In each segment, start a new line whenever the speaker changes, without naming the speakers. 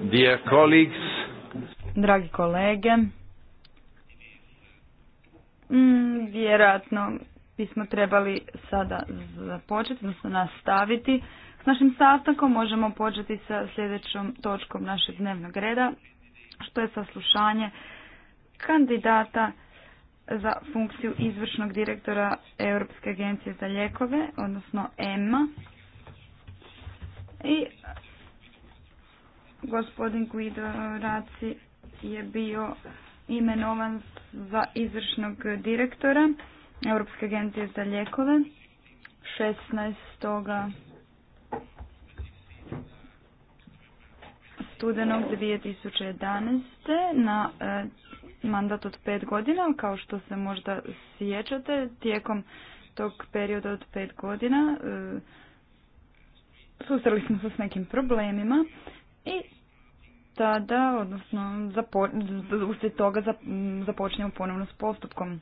Dear colleagues.
Dragi kolege. Mm, vjerojatno bismo trebali sada započeti, odnosno nastaviti. S našim sastankom možemo početi sa sljedećom točkom našeg dnevnog reda, što je saslušanje kandidata za funkciju izvršnog direktora Europske agencije za lijekove, odnosno EMA. I Gospodin Guido Raci je bio imenovan za izvršnog direktora Europske agencije za ljekove 16. studenog 2011. na e, mandat od pet godina, kao što se možda sjećate, tijekom tog perioda od pet godina e, susreli smo se s nekim problemima i tada, odnosno, uslijed toga započnemo ponovno s postupkom.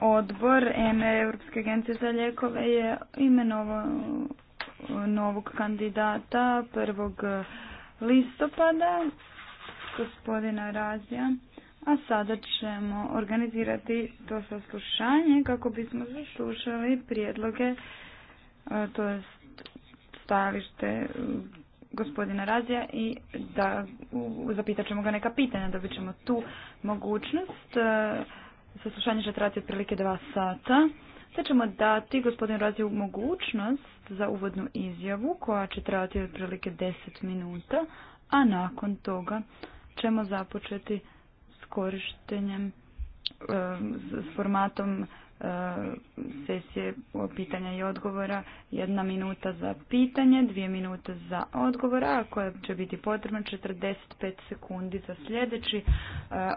Odbor EME Europske agencije za lijekove je imenovao novog kandidata prvog listopada, gospodina Razija. A sada ćemo organizirati to saslušanje kako bismo zaslušali prijedloge E, to je stajalište e, gospodina Razija i da zapitat ćemo ga neka pitanja, dobit ćemo tu mogućnost. E, Saslušanje će trati otprilike dva sata. Sada ćemo dati gospodinu Raziju mogućnost za uvodnu izjavu koja će trati otprilike deset minuta, a nakon toga ćemo započeti s korištenjem s formatom E, sesije pitanja i odgovora. Jedna minuta za pitanje, dvije minute za odgovor, a ako će biti potrebno 45 sekundi za sljedeći e,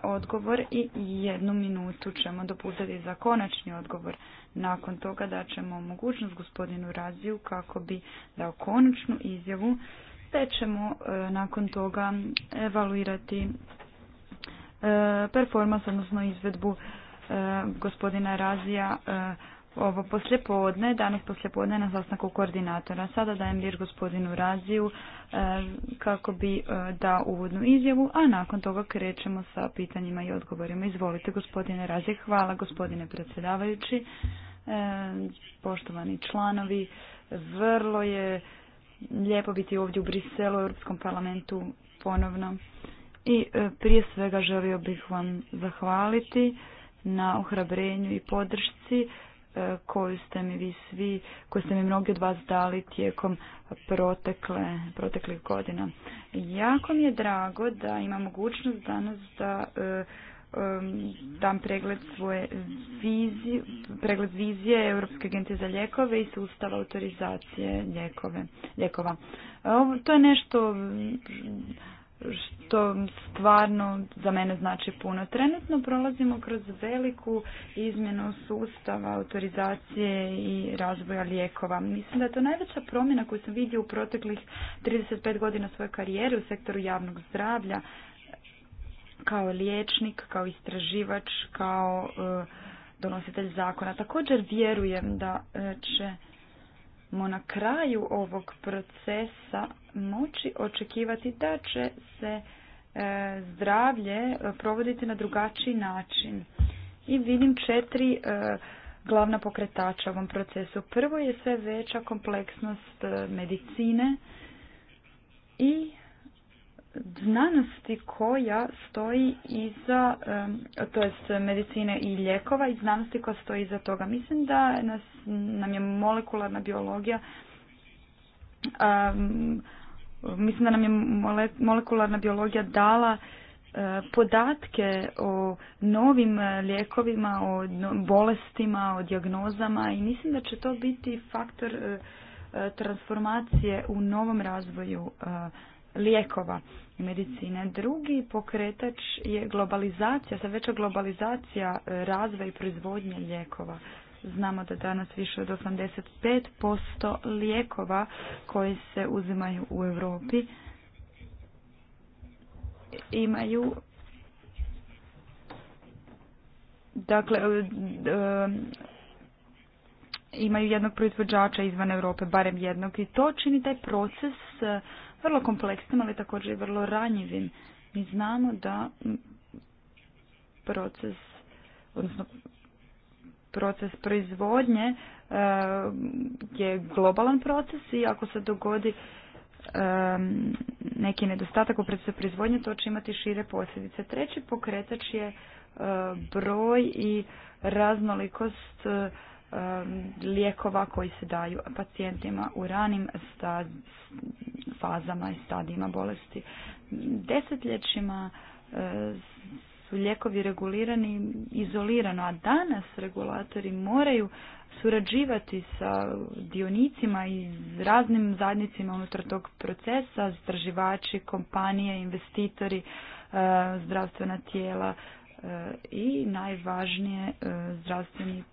odgovor i jednu minutu ćemo dopustiti za konačni odgovor. Nakon toga da ćemo mogućnost gospodinu Raziju kako bi dao konačnu izjavu, te ćemo e, nakon toga evaluirati performans, odnosno izvedbu E, gospodina Razija e, ovo poslijepodne, danas poslijepodne na sastanku koordinatora. Sada dajem riječ gospodinu Raziju e, kako bi dao uvodnu izjavu, a nakon toga krećemo sa pitanjima i odgovorima. Izvolite gospodine Razije, hvala gospodine predsjedavajući, poštovani članovi, vrlo je lijepo biti ovdje u Briselu, u Europskom parlamentu ponovno. I prije svega želio bih vam zahvaliti na ohrabrenju i podršci e, koju ste mi vi svi, koju ste mi mnogi od vas dali tijekom protekle, proteklih godina. Jako mi je drago da imam mogućnost danas da e, e, dam pregled svoje vizije, pregled vizije Europske agencije za lijekove i sustava autorizacije lijekove, lijekova. to je nešto što stvarno za mene znači puno. Trenutno prolazimo kroz veliku izmjenu sustava autorizacije i razvoja lijekova. Mislim da je to najveća promjena koju sam vidio u proteklih 35 godina svoje karijere u sektoru javnog zdravlja kao liječnik, kao istraživač, kao e, donositelj zakona. Također vjerujem da e, ćemo na kraju ovog procesa moći očekivati da će se e, zdravlje e, provoditi na drugačiji način. I vidim četiri e, glavna pokretača ovom procesu. Prvo je sve veća kompleksnost medicine i znanosti koja stoji iza, to jest medicine i lijekova i znanosti koja stoji iza toga. Mislim da nas, nam je molekularna biologija Mislim da nam je molekularna biologija dala e, podatke o novim e, lijekovima, o bolestima, o dijagnozama i mislim da će to biti faktor e, transformacije u novom razvoju lijekova i medicine. Drugi pokretač je globalizacija, sve veća globalizacija razvoja i proizvodnje lijekova. Znamo da danas više od 85% lijekova koji se uzimaju u Europi imaju dakle e, e, imaju jednog proizvođača izvan Europe, barem jednog i to čini taj proces e, vrlo kompleksnim, ali također i vrlo ranjivim. Mi znamo da proces, odnosno proces proizvodnje e, je globalan proces i ako se dogodi e, neki nedostatak u procesu proizvodnje, to će imati šire posljedice. Treći pokretač je e, broj i raznolikost lijekova koji se daju pacijentima u ranim fazama i stadijima bolesti. Desetljećima su lijekovi regulirani izolirano, a danas regulatori moraju surađivati sa dionicima i raznim zadnicima unutar tog procesa, zdraživači, kompanije, investitori, eh, zdravstvena tijela, i najvažnije e, zdravstveni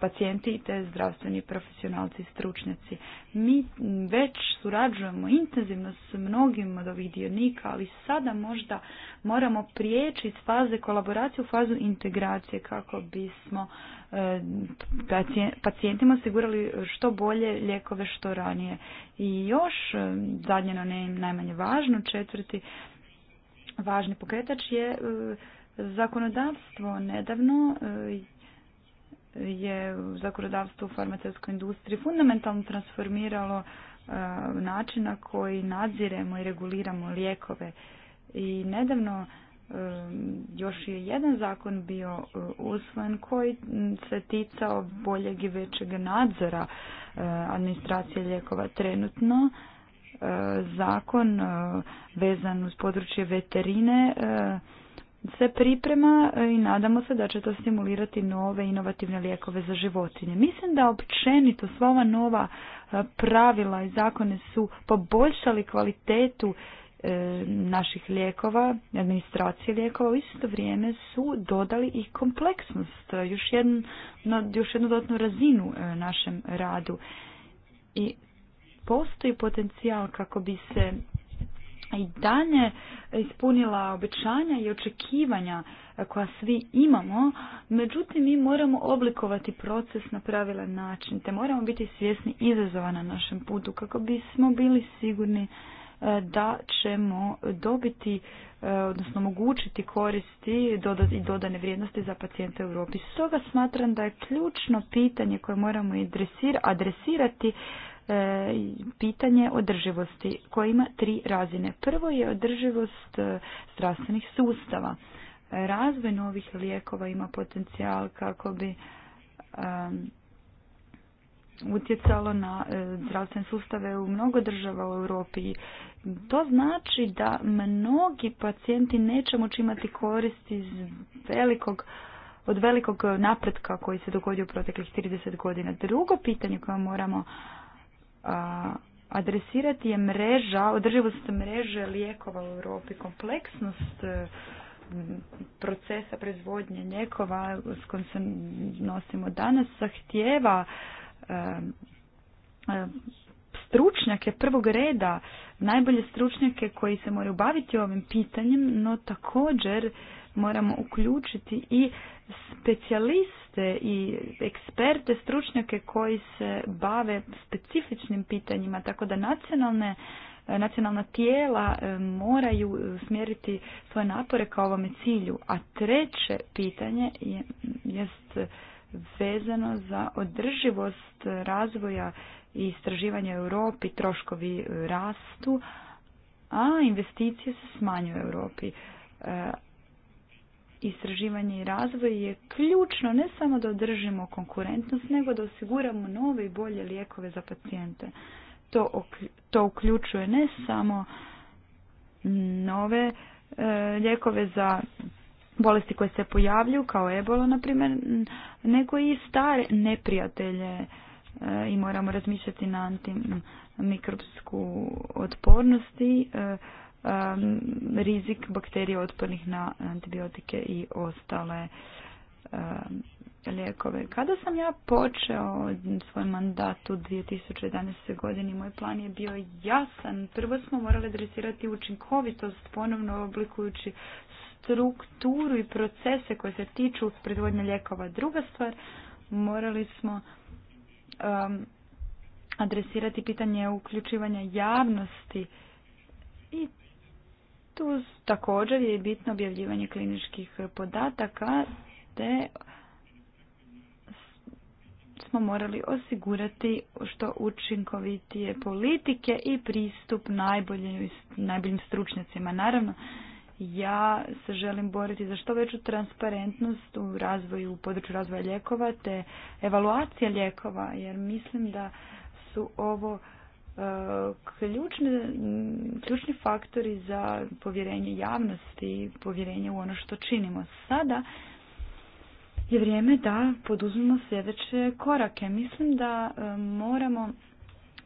pacijenti te zdravstveni profesionalci i stručnjaci. Mi već surađujemo intenzivno s mnogim od ovih dionika, ali sada možda moramo prijeći iz faze kolaboracije u fazu integracije kako bismo e, pacijentima osigurali što bolje lijekove što ranije. I još e, zadnje, no najmanje važno, četvrti važni pokretač je Zakonodavstvo nedavno e, je zakonodavstvo u farmaceutskoj industriji fundamentalno transformiralo e, način na koji nadziremo i reguliramo lijekove. I nedavno e, još je jedan zakon bio usvojen koji se ticao boljeg i većeg nadzora administracije lijekova trenutno. Zakon vezan uz područje veterine se priprema e, i nadamo se da će to stimulirati nove inovativne lijekove za životinje. Mislim da općenito sva ova nova e, pravila i zakone su poboljšali kvalitetu e, naših lijekova, administracije lijekova, u isto vrijeme su dodali i kompleksnost, još, jednu, još jednu dodatnu razinu našem radu. I postoji potencijal kako bi se i dalje ispunila obećanja i očekivanja e, koja svi imamo, međutim mi moramo oblikovati proces na pravilan način, te moramo biti svjesni izazova na našem putu kako bismo bili sigurni e, da ćemo dobiti, e, odnosno omogućiti koristi i dodane vrijednosti za pacijente u Europi. Stoga smatram da je ključno pitanje koje moramo adresirati E, pitanje održivosti koje ima tri razine. Prvo je održivost e, zdravstvenih sustava. Razvoj novih lijekova ima potencijal kako bi e, utjecalo na zdravstvene sustave u mnogo država u Europi. To znači da mnogi pacijenti neće moći imati koristi iz velikog od velikog napretka koji se dogodio u proteklih 30 godina. Drugo pitanje koje moramo adresirati je mreža, održivost mreže lijekova u Europi, kompleksnost e, procesa proizvodnje lijekova s kojim se nosimo danas zahtjeva e, e, stručnjake prvog reda, najbolje stručnjake koji se moraju baviti ovim pitanjem, no također moramo uključiti i specijaliste ste i eksperte, stručnjake koji se bave specifičnim pitanjima, tako da nacionalne nacionalna tijela e, moraju smjeriti svoje napore ka ovome cilju. A treće pitanje je, jest vezano za održivost razvoja i istraživanja u Europi, troškovi rastu, a investicije se smanjuju u Europi. E, istraživanje i razvoj je ključno ne samo da održimo konkurentnost, nego da osiguramo nove i bolje lijekove za pacijente. To, to uključuje ne samo nove e, lijekove za bolesti koje se pojavljuju, kao ebola, na primjer, nego i stare neprijatelje e, i moramo razmišljati na antimikrobsku otpornosti. E, Um, rizik bakterija otpornih na antibiotike i ostale um, lijekove. Kada sam ja počeo svoj mandat u 2011. godini, moj plan je bio jasan. Prvo smo morali adresirati učinkovitost, ponovno oblikujući strukturu i procese koje se tiču predvodnje lijekova. Druga stvar, morali smo um, adresirati pitanje uključivanja javnosti i uz također je bitno objavljivanje kliničkih podataka te smo morali osigurati što učinkovitije politike i pristup najboljim, najboljim stručnjacima. Naravno, ja se želim boriti za što veću transparentnost u razvoju, u području razvoja lijekova te evaluacija lijekova, jer mislim da su ovo ključni, ključni faktori za povjerenje javnosti, i povjerenje u ono što činimo. Sada je vrijeme da poduzmemo sljedeće korake. Mislim da e, moramo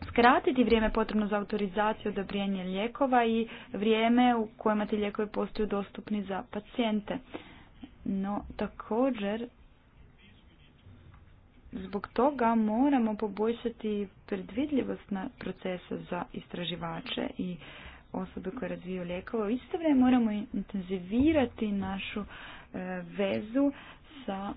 skratiti vrijeme potrebno za autorizaciju odobrenje lijekova i vrijeme u kojima ti lijekovi postaju dostupni za pacijente. No, također Zbog toga moramo poboljšati predvidljivost na procesa za istraživače i osobe koje razviju lijekove. U isto vrijeme moramo intenzivirati našu e, vezu sa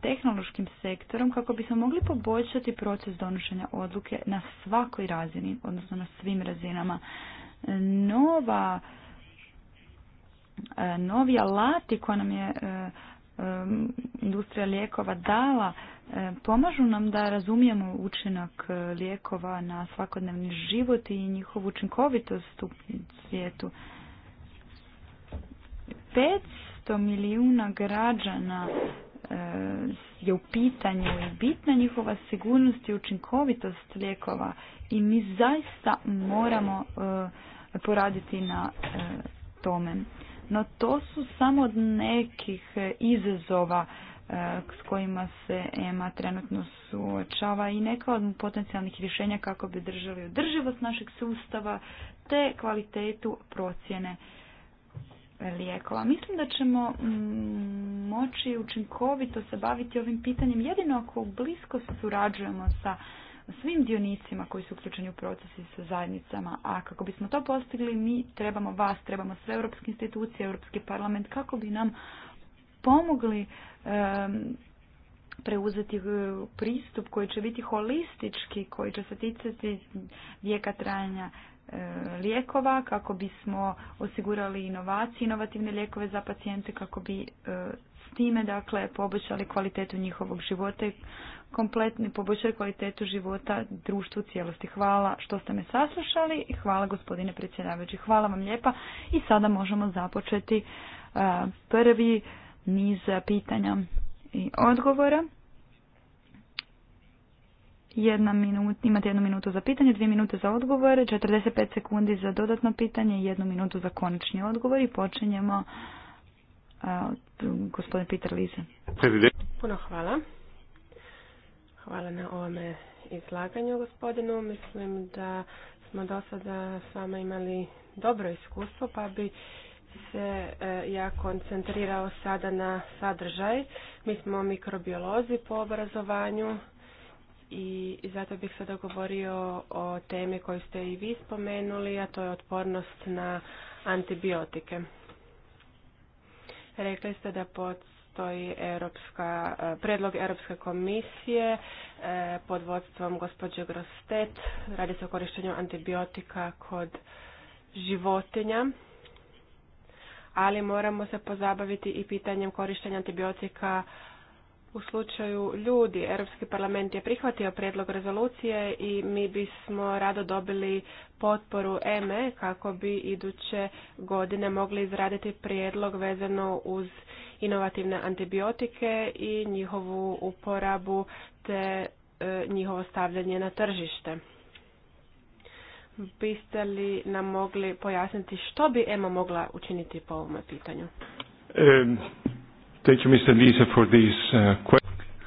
tehnološkim sektorom kako bismo mogli poboljšati proces donošenja odluke na svakoj razini, odnosno na svim razinama. Nova e, novi alati koji nam je e, industrija lijekova dala pomažu nam da razumijemo učinak e, lijekova na svakodnevni život i njihovu učinkovitost u svijetu. 500 milijuna građana e, je u pitanju i bitna njihova sigurnost i učinkovitost lijekova i mi zaista moramo e, poraditi na tome. No to su samo od nekih e, izazova e, s kojima se EMA trenutno suočava i neka od potencijalnih rješenja kako bi držali održivost našeg sustava te kvalitetu procjene lijekova. Mislim da ćemo mm, moći učinkovito se baviti ovim pitanjem jedino ako blisko surađujemo sa svim dionicima koji su uključeni u procesi sa zajednicama, a kako bismo to postigli mi trebamo vas, trebamo sve europske institucije, Europski parlament kako bi nam pomogli preuzeti eh, pristup koji će biti holistički, koji će se ticati vijeka trajanja eh, lijekova kako bismo osigurali inovacije, inovativne lijekove za pacijente kako bi eh, time dakle poboljšali kvalitetu njihovog života i kompletni poboljšali kvalitetu života društvu cijelosti. Hvala što ste me saslušali i hvala gospodine predsjedavajući. Hvala vam lijepa i sada možemo započeti e, prvi niz pitanja i odgovora. Jedna minut, imate jednu minutu za pitanje, dvije minute za odgovore, 45 sekundi za dodatno pitanje i jednu minutu za konačni odgovor i počinjemo gospodin Peter Lize.
Puno hvala. Hvala na ovome izlaganju gospodinu. Mislim da smo do sada s vama imali dobro iskustvo pa bi se e, ja koncentrirao sada na sadržaj. Mi smo mikrobiolozi po obrazovanju i zato bih sada govorio o temi koju ste i vi spomenuli, a to je otpornost na antibiotike. Rekli ste da postoji europska, e, predlog Europske komisije e, pod vodstvom gospođe Grostet. Radi se o korištenju antibiotika kod životinja ali moramo se pozabaviti i pitanjem korištenja antibiotika u slučaju ljudi. Europski parlament je prihvatio prijedlog rezolucije i mi bismo rado dobili potporu EME kako bi iduće godine mogli izraditi prijedlog vezano uz inovativne antibiotike i njihovu uporabu te e, njihovo stavljanje na tržište. Biste li nam mogli pojasniti što bi EMA mogla učiniti po ovome pitanju?
Thank Mr. Lisa, for uh,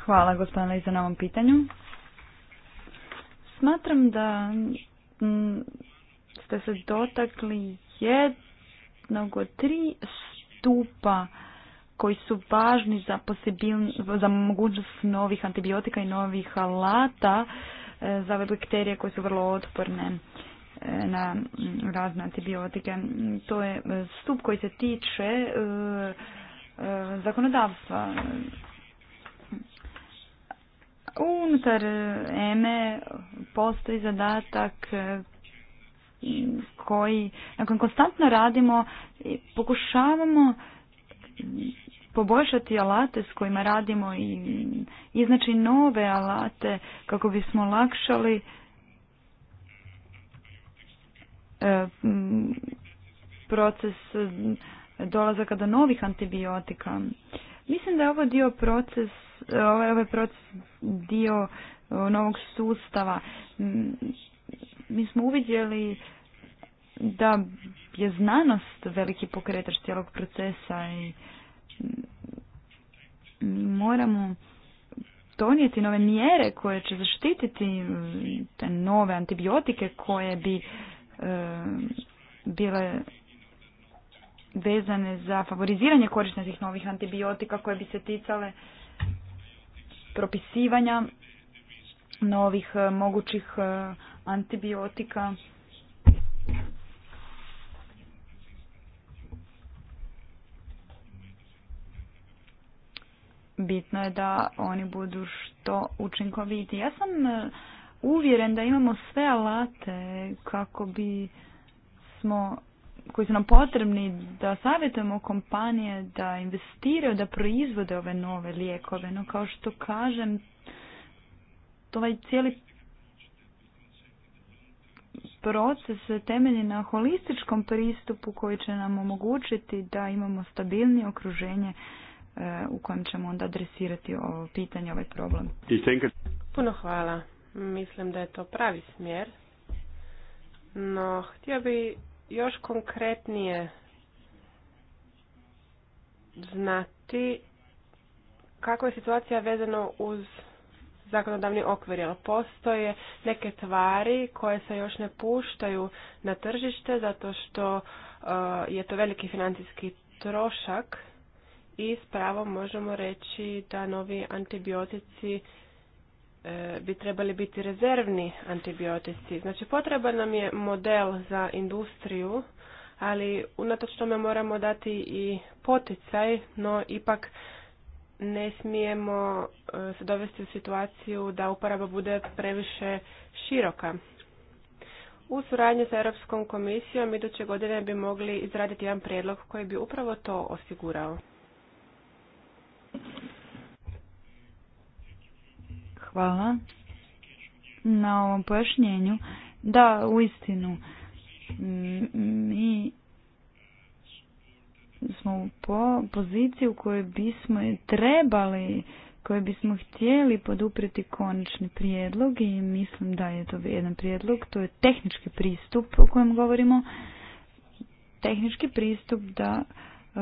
Hvala gospodine Liza na ovom pitanju. Smatram da mm, ste se dotakli jednog od tri stupa koji su važni za, za mogućnost novih antibiotika i novih alata e, za bakterije koje su vrlo otporne e, na mm, razne antibiotike. To je e, stup koji se tiče zakonodavstva. Unutar EME postoji zadatak e, koji, nakon konstantno radimo, pokušavamo poboljšati alate s kojima radimo i iznaći nove alate kako bismo lakšali e, proces dolazaka do novih antibiotika. Mislim da je ovo dio proces, ovaj, ovaj proces dio novog sustava. Mi smo uvidjeli da je znanost veliki pokretač cijelog procesa i moramo donijeti nove mjere koje će zaštititi te nove antibiotike koje bi e, bile vezane za favoriziranje korištenja tih novih antibiotika koje bi se ticale propisivanja novih e, mogućih e, antibiotika. Bitno je da oni budu što učinkoviti. Ja sam e, uvjeren da imamo sve alate kako bi smo koji su nam potrebni da savjetujemo kompanije da investiraju, da proizvode ove nove lijekove. No kao što kažem, ovaj cijeli proces se temelji na holističkom pristupu koji će nam omogućiti da imamo stabilnije okruženje e, u kojem ćemo onda adresirati ovo pitanje, ovaj problem. Puno hvala.
Mislim da je to pravi smjer. No, htio bi još konkretnije znati kako je situacija vezano uz zakonodavni okvir, jel postoje neke tvari koje se još ne puštaju na tržište zato što e, je to veliki financijski trošak i s možemo reći da novi antibiotici bi trebali biti rezervni antibiotici. Znači potreban nam je model za industriju, ali unatoč tome moramo dati i poticaj, no ipak ne smijemo e, se dovesti u situaciju da uporaba bude previše široka. U suradnji sa Europskom komisijom iduće godine bi mogli izraditi jedan prijedlog koji bi upravo to osigurao.
Hvala na ovom pojašnjenju. Da, u istinu. Mi smo u po poziciji u kojoj bismo trebali, koje bismo htjeli poduprijeti konačni prijedlog i mislim da je to jedan prijedlog, to je tehnički pristup o kojem govorimo. Tehnički pristup da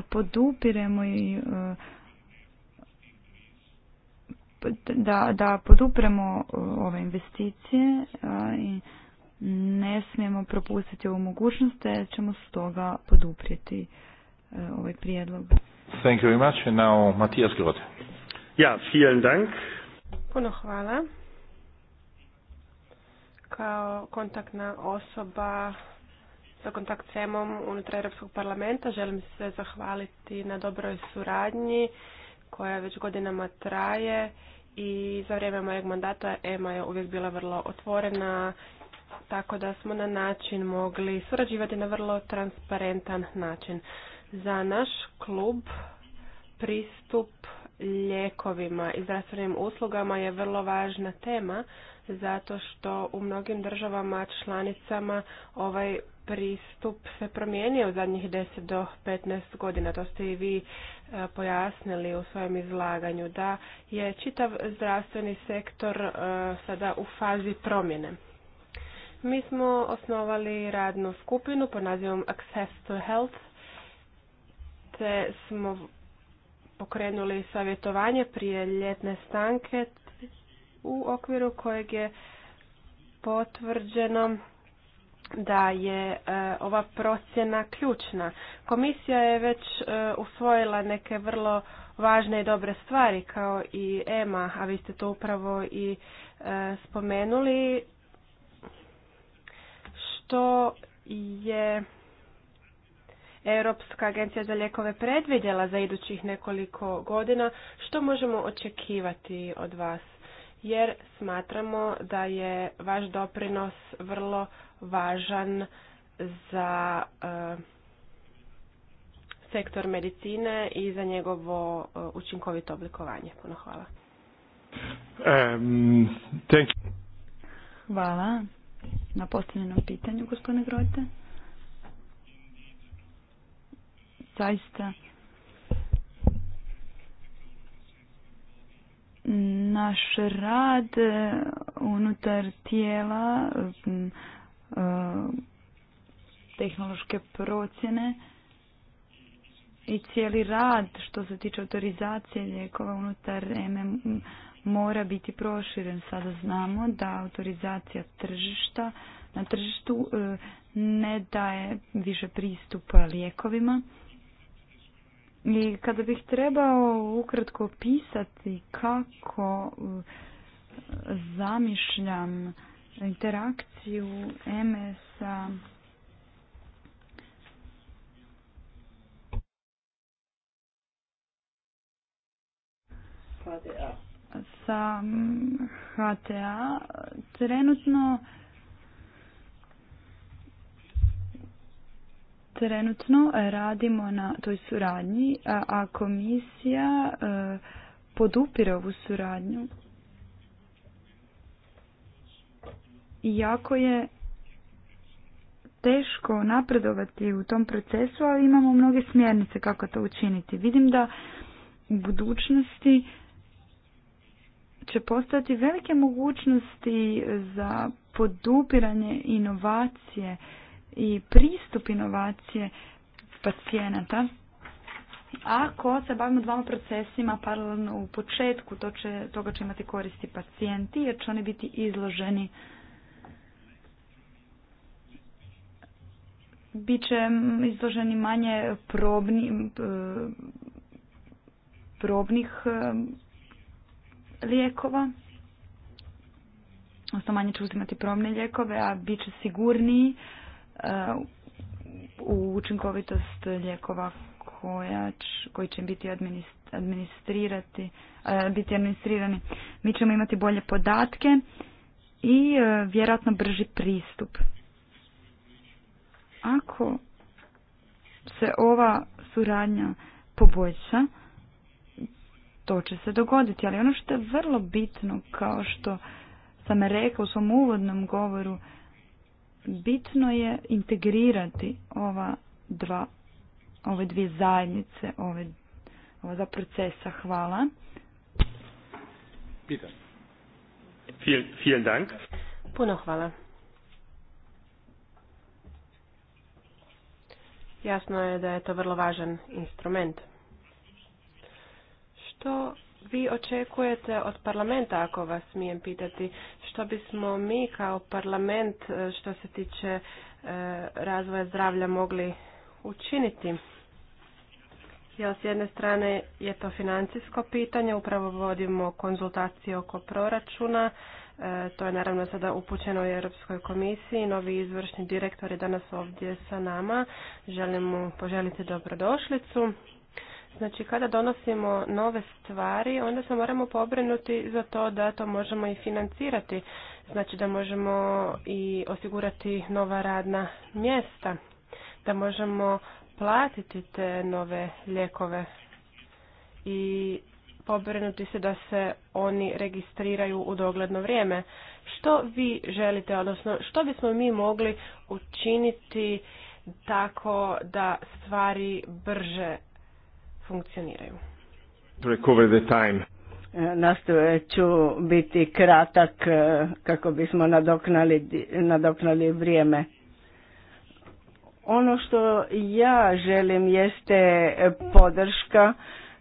podupiremo i e, da, da podupremo e, ove investicije e, i ne smijemo propustiti ovu mogućnost te ćemo stoga poduprijeti e, ovaj prijedlog.
Thank you very much. now Grote. Ja, vielen Dank.
Puno hvala.
Kao kontaktna osoba sa kontakt s unutar Europskog parlamenta želim se zahvaliti na dobroj suradnji koja već godinama traje i za vrijeme mojeg mandata EMA je uvijek bila vrlo otvorena, tako da smo na način mogli surađivati na vrlo transparentan način. Za naš klub pristup ljekovima i zdravstvenim uslugama je vrlo važna tema, zato što u mnogim državama članicama ovaj pristup se promijenio u zadnjih 10 do 15 godina. To ste i vi e, pojasnili u svojem izlaganju da je čitav zdravstveni sektor e, sada u fazi promjene. Mi smo osnovali radnu skupinu pod nazivom Access to Health te smo pokrenuli savjetovanje prije ljetne stanke u okviru kojeg je potvrđeno da je e, ova procjena ključna. Komisija je već e, usvojila neke vrlo važne i dobre stvari kao i EMA, a vi ste to upravo i e, spomenuli, što je Europska agencija za lijekove predvidjela za idućih nekoliko godina. Što možemo očekivati od vas jer smatramo da je vaš doprinos vrlo važan za eh, sektor medicine i za njegovo eh, učinkovito oblikovanje. Puno hvala.
Hvala na postavljenom pitanju, gospodine Grote. Zaista naš rad e, unutar tijela e, tehnološke procjene i cijeli rad što se tiče autorizacije lijekova unutar MM mora biti proširen. Sada znamo da autorizacija tržišta na tržištu e, ne daje više pristupa lijekovima. I kada bih trebao ukratko pisati kako e, zamišljam interakciju MS-a sa HTA trenutno Trenutno radimo na toj suradnji, a komisija e, podupira ovu suradnju. Jako je teško napredovati u tom procesu, ali imamo mnoge smjernice kako to učiniti. Vidim da u budućnosti će postati velike mogućnosti za podupiranje inovacije i pristup inovacije pacijenata. Ako se bavimo dvama procesima paralelno u početku, to će, toga će imati koristi pacijenti jer će oni biti izloženi bit će izloženi manje probni, probnih e, lijekova, odnosno manje će uzimati probne lijekove, a bit će sigurniji u učinkovitost lijekova koji će biti administrirati, e, biti administrirani. Mi ćemo imati bolje podatke i e, vjerojatno brži pristup. Ako se ova suradnja poboljša, to će se dogoditi, ali ono što je vrlo bitno, kao što sam rekla u svom uvodnom govoru, bitno je integrirati ova dva, ove dvije zajednice, ove, ova dva procesa. Hvala. vielen Dank. Puno hvala.
Jasno je da je to vrlo važan instrument. Što vi očekujete od parlamenta, ako vas smijem pitati, što bismo mi kao parlament e, što se tiče e, razvoja zdravlja mogli učiniti? Jel, s jedne strane je to financijsko pitanje, upravo vodimo konzultacije oko proračuna, e, to je naravno sada upućeno u Europskoj komisiji, novi izvršni direktor je danas ovdje sa nama, želim mu poželiti dobrodošlicu. Znači kada donosimo nove stvari, onda se moramo pobrinuti za to da to možemo i financirati, znači da možemo i osigurati nova radna mjesta, da možemo platiti te nove lijekove i pobrinuti se da se oni registriraju u dogledno vrijeme. Što vi želite, odnosno što bismo mi mogli učiniti tako da stvari brže funkcioniraju.
Recover the time.
E, Nastoje ću biti kratak e, kako bismo nadoknali, nadoknali vrijeme. Ono što ja želim jeste podrška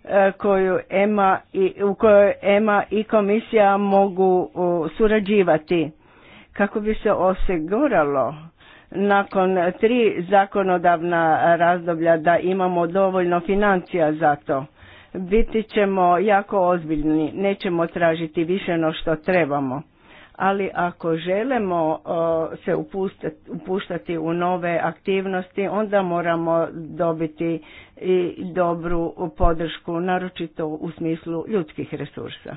e, koju EMA i, u kojoj EMA i komisija mogu surađivati kako bi se osiguralo nakon tri zakonodavna razdoblja da imamo dovoljno financija za to. Biti ćemo jako ozbiljni, nećemo tražiti više no što trebamo. Ali ako želimo se upuštati u nove aktivnosti, onda moramo dobiti i dobru podršku, naročito u smislu ljudskih resursa.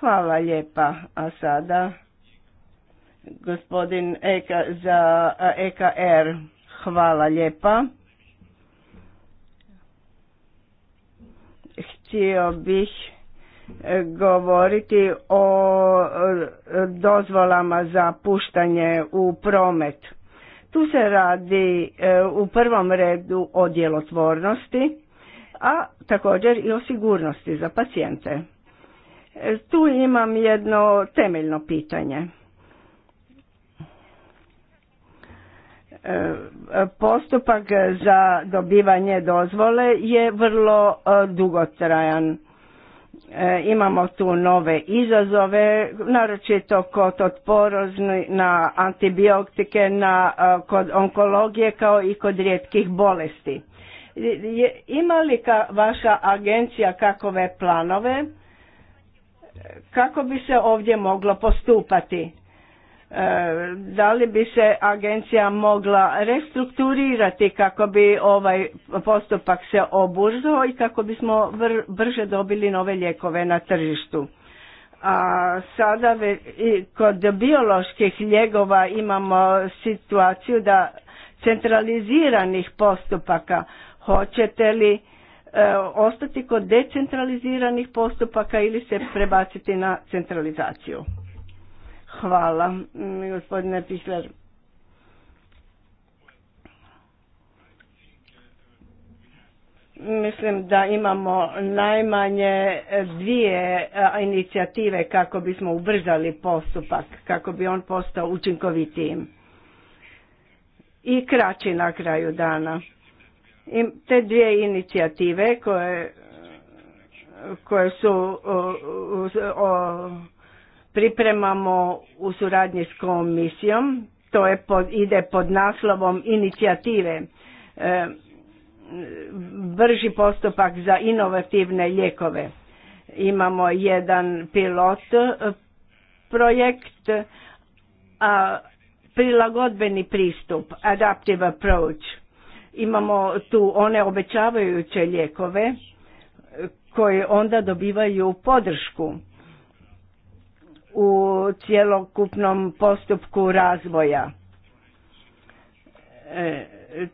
Hvala lijepa, a sada gospodin Eka za EKR. Hvala lijepa. Htio bih e, govoriti o e, dozvolama za puštanje u promet. Tu se radi e, u prvom redu o djelotvornosti, a također i o sigurnosti za pacijente. Tu imam jedno temeljno pitanje. E, postupak za dobivanje dozvole je vrlo e, dugotrajan. E, imamo tu nove izazove, naročito kod otporozni na antibiotike, na, kod onkologije kao i kod rijetkih bolesti. Ima li ka, vaša agencija kakove planove kako bi se ovdje moglo postupati? E, da li bi se agencija mogla restrukturirati kako bi ovaj postupak se obuzdao i kako bismo brže dobili nove lijekove na tržištu. A sada kod bioloških ljegova imamo situaciju da centraliziranih postupaka hoćete li e, ostati kod decentraliziranih postupaka ili se prebaciti na centralizaciju. Hvala, mm, gospodine Pišler. Mislim da imamo najmanje dvije e, inicijative kako bismo ubrzali postupak, kako bi on postao učinkovitijim. I kraći na kraju dana. I te dvije inicijative koje, koje su o, pripremamo u suradnji s komisijom, to je ide pod naslovom inicijative e, brži postupak za inovativne lijekove. Imamo jedan pilot e, projekt, a prilagodbeni pristup, adaptive approach.
Imamo
tu one obećavajuće lijekove e, koje onda dobivaju podršku u cijelokupnom postupku razvoja. E,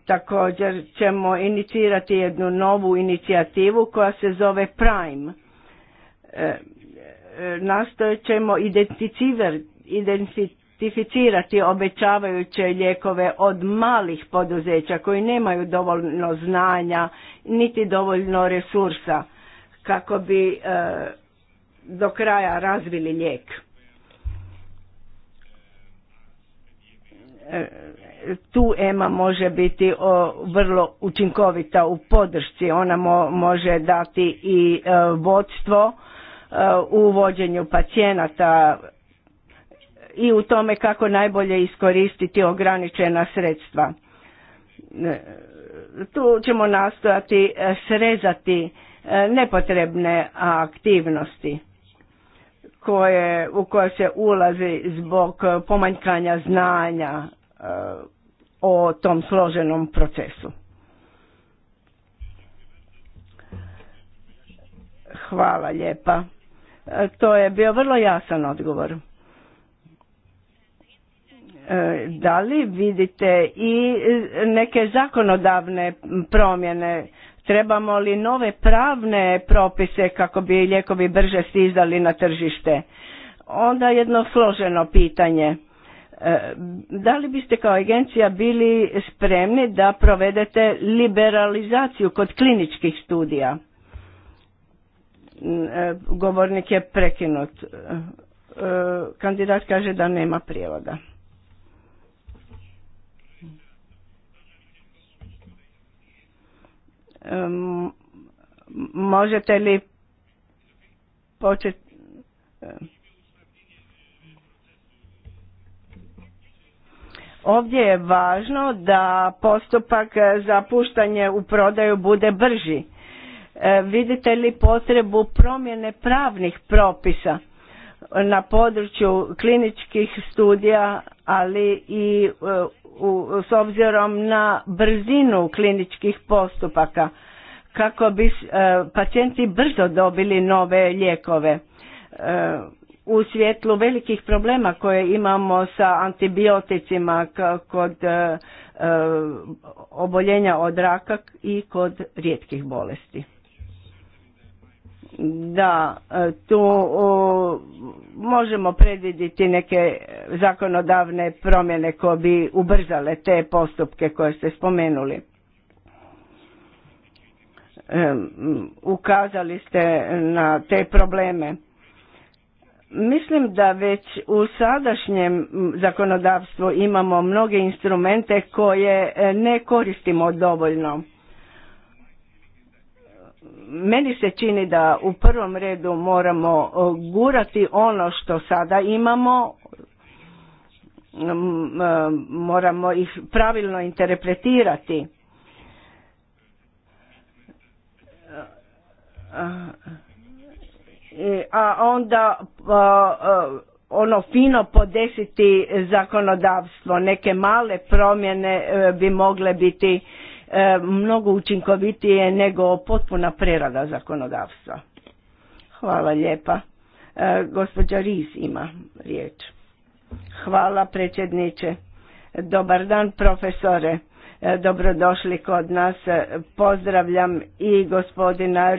također ćemo inicirati jednu novu inicijativu koja se zove Prime. E, e nastojat ćemo identificirati obećavajuće lijekove od malih poduzeća koji nemaju dovoljno znanja niti dovoljno resursa kako bi e, do kraja razvili lijek. tu EMA može biti vrlo učinkovita u podršci, ona može dati i e, vodstvo e, u vođenju pacijenata i u tome kako najbolje iskoristiti ograničena sredstva. E, tu ćemo nastojati srezati nepotrebne aktivnosti koje, u koje se ulazi zbog eh, pomanjkanja znanja eh, o tom složenom procesu. Hvala lijepa. Eh, to je bio vrlo jasan odgovor. Da li vidite i neke zakonodavne promjene Trebamo li nove pravne propise kako bi lijekovi brže stizali na tržište? Onda jedno složeno pitanje. E, da li biste kao agencija bili spremni da provedete liberalizaciju kod kliničkih studija? Mm, e, govornik je prekinut. E, kandidat kaže da nema prijevoda. Možete li početi Ovdje je važno da postupak za puštanje u prodaju bude brži. E, vidite li potrebu promjene pravnih propisa na području kliničkih studija, ali i e, u, s obzirom na brzinu kliničkih postupaka kako bi e, pacijenti brzo dobili nove lijekove. E, u svjetlu velikih problema koje imamo sa antibioticima kod e, oboljenja od raka i kod rijetkih bolesti da e, tu možemo predvidjeti neke zakonodavne promjene koje bi ubrzale te postupke koje ste spomenuli. E, ukazali ste na te probleme. Mislim da već u sadašnjem zakonodavstvu imamo mnoge instrumente koje e, ne koristimo dovoljno meni se čini da u prvom redu moramo gurati ono što sada imamo, moramo ih pravilno interpretirati. E, a onda ono fino podesiti zakonodavstvo, neke male promjene e, bi mogle biti E, mnogo učinkovitije nego potpuna prerada zakonodavstva. Hvala lijepa. E, gospođa Riz ima riječ. Hvala predsjedniče. Dobar dan profesore. E, dobrodošli kod nas. Pozdravljam i gospodina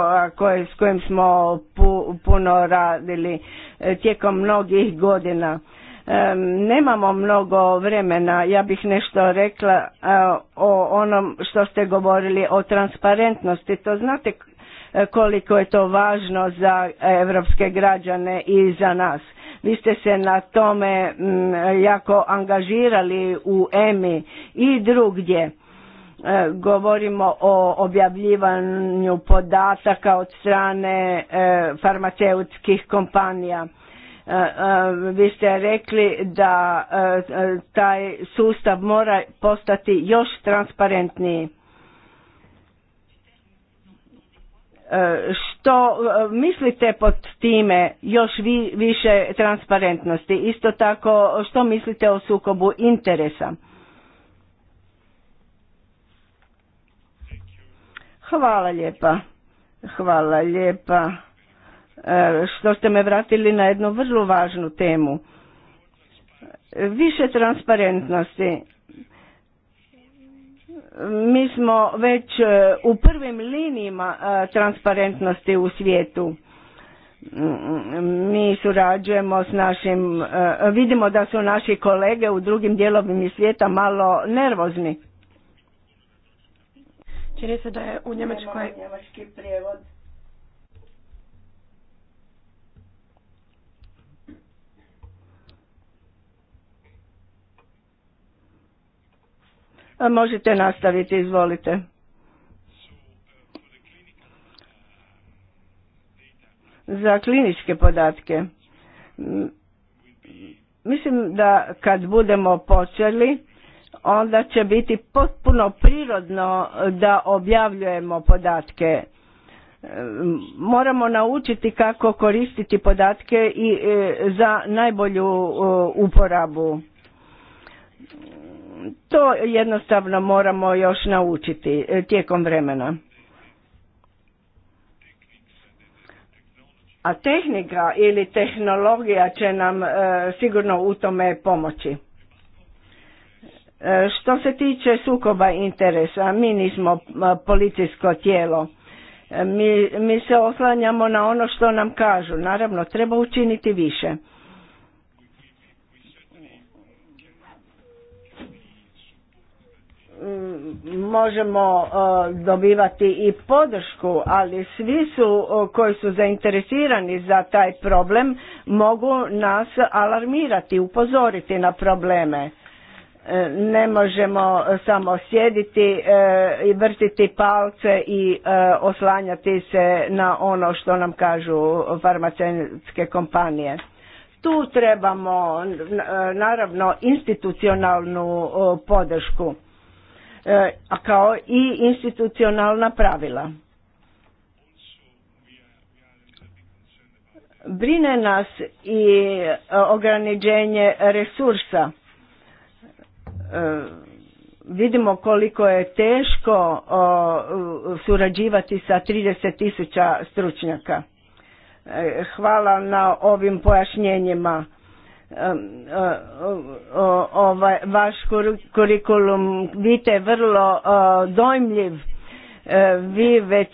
a koje, s kojim smo puno radili tijekom mnogih godina. Nemamo mnogo vremena, ja bih nešto rekla e, o onom što ste govorili o transparentnosti. To znate e, koliko je to važno za evropske građane i za nas. Vi ste se na tome jako angažirali u EMI i drugdje. E, govorimo o objavljivanju podataka od strane farmaceutskih kompanija vi ste rekli da e, e, taj sustav mora postati još transparentniji. E, što mislite pod time još vi, više transparentnosti? Isto tako što mislite o sukobu interesa? Hvala lijepa. Hvala lijepa što ste me vratili na jednu vrlo važnu temu. Više transparentnosti. Mi smo već e, u prvim linijima e, transparentnosti u svijetu. Mi surađujemo s našim, e, vidimo da su naši kolege u drugim dijelovima svijeta malo nervozni.
Čini se da je u Njemačkoj...
Njemački prijevod. Možete nastaviti, izvolite. Za kliničke podatke. Mislim da kad budemo počeli, onda će biti potpuno prirodno da objavljujemo podatke. E, moramo naučiti kako koristiti podatke i e, za najbolju e, uporabu to jednostavno moramo još naučiti e, tijekom vremena. A tehnika ili tehnologija će nam e, sigurno u tome pomoći. E, što se tiče sukoba interesa, mi nismo policijsko tijelo. mi, mi se oslanjamo na ono što nam kažu. Naravno, treba učiniti više. možemo e, dobivati i podršku, ali svi su e, koji su zainteresirani za taj problem mogu nas alarmirati, upozoriti na probleme. E, ne možemo samo sjediti i vrtiti palce i oslanjati se na ono što nam kažu farmaceutske kompanije tu trebamo naravno institucionalnu podršku E, kao i institucionalna pravila. Brine nas i e, ograničenje resursa. E, vidimo koliko je teško surađivati sa 30.000 stručnjaka. Hvala na ovim pojašnjenjima E, ovaj vaš kurikulum vite vrlo e, dojmljiv e, vi već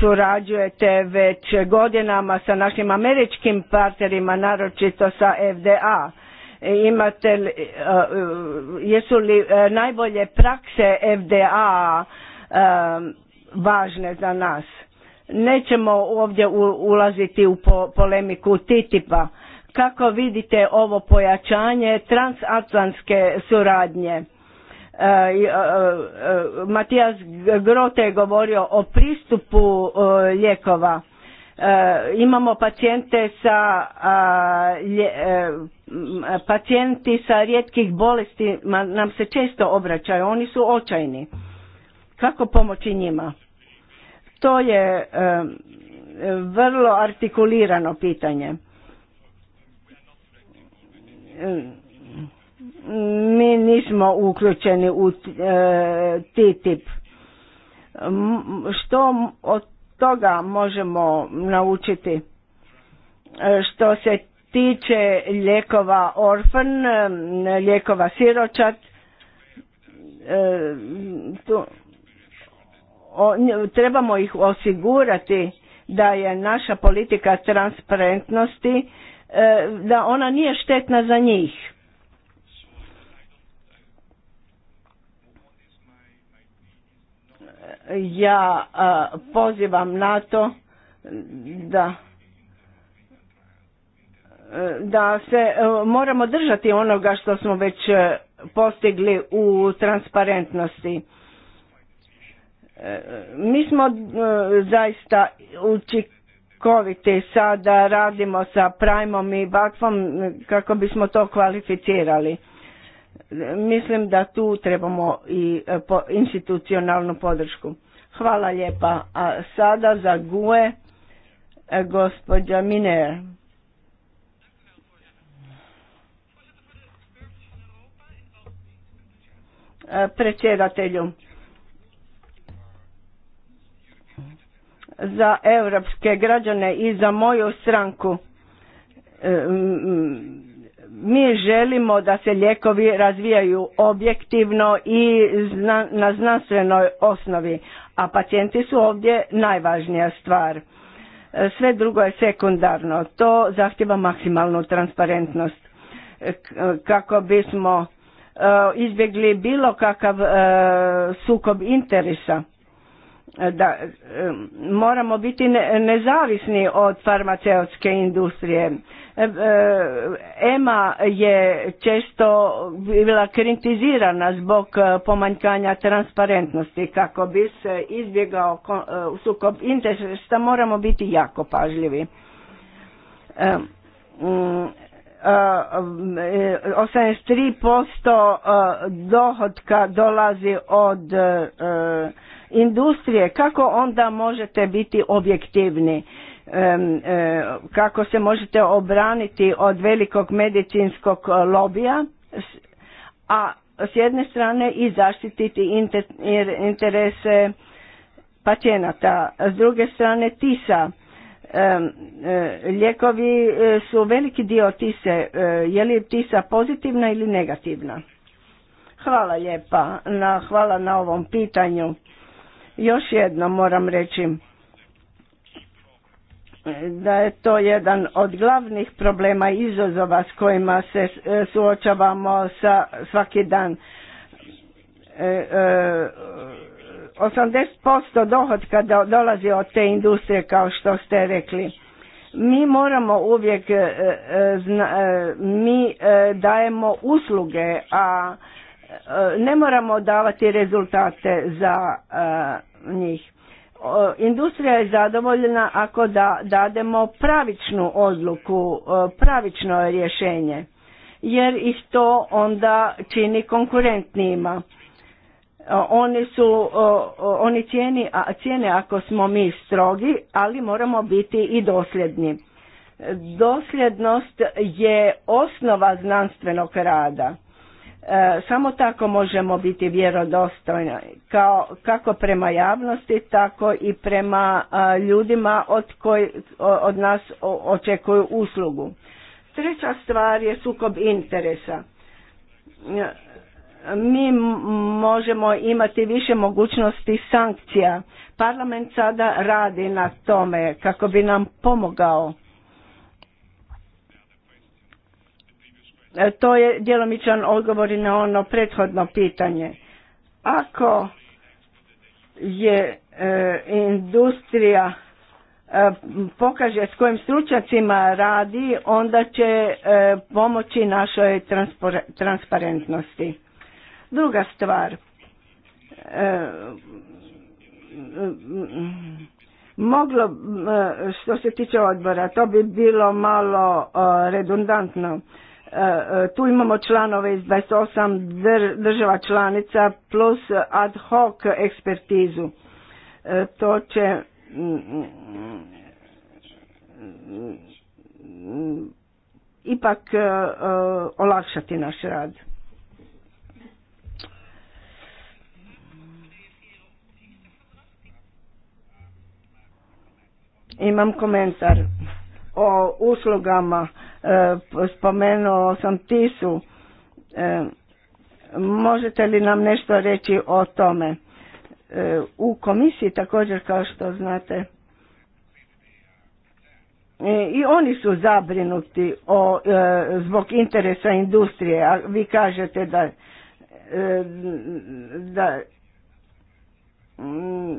surađujete već godinama sa našim američkim partnerima naročito sa FDA imate jesu li najbolje prakse FDA važne za nas Nećemo ovdje ulaziti u polemiku TTIP-a. Kako vidite ovo pojačanje transatlantske suradnje? E, e, e, Matijas Grote je govorio o pristupu lijekova. Imamo pacijente sa pacijenti sa rijetkih bolesti nam se često obraćaju, oni su očajni. Kako pomoći njima? To je vrlo artikulirano pitanje. Mi nismo uključeni u e, TTIP. Što od toga možemo naučiti? Što se tiče lijekova orfan, lijekova siročat, e, tu trebamo ih osigurati da je naša politika transparentnosti, e, da ona nije štetna za njih. Ja pozivam na to da da se e, moramo držati onoga što smo već e, postigli u transparentnosti mi smo e, zaista učinkoviti sada radimo sa Primom i Bakvom kako bismo to kvalificirali. Mislim da tu trebamo i e, institucionalnu podršku. Hvala lijepa. A sada za GUE e, gospođa Miner. Predsjedatelju, za europske građane i za moju stranku. E, mi želimo da se lijekovi razvijaju objektivno i na znanstvenoj osnovi, a pacijenti su ovdje najvažnija stvar. E, sve drugo je sekundarno, to zahtjeva maksimalnu transparentnost e, kako bismo izbjegli bilo kakav sukob interesa E, da e, moramo biti nezavisni od farmaceutske industrije. EMA e, je često bila kritizirana zbog pomanjkanja transparentnosti kako bi se izbjegao sukob interesa moramo biti jako pažljivi. 83% mm, dohodka dolazi od industrije, kako onda možete biti objektivni? E, kako se možete obraniti od velikog medicinskog e, lobija, a s jedne strane i zaštititi interese pacijenata. S druge strane TISA, e, lijekovi su veliki dio TISE, je li TISA pozitivna ili negativna? Hvala lijepa, na, hvala na ovom pitanju. Još jednom moram reći da je to jedan od glavnih problema i izazova s kojima se e, suočavamo sa svaki dan. 80% e, e, dohodka dolazi od te industrije kao što ste rekli. Mi moramo uvijek, mi dajemo usluge, a E, ne moramo davati rezultate za e, njih. Industrija je zadovoljna ako da dademo pravičnu odluku, e, pravično rješenje, jer ih to onda čini konkurentnijima. Oni su, oni cijeni, cijene ako smo mi strogi, ali moramo biti i dosljedni. Dosljednost je osnova znanstvenog rada E, samo tako možemo biti vjerodostojni, kao, kako prema javnosti, tako i prema e, ljudima od, koji, od nas očekuju uslugu. Treća stvar je sukob interesa. E, mi možemo imati više mogućnosti sankcija. Parlament sada radi na tome kako bi nam pomogao E, to je djelomičan odgovor i na ono prethodno pitanje. Ako je e, industrija e, pokaže s kojim stručnjacima radi, onda će pomoći našoj transparentnosti. Druga stvar, moglo, što se tiče odbora, to bi bilo malo redundantno. E, e, tu imamo članove iz 28 država članica plus ad hoc ekspertizu. E, to će mm, mm, ipak olakšati naš rad. Imam komentar o uslugama Eh, spomenuo sam Tisu. Eh, možete li nam nešto reći o tome? Eh, u komisiji također, kao što znate, i oni su zabrinuti o, zbog interesa industrije, a vi kažete da, da mm,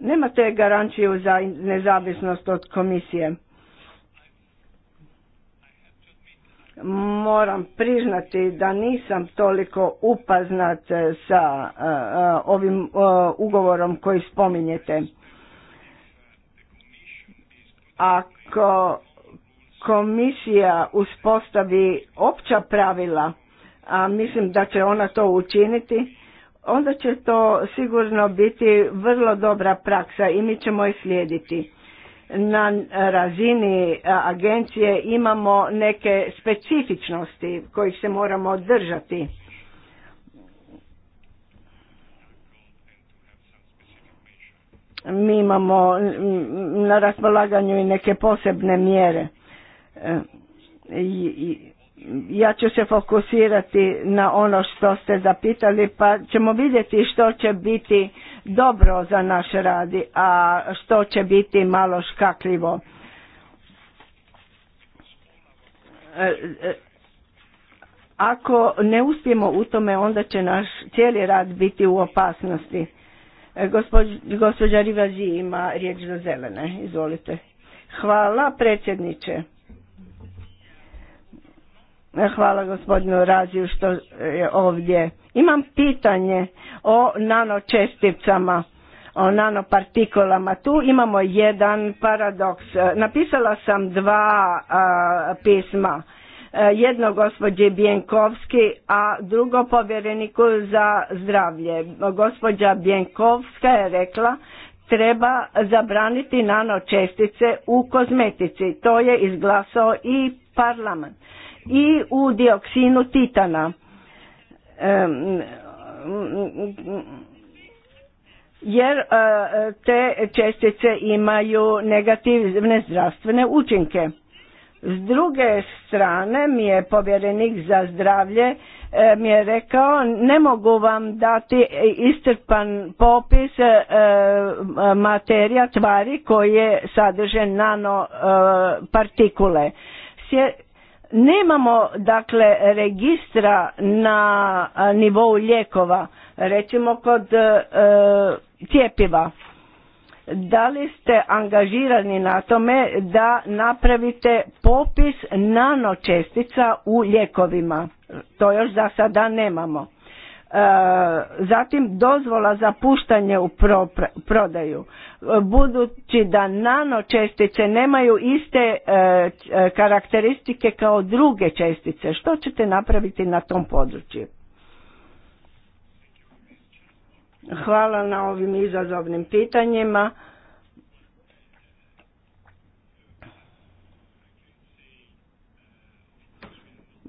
nemate garanciju za nezavisnost od komisije. moram priznati da nisam toliko upaznat sa e, e, ovim e, ugovorom koji spominjete. Ako komisija uspostavi opća pravila, a mislim da će ona to učiniti, onda će to sigurno biti vrlo dobra praksa i mi ćemo je slijediti na razini e, agencije imamo neke specifičnosti kojih se moramo držati. Mi imamo na raspolaganju i neke posebne mjere. E, ja ću se fokusirati na ono što ste zapitali pa ćemo vidjeti što će biti dobro za naš radi, a što će biti malo škakljivo. E, e, ako ne uspijemo u tome, onda će naš cijeli rad biti u opasnosti. E, gospođa Rivazi ima riječ za zelene. Izvolite. Hvala predsjedniče. Hvala gospodinu Raziju što je ovdje. Imam pitanje o nanočesticama, o nanopartikulama. Tu imamo jedan paradoks. Napisala sam dva pisma. E, jedno gospođi Bjenkovski, a drugo povjereniku za zdravlje. Gospođa Bjenkovska je rekla treba zabraniti nanočestice u kozmetici. To je izglasao i parlament i u dioksinu titana. Jer e, te čestice imaju negativne zdravstvene učinke. S druge strane mi je povjerenik za zdravlje e, mi je rekao ne mogu vam dati istrpan popis e, materija tvari koje sadrže nano partikule. Nemamo dakle registra na nivou lijekova, recimo kod e, e Da li ste angažirani na tome da napravite popis nanočestica u lijekovima? To još za sada nemamo. E, zatim dozvola za puštanje u pro, prodaju. E, budući da nano čestice nemaju iste e, karakteristike kao druge čestice, što ćete napraviti na tom području? Hvala na ovim izazovnim pitanjima.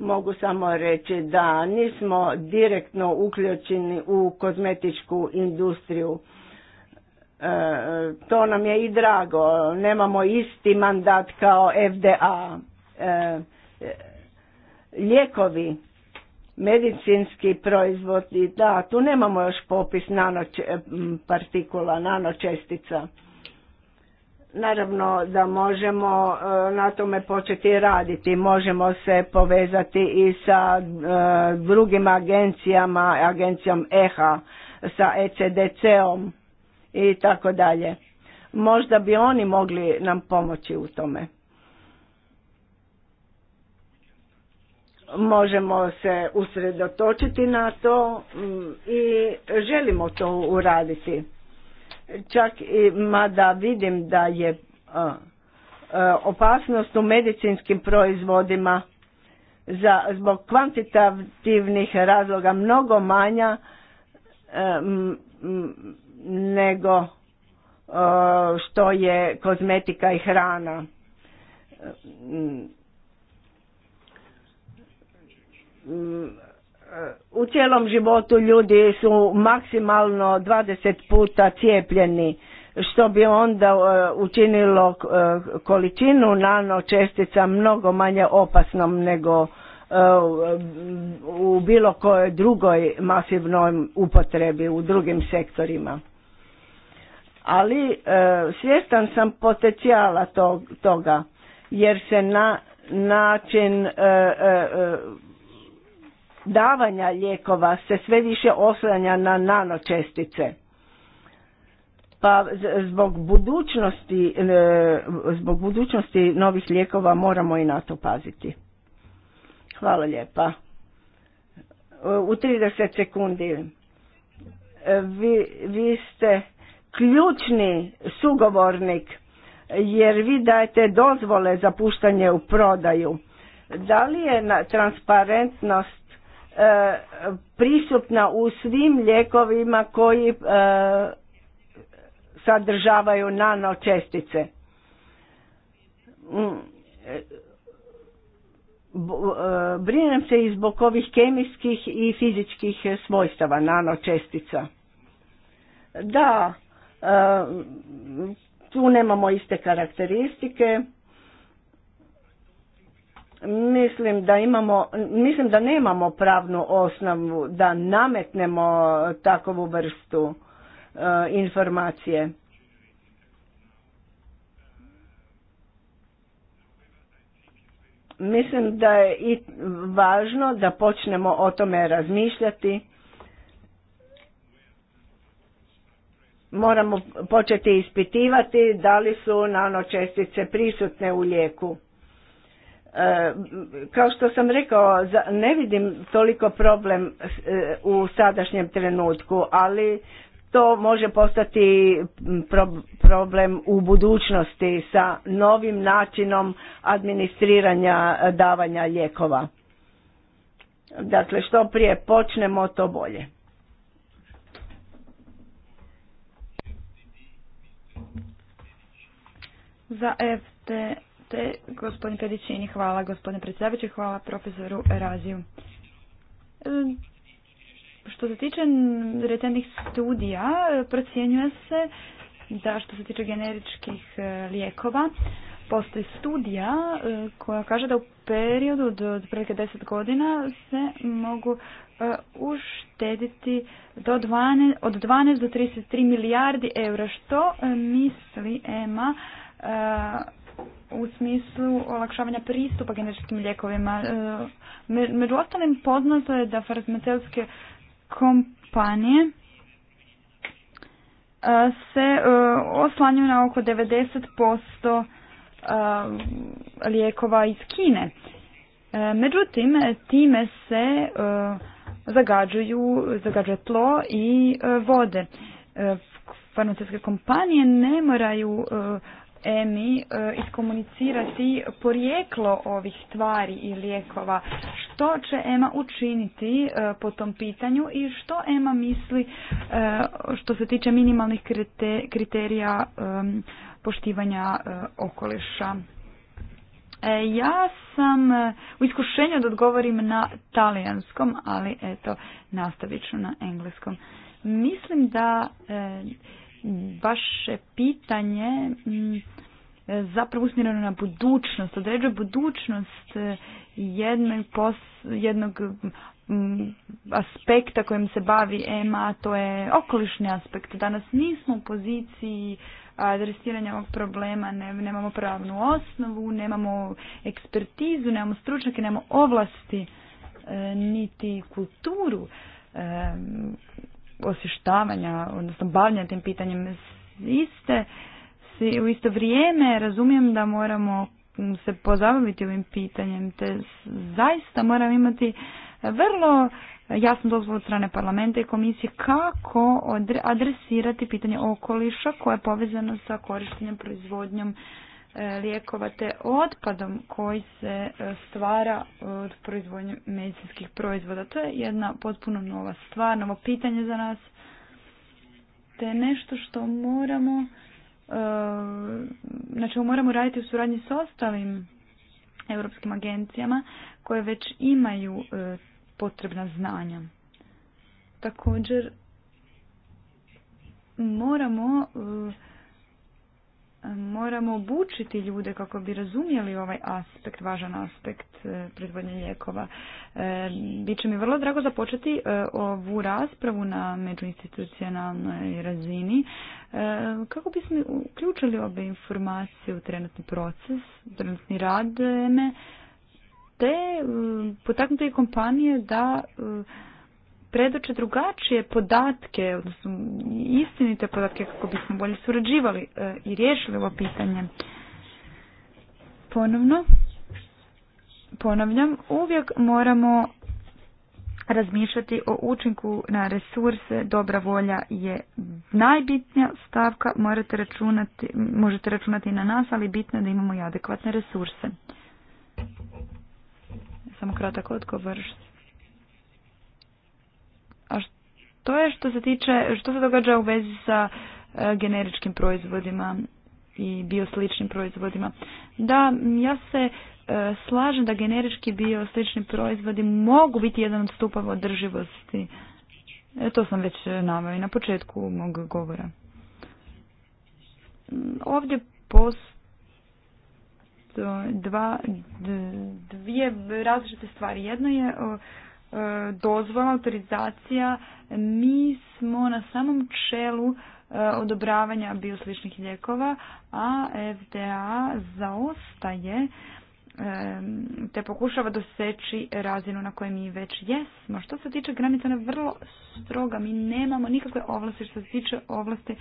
Mogu samo reći da nismo direktno uključeni u kozmetičku industriju. E, to nam je i drago. Nemamo isti mandat kao FDA. E, lijekovi, medicinski proizvodi, da, tu nemamo još popis nano mm, partikula, nanočestica. Naravno da možemo e, na tome početi raditi, možemo se povezati i sa e, drugim agencijama, agencijom EHA, sa ECDC-om i tako dalje. Možda bi oni mogli nam pomoći u tome. Možemo se usredotočiti na to mm, i želimo to uraditi Čak i mada vidim da je opasnost u medicinskim proizvodima za, zbog kvantitativnih razloga mnogo manja e, nego e, što je kozmetika i hrana. E, u cijelom životu ljudi su maksimalno 20 puta cijepljeni što bi onda e, učinilo e, količinu nanočestica mnogo manje opasnom nego e, u bilo kojoj drugoj masivnoj upotrebi u drugim sektorima. Ali svjestan sam potencijala toga jer se na način davanja lijekova se sve više oslanja na nanočestice. Pa zbog budućnosti, e, zbog budućnosti novih lijekova moramo i na to paziti. Hvala lijepa. U 30 sekundi. E, vi, vi ste ključni sugovornik jer vi dajete dozvole za puštanje u prodaju. Da li je transparentnost E, prisutna u svim ljekovima koji e, sadržavaju nanočestice. Mm, e, brinem se i zbog ovih kemijskih i fizičkih svojstava nanočestica. Da, tu nemamo iste karakteristike Mislim da imamo, mislim da nemamo pravnu osnovu da nametnemo takvu vrstu e, informacije. Mislim da je i važno da počnemo o tome razmišljati. Moramo početi ispitivati da li su nanočestice prisutne u lijeku kao što sam rekao, ne vidim toliko problem e, u sadašnjem trenutku, ali to može postati problem u budućnosti sa novim načinom administriranja e, davanja lijekova. Dakle, što prije počnemo, to bolje. Za FT
gospodin Pedicini, hvala gospodine predsjedavajući, hvala profesoru Eraziju. E, što se tiče recentnih studija, procjenjuje se da što se tiče generičkih e, lijekova, postoji studija e, koja kaže da u periodu od otprilike 10 godina se mogu uštediti do 12, od 12 do 33 milijardi eura, što misli EMA u smislu olakšavanja pristupa generičkim lijekovima. E, među ostalim poznato je da farmaceutske kompanije e, se e, oslanjuju na oko 90% lijekova iz Kine. Međutim, time se zagađuju, zagađuje tlo i vode. Farmaceutske kompanije ne moraju EMI e, iskomunicirati porijeklo ovih tvari i lijekova. Što će EMA učiniti e, po tom pitanju i što EMA misli e, što se tiče minimalnih kriterija poštivanja okoliša? Ja sam u iskušenju da odgovorim na talijanskom, ali eto, nastavit ću na engleskom. Mislim da vaše pitanje mm, zapravo usmjereno na budućnost, određuje budućnost jednog, pos, jednog mm, aspekta kojim se bavi EMA, a to je okolišni aspekt. Danas nismo u poziciji adresiranja ovog problema, nemamo pravnu osnovu, nemamo ekspertizu, nemamo stručnjake, nemamo ovlasti, e, niti kulturu e, osještavanja, odnosno bavljanja tim pitanjem iste, u isto vrijeme razumijem da moramo se pozabaviti ovim pitanjem, te zaista moram imati vrlo jasnu dozvolu od strane parlamenta i komisije kako adresirati pitanje okoliša koje je povezano sa korištenjem proizvodnjom E, lijekova te otpadom koji se e, stvara od proizvodnje medicinskih proizvoda. To je jedna potpuno nova stvar, novo pitanje za nas. Te nešto što moramo znači moramo raditi u suradnji s ostalim europskim agencijama koje već imaju potrebna znanja. Također moramo moramo obučiti ljude kako bi razumjeli ovaj aspekt, važan aspekt e, proizvodnje lijekova. E, Biće mi vrlo drago započeti e, ovu raspravu na međuinstitucionalnoj razini kako bismo uključili ove informacije u trenutni proces, trenutni rad te potaknuti kompanije da predoče drugačije podatke, odnosno istinite podatke kako bismo bolje surađivali e, i riješili ovo pitanje. Ponovno, ponavljam, uvijek moramo razmišljati o učinku na resurse, dobra volja je najbitnija stavka, morate računati, možete računati na nas, ali bitno je da imamo i adekvatne resurse. Samo kratak odgovor To je što se tiče, što se događa u vezi sa e, generičkim proizvodima i biosličnim proizvodima. Da, ja se e, slažem da generički bioslični proizvodi mogu biti jedan od stupava održivosti. E, to sam već nama i na početku mog govora. Ovdje post dva, dvije različite stvari. Jedno je E, dozvola, autorizacija, mi smo na samom čelu e, odobravanja biosličnih lijekova, a FDA zaostaje e, te pokušava doseći razinu na kojoj mi već jesmo. Što se tiče granica, ona vrlo stroga. Mi nemamo nikakve ovlasti što se tiče ovlasti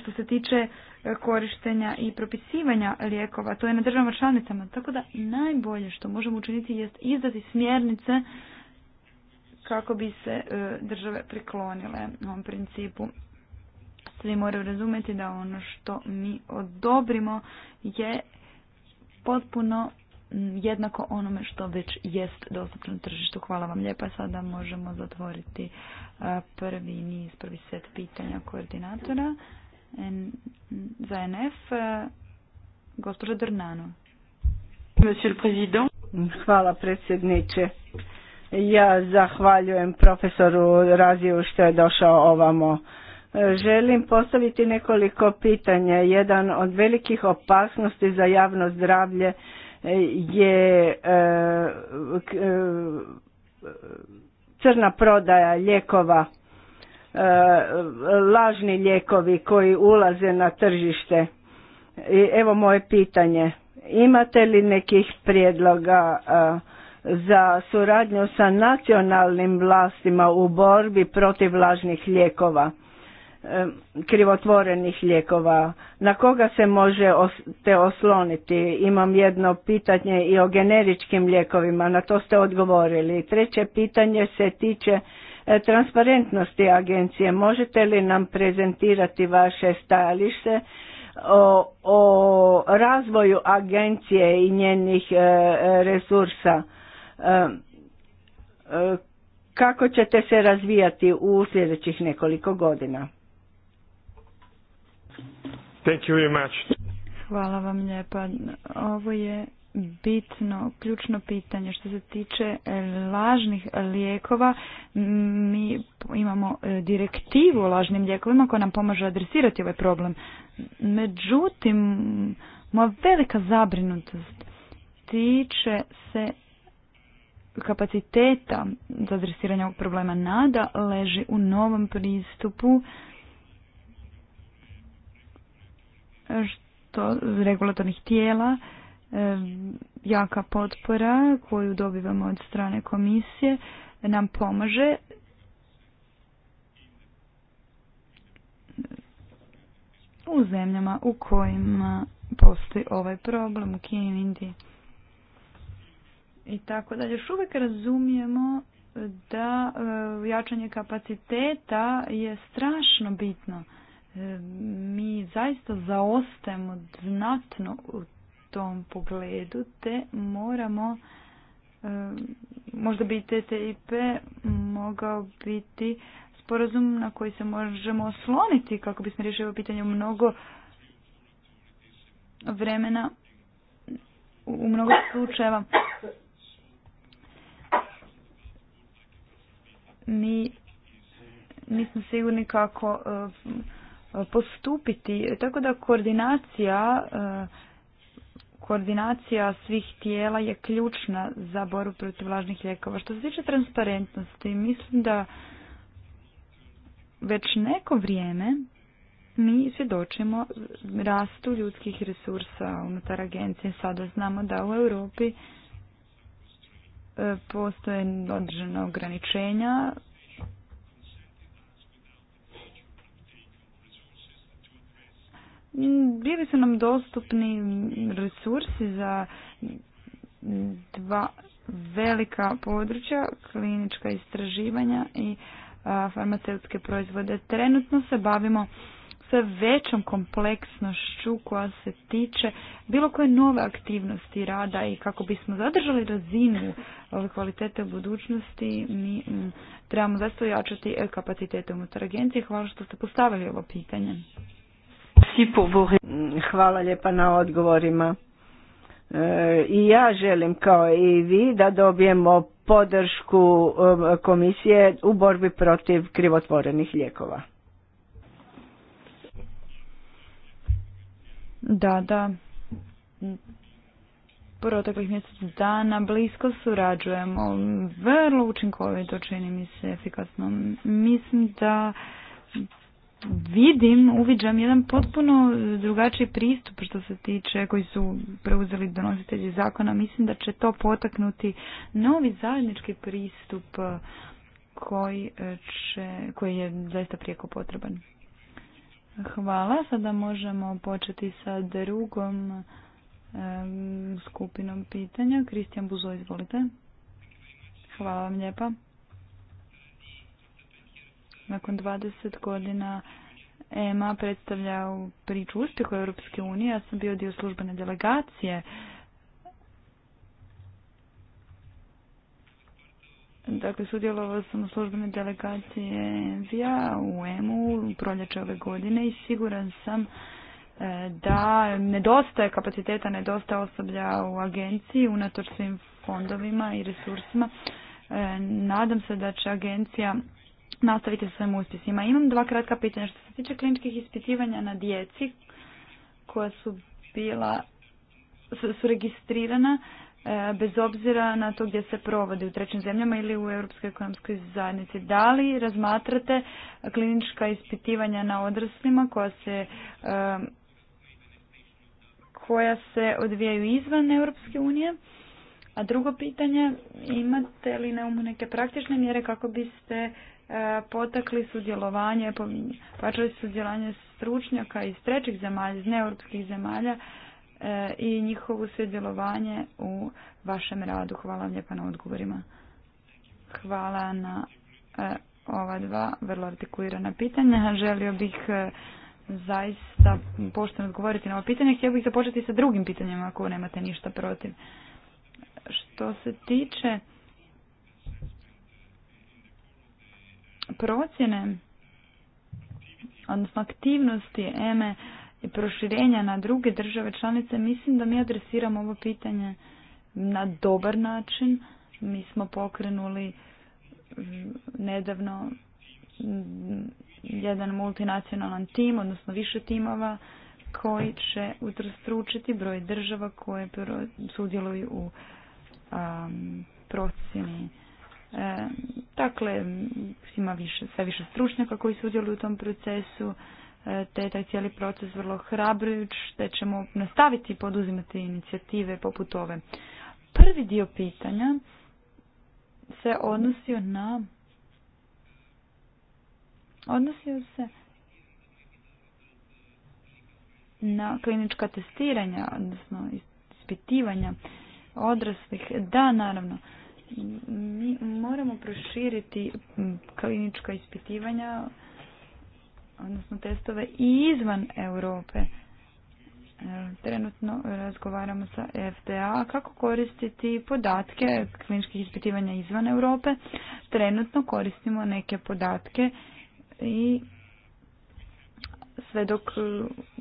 što se tiče korištenja i propisivanja lijekova. To je na državama članicama. Tako da najbolje što možemo učiniti jest izdati smjernice kako bi se e, države priklonile ovom principu. Svi moraju razumjeti da ono što mi odobrimo je potpuno jednako onome što već jest dostupno na tržištu. Hvala vam lijepa. Sada možemo zatvoriti e, prvi niz, prvi set pitanja koordinatora za NF. E, gospođa Drnano.
Hvala predsjedniče. Ja zahvaljujem profesoru Raziju što je došao ovamo. E, želim postaviti nekoliko pitanja. Jedan od velikih opasnosti za javno zdravlje e, je e, crna prodaja lijekova, lažni lijekovi koji ulaze na tržište. Evo moje pitanje. Imate li nekih prijedloga za suradnju sa nacionalnim vlastima u borbi protiv lažnih lijekova, e, krivotvorenih lijekova. Na koga se može te osloniti? Imam jedno pitanje i o generičkim lijekovima, na to ste odgovorili. Treće pitanje se tiče e, transparentnosti agencije. Možete li nam prezentirati vaše stajalište o, o razvoju agencije i njenih e, resursa? E, e, kako ćete se razvijati u sljedećih nekoliko godina?
Thank you very much.
Hvala vam lijepa. Ovo je bitno, ključno pitanje što se tiče e, lažnih lijekova. Mi imamo direktivu o lažnim lijekovima koja nam pomaže adresirati ovaj problem. Međutim, moja velika zabrinutost tiče se kapaciteta za adresiranje ovog problema nada leži u novom pristupu što regulatornih tijela jaka potpora koju dobivamo od strane komisije nam pomaže u zemljama u kojima postoji ovaj problem u Kini i i tako da Još uvijek razumijemo da e, jačanje kapaciteta je strašno bitno. E, mi zaista zaostajemo znatno u tom pogledu te moramo e, možda bi TTIP mogao biti sporazum na koji se možemo osloniti kako bismo riješili pitanje mnogo vremena u mnogo slučajeva ni nismo sigurni kako e, postupiti. Tako da koordinacija e, koordinacija svih tijela je ključna za boru protiv lažnih lijekova. Što se tiče transparentnosti, mislim da već neko vrijeme mi svjedočimo rastu ljudskih resursa unutar agencije. Sada znamo da u Europi postoje određena ograničenja bili su nam dostupni resursi za dva velika područja, klinička istraživanja i farmaceutske proizvode. Trenutno se bavimo sve većom kompleksnošću koja se tiče bilo koje nove aktivnosti rada i kako bismo zadržali razinu eh, kvalitete u budućnosti, mi mm, trebamo zaista ojačati eh, kapacitete unutar agencije. Hvala što ste postavili ovo pitanje.
Mm, hvala lijepa na odgovorima. Eh, I ja želim kao i vi da dobijemo podršku komisije u borbi protiv krivotvorenih lijekova. Da, da.
Proteklih mjesec dana blisko surađujemo. Vrlo učinkovito čini mi se efikasno. Mislim da vidim, uviđam jedan potpuno drugačiji pristup što se tiče koji su preuzeli donositelji zakona. Mislim da će to potaknuti novi zajednički pristup koji, e, će, koji je zaista prijeko potreban. Hvala. Sada možemo početi sa drugom skupinom pitanja. Kristijan Buzo, izvolite. Hvala vam lijepa. Nakon 20 godina EMA predstavlja priču uspjehu Europske unije. Ja sam bio dio službene delegacije Dakle, sudjelovao sam u službene delegacije ENVIA u EMU u proljeće ove godine i siguran sam e, da nedostaje kapaciteta, nedostaje osoblja u agenciji unatoč svim fondovima i resursima. E, nadam se da će agencija nastaviti sa svojim uspjesima. Imam dva kratka pitanja. Što se tiče kliničkih ispitivanja na djeci koja su bila su registrirana E, bez obzira na to gdje se provodi u trećim zemljama ili u Europskoj ekonomskoj zajednici. Da li razmatrate klinička ispitivanja na odraslima koja se e, koja se odvijaju izvan Europske unije? A drugo pitanje, imate li na umu neke praktične mjere kako biste e, potakli sudjelovanje, pačali sudjelovanje stručnjaka iz trećih zemalja, iz neeuropskih zemalja E, i njihovo sudjelovanje u vašem radu. Hvala vam lijepa na odgovorima. Hvala na e, ova dva vrlo artikulirana pitanja. Želio bih e, zaista pošteno odgovoriti na ovo pitanje. Htio bih započeti sa drugim pitanjima ako nemate ništa protiv. Što se tiče procjene odnosno aktivnosti EME i proširenja na druge države članice, mislim da mi adresiramo ovo pitanje na dobar način. Mi smo pokrenuli mm, nedavno mm, jedan multinacionalan tim, odnosno više timova, koji će utrostručiti broj država koje sudjeluju u um, procjeni. E, dakle, ima više, sve više stručnjaka koji sudjeluju u tom procesu. E, te taj cijeli proces vrlo hrabrujuć, te ćemo nastaviti poduzimati inicijative poput ove. Prvi dio pitanja se odnosio na odnosio se na klinička testiranja, odnosno ispitivanja odraslih. Da, naravno. Mi moramo proširiti klinička ispitivanja odnosno testove i izvan Europe. E, trenutno razgovaramo sa FDA kako koristiti podatke kliničkih ispitivanja izvan Europe. Trenutno koristimo neke podatke i sve dok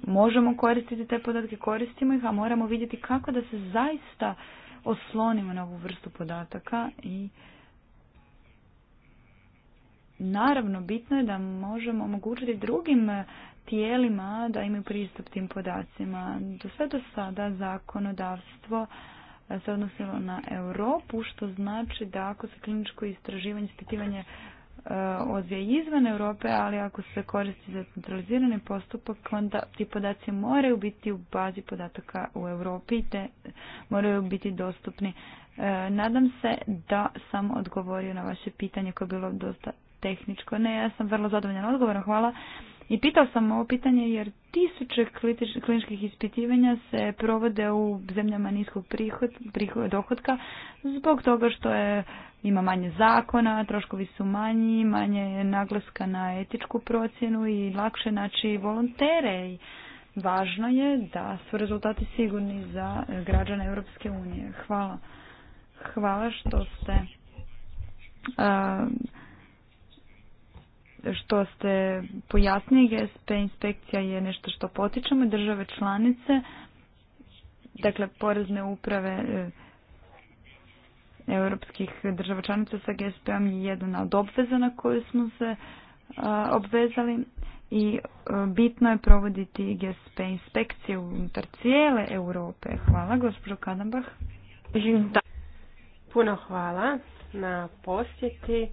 možemo koristiti te podatke, koristimo ih, a moramo vidjeti kako da se zaista oslonimo na ovu vrstu podataka i Naravno, bitno je da možemo omogućiti drugim eh, tijelima da imaju pristup tim podacima. Do sve do sada zakonodavstvo eh, se odnosilo na Europu, što znači da ako se kliničko istraživanje, ispitivanje eh, odvije izvan Europe, ali ako se koristi za centralizirani postupak, onda ti podaci moraju biti u bazi podataka u Europi i te moraju biti dostupni. Nadam se da sam odgovorio na vaše pitanje koje je bilo dosta tehničko. Ne, ja sam vrlo zadovoljan odgovorom, hvala. I pitao sam ovo pitanje jer tisuće kliničkih ispitivanja se provode u zemljama niskog prihod, prihod, dohodka zbog toga što je, ima manje zakona, troškovi su manji, manje je naglaska na etičku procjenu i lakše naći volontere. I važno je da su rezultati sigurni za građane Europske unije. Hvala. Hvala što ste što ste pojasnili, GSP inspekcija je nešto što potičemo države članice, dakle porezne uprave e, europskih država članica sa GSP-om je jedna od obveza na koju smo se e, obvezali i e, bitno je provoditi GSP inspekcije unutar cijele Europe. Hvala, gospođo Kadambah
Puno hvala na posjeti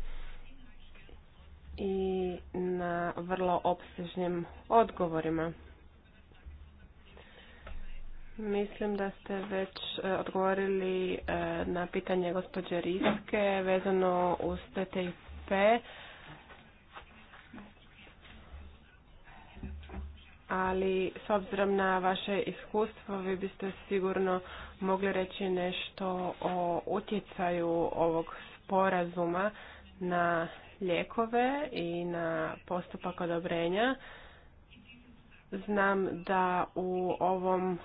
i na vrlo opsežnim odgovorima. Mislim da ste već e, odgovorili e, na pitanje gospođe Riske vezano uz TTIP. ali s obzirom na vaše iskustvo vi biste sigurno mogli reći nešto o utjecaju ovog sporazuma na lijekove i na postupak odobrenja. Znam da u ovom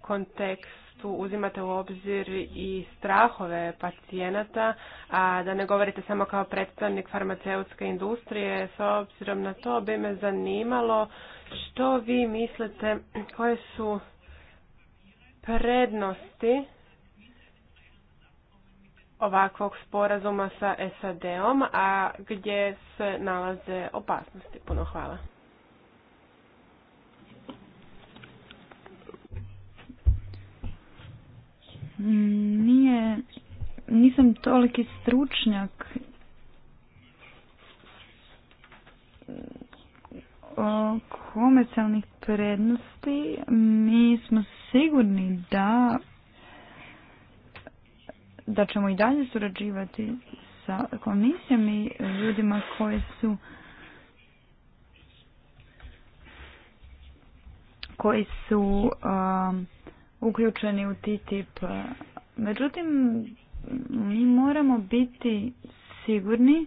kontekstu uzimate u obzir i strahove pacijenata, a da ne govorite samo kao predstavnik farmaceutske industrije. S obzirom na to bi me zanimalo što vi mislite koje su prednosti ovakvog sporazuma sa SAD-om, a gdje se nalaze opasnosti. Puno hvala.
Nije, nisam toliki stručnjak o komercijalnih prednosti. Mi smo sigurni da da ćemo i dalje surađivati sa komisijom i ljudima koji su koji su um, uključeni u TTIP. Međutim, mi moramo biti sigurni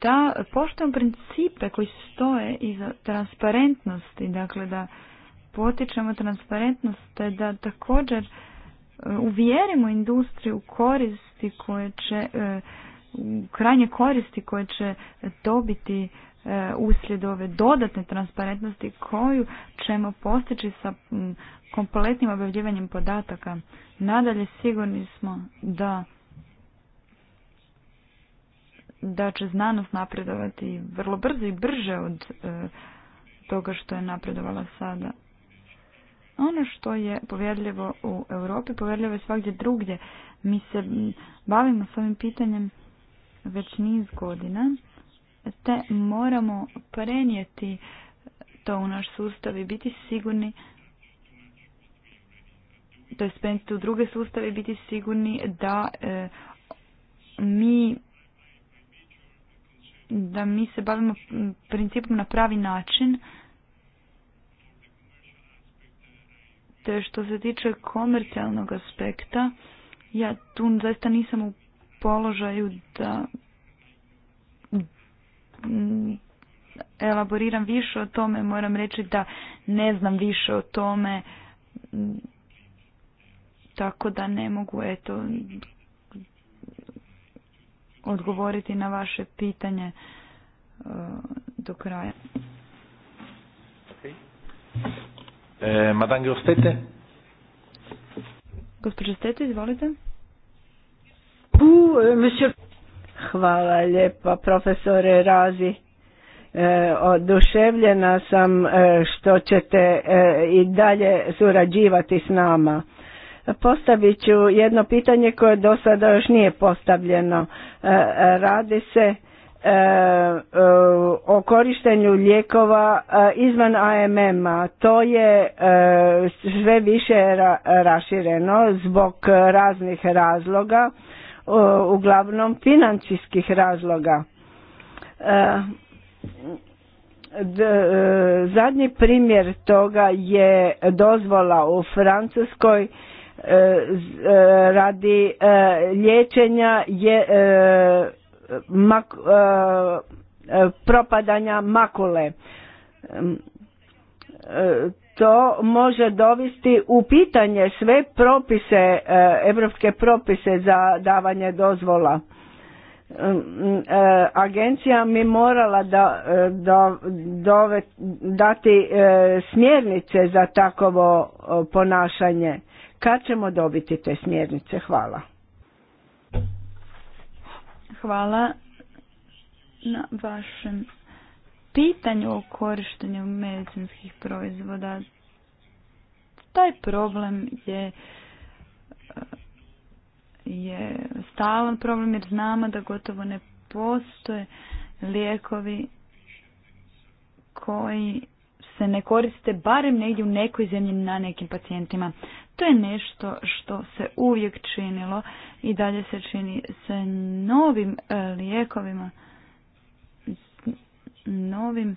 da poštujemo principe koji stoje iza transparentnosti, dakle da potičemo transparentnost, te da također E, uvjerimo industriju koristi koje će e, krajnje koristi koje će dobiti e, uslijed ove dodatne transparentnosti koju ćemo postići sa kompletnim objavljivanjem podataka. Nadalje sigurni smo da da će znanost napredovati vrlo brzo i brže od toga što je napredovala sada. Ono što je povjerljivo u Europi, povjerljivo je svakdje drugdje. Mi se bavimo s ovim pitanjem već niz godina, te moramo prenijeti to u naš sustav i biti sigurni to je u druge sustave i biti sigurni da e, mi da mi se bavimo principom na pravi način Te što se tiče komercijalnog aspekta, ja tu zaista nisam u položaju da mm, elaboriram više o tome, moram reći da ne znam više o tome, mm, tako da ne mogu eto odgovoriti na vaše pitanje e, do kraja.
E,
Gospođo Stete, izvolite. Eh, Hvala lijepa profesore Razi. E, oduševljena sam što ćete i dalje surađivati s nama. Postavit ću jedno pitanje koje do sada još nije postavljeno. radi se E, e, o korištenju lijekova e, izvan AMM-a. To je sve više rašireno zbog raznih razloga, uglavnom financijskih razloga. Zadnji primjer toga je dozvola u Francuskoj radi liječenja je mak, e, e, propadanja makule. E, to može dovesti u pitanje sve propise, evropske propise za davanje dozvola. Agencija mi morala da, da dati smjernice za takovo ponašanje. Kad ćemo dobiti te smjernice? Hvala.
Hvala na vašem pitanju o korištenju medicinskih proizvoda. Taj problem je je stalan problem jer znamo da gotovo ne postoje lijekovi koji se ne koriste barem negdje u nekoj zemlji na nekim pacijentima. To je nešto što se uvijek činilo i dalje se čini s novim e, lijekovima, novim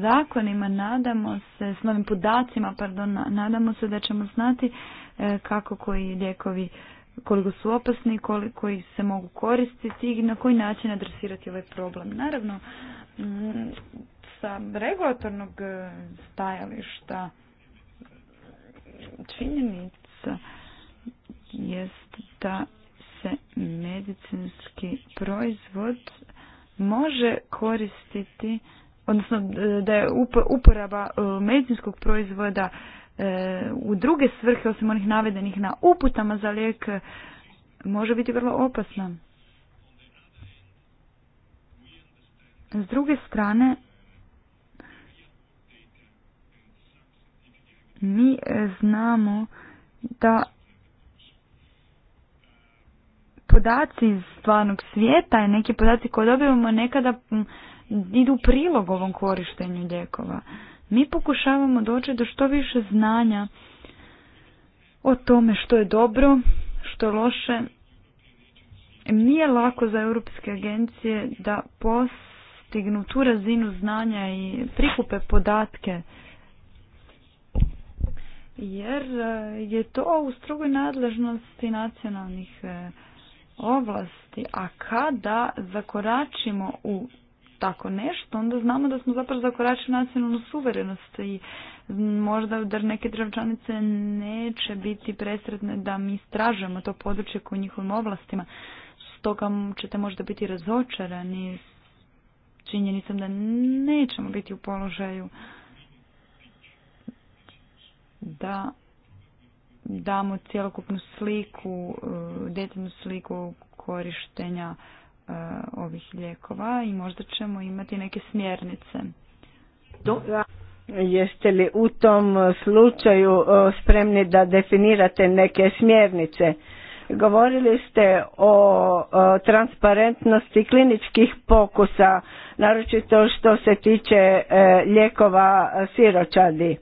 zakonima, nadamo se, s novim podacima, pardon, nadamo se da ćemo znati e, kako koji lijekovi koliko su opasni, koliko ih se mogu koristiti i na koji način adresirati ovaj problem. Naravno, sa regulatornog e, stajališta činjenica jest da se medicinski proizvod može koristiti, odnosno e, da je uporaba e, medicinskog proizvoda e, u druge svrhe osim onih navedenih na uputama za lijek može biti vrlo opasna. S druge strane Mi e, znamo da podaci iz stvarnog svijeta i neki podaci koje dobivamo nekada idu prilog ovom korištenju lijekova. Mi pokušavamo doći do što više znanja o tome što je dobro, što je loše. Nije lako za europske agencije da postignu tu razinu znanja i prikupe podatke jer e, je to u strogoj nadležnosti nacionalnih e, ovlasti, a kada zakoračimo u tako nešto, onda znamo da smo zapravo zakoračili nacionalnu suverenost i možda da neke državčanice neće biti presretne da mi stražemo to područje koje njihovim ovlastima. Stoga ćete možda biti razočarani činjenicom da nećemo biti u položaju da damo cijelokupnu sliku, e, detaljnu sliku korištenja
e, ovih lijekova i možda ćemo imati neke smjernice. Jeste li u tom slučaju e, spremni da definirate neke smjernice? Govorili ste o transparentnosti kliničkih pokusa, naročito što se tiče lijekova siročadi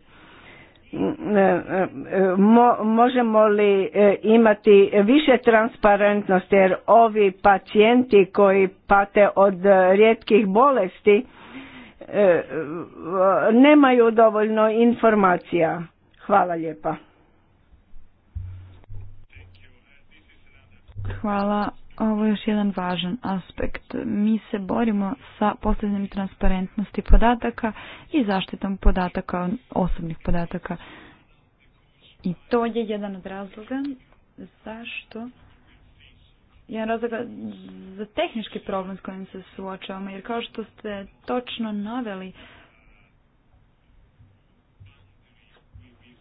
Mm, e, e, mo, možemo li e, imati više transparentnosti jer ovi pacijenti koji pate od rijetkih bolesti nemaju dovoljno informacija. Hvala lijepa. Hvala ovo je još jedan važan
aspekt. Mi se borimo sa posljednjem transparentnosti podataka i zaštitom podataka, osobnih podataka. I to je jedan od razloga zašto jedan razloga za tehnički problem s kojim se suočavamo, jer kao što ste točno naveli,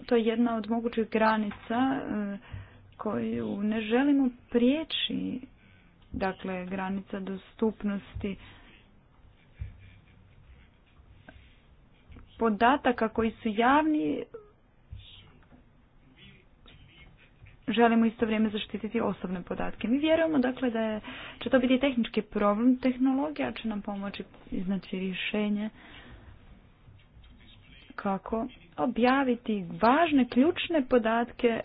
to je jedna od mogućih granica eh, koju ne želimo prijeći dakle granica dostupnosti podataka koji su javni želimo isto vrijeme zaštititi osobne podatke. Mi vjerujemo dakle da je, će to biti tehnički problem, tehnologija će nam pomoći iznaći rješenje kako objaviti važne ključne podatke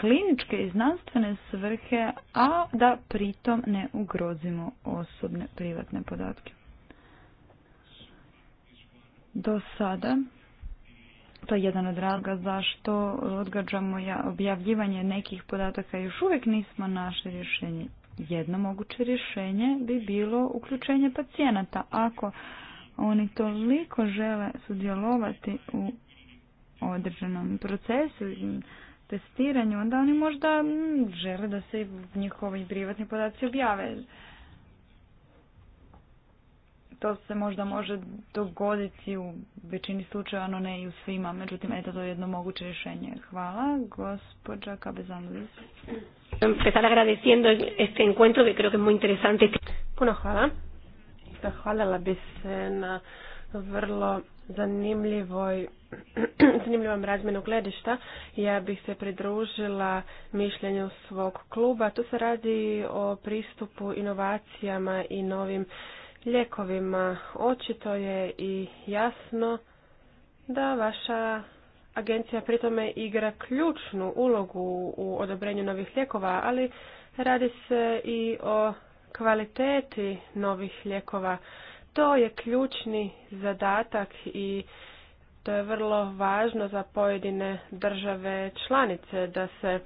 kliničke i znanstvene svrhe, a da pritom ne ugrozimo osobne privatne podatke. Do sada, to je jedan od razloga zašto odgađamo objavljivanje nekih podataka, još uvijek nismo našli rješenje. Jedno moguće rješenje bi bilo uključenje pacijenata. Ako oni toliko žele sudjelovati u određenom procesu, testiranju, onda oni možda mm, žele da se njihovi privatni podaci objave. To se možda može dogoditi u većini slučajeva, no ne i u svima. Međutim, eto to je jedno moguće rješenje. Hvala, gospođa Kabezan-Liz. Empezar agradeciendo este encuentro que creo que es
muy interesante. Puno hvala. Zahvalila bi se na vrlo zanimljivoj zanimljivom razmjenu gledišta. Ja bih se pridružila mišljenju svog kluba. Tu se radi o pristupu inovacijama i novim lijekovima. Očito je i jasno da vaša agencija pritome igra ključnu ulogu u odobrenju novih lijekova, ali radi se i o kvaliteti novih lijekova to je ključni zadatak i to je vrlo važno za pojedine države članice da se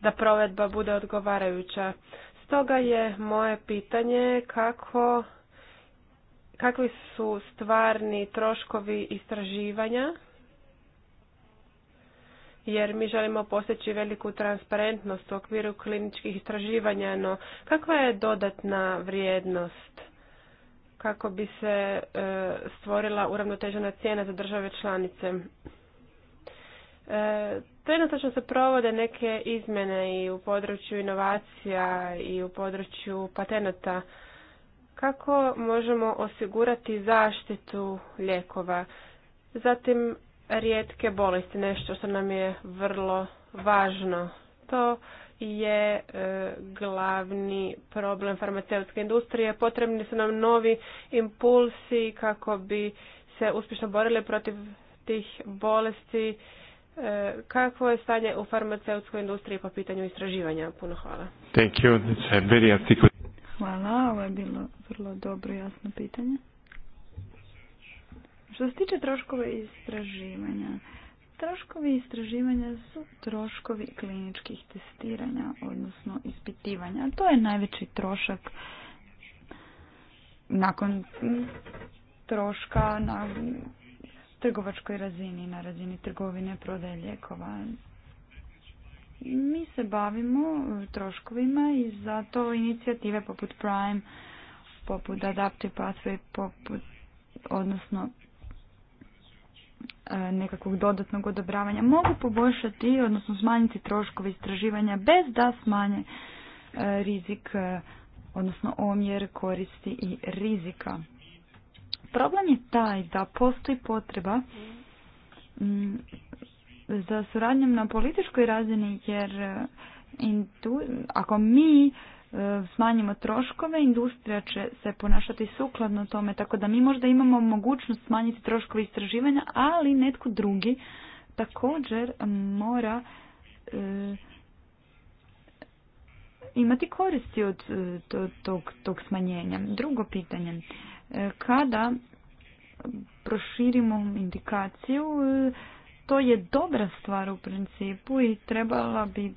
da provedba bude odgovarajuća. Stoga je moje pitanje kako kakvi su stvarni troškovi istraživanja jer mi želimo postići veliku transparentnost u okviru kliničkih istraživanja, no kakva je dodatna vrijednost kako bi se e, stvorila uravnotežena cijena za države članice. E, trenutno se provode neke izmjene i u području inovacija i u području patenata. Kako možemo osigurati zaštitu lijekova? Zatim rijetke bolesti, nešto što nam je vrlo važno. To je e, glavni problem farmaceutske industrije. Potrebni su nam novi impulsi kako bi se uspješno borili protiv tih bolesti. E, kakvo je stanje u farmaceutskoj industriji po pitanju istraživanja? Puno hvala.
Thank you.
hvala, ovo je bilo vrlo dobro jasno pitanje. Što se tiče troškove istraživanja, Troškovi istraživanja su troškovi kliničkih testiranja, odnosno ispitivanja. To je najveći trošak nakon troška na trgovačkoj razini, na razini trgovine prodaje ljekova. Mi se bavimo troškovima i zato inicijative poput Prime, poput Adaptive Pathway, poput, odnosno E, nekakvog dodatnog odobravanja mogu poboljšati, odnosno smanjiti troškove istraživanja bez da smanje e, rizik, e, odnosno omjer koristi i rizika. Problem je taj da postoji potreba za suradnjom na političkoj razini jer ako mi smanjimo troškove, industrija će se ponašati sukladno tome, tako da mi možda imamo mogućnost smanjiti troškove istraživanja, ali netko drugi također mora e, imati koristi od e, to, tog, tog smanjenja. Drugo pitanje, e, kada proširimo indikaciju, to je dobra stvar u principu i trebala bi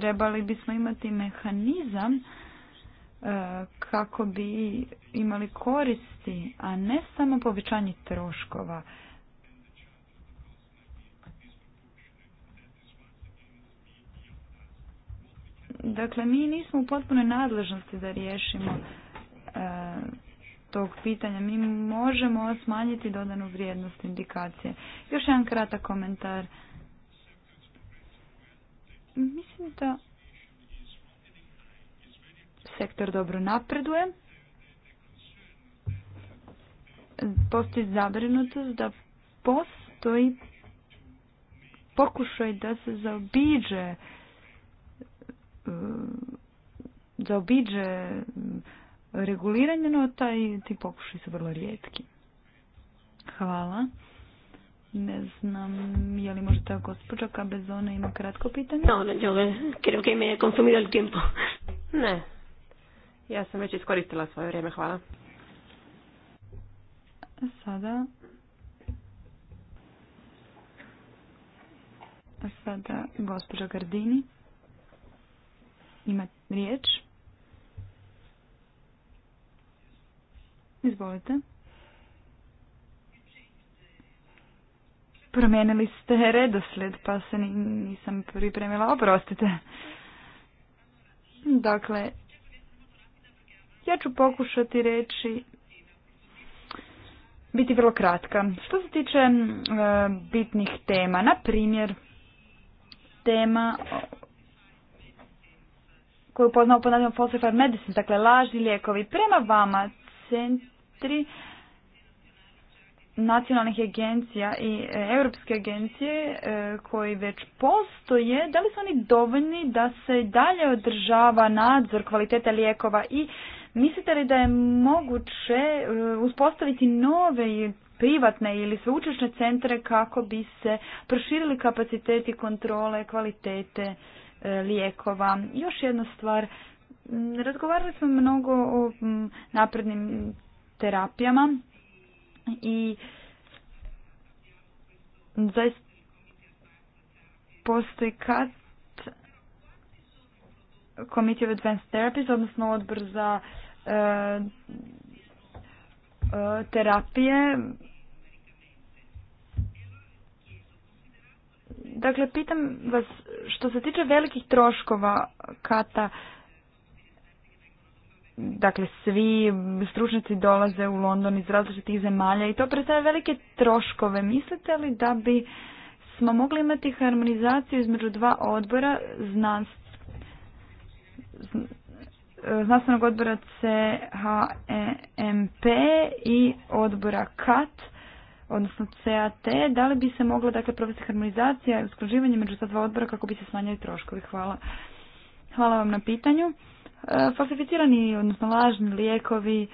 trebali bismo imati mehanizam e, kako bi imali koristi, a ne samo povećanje troškova. Dakle, mi nismo u potpunoj nadležnosti da riješimo e, tog pitanja. Mi možemo smanjiti dodanu vrijednost indikacije. Još jedan kratak komentar. Mislim da sektor dobro napreduje. Postoji zabrinutost da postoji pokušaj da se zaobiđe zaobiđe reguliranje, no taj, ti pokušaj su vrlo rijetki. Hvala. Ne znam, je li možda gospođa Kabezona ima kratko pitanje? No, yo eh, me consumido el Ne, ja
sam već iskoristila svoje vrijeme, hvala.
Sada... Sada gospođa Gardini ima riječ. Izvolite. Promijenili ste redoslijed, pa se nisam pripremila, oprostite. Dakle, ja ću pokušati reći biti vrlo kratka. Što se tiče e, bitnih tema, na primjer tema koju poznao pod nazivom falsified medicine, dakle lažni lijekovi prema vama centri nacionalnih agencija i e, europske agencije e, koji već postoje, da li su oni dovoljni da se dalje održava nadzor kvalitete lijekova i mislite li da je moguće e, uspostaviti nove privatne ili sveučilišne centre kako bi se proširili kapaciteti kontrole kvalitete lijekova. Još jedna stvar, mm, razgovarali smo mnogo o mm, naprednim terapijama i zaista postoji kat Committee of Advanced Therapies, odnosno odbor za e, e, terapije. Dakle, pitam vas, što se tiče velikih troškova kata, dakle svi stručnjaci dolaze u London iz različitih zemalja i to predstavlja velike troškove. Mislite li da bi smo mogli imati harmonizaciju između dva odbora znanstvenog odbora CHMP e i odbora CAT odnosno CAT, da li bi se mogla dakle provesti harmonizacija i usklađivanje među ta dva odbora kako bi se smanjili troškovi? Hvala. Hvala vam na pitanju falsificirani, odnosno lažni lijekovi,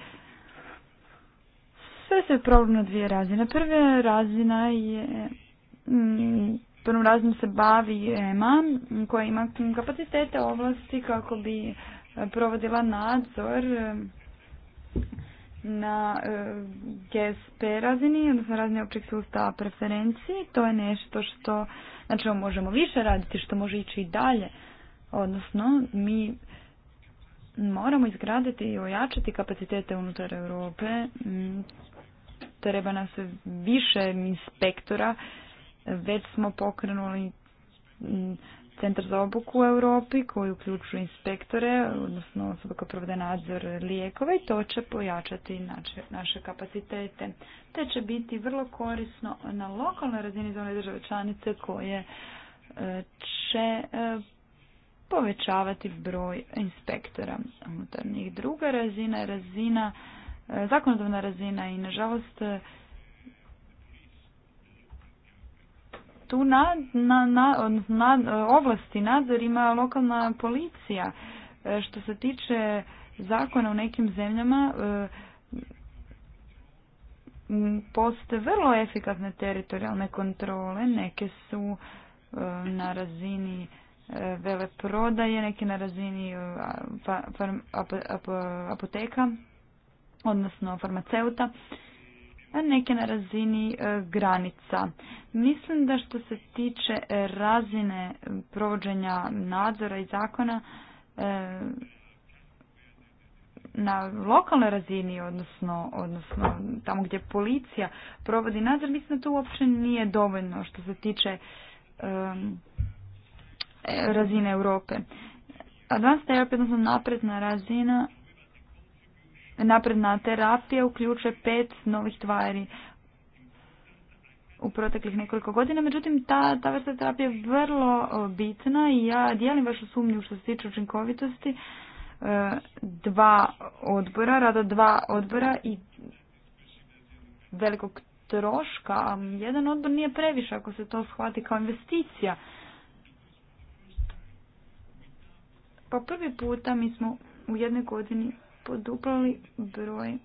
sve se problem na dvije razine. Prva razina je, mm, prvom razinu se bavi EMA koja ima kapacitete oblasti kako bi provodila nadzor na e, GSP razini, odnosno razni općeg sustava preferenciji. To je nešto što, znači možemo više raditi, što može ići i dalje. Odnosno, mi moramo izgraditi i ojačati kapacitete unutar Europe. Mm, Treba nas više inspektora. Već smo pokrenuli mm, centar za obuku u Europi koji uključuje inspektore, odnosno osoba koja provode nadzor lijekova i to će pojačati naše, naše kapacitete. Te će biti vrlo korisno na lokalnoj razini za one države članice koje e, će e, povećavati broj inspektora unutarnjih. Druga razina je razina, e, zakonodavna razina i nažalost e, tu na, na, na, na e, ovlasti nadzor ima lokalna policija. Što se tiče zakona u nekim zemljama postoje vrlo efikasne teritorijalne kontrole, neke su na razini veleprodaje, neke na razini uh, apoteka, odnosno farmaceuta, a neke na razini uh, granica. Mislim da što se tiče e, razine provođenja nadzora i zakona, e, na lokalnoj razini, odnosno, odnosno tamo gdje policija provodi nadzor, mislim da to uopće nije dovoljno što se tiče e, E, razine Europe. Advanced Therapy, odnosno napredna razina, napredna terapija uključuje pet novih tvari u proteklih nekoliko godina. Međutim, ta, ta vrsta terapije je vrlo bitna i ja dijelim vašu sumnju što se tiče učinkovitosti e, dva odbora, rada dva odbora i velikog troška, jedan odbor nije previše ako se to shvati kao investicija Po pa prvi puta mi smo u jednoj godini poduplali broj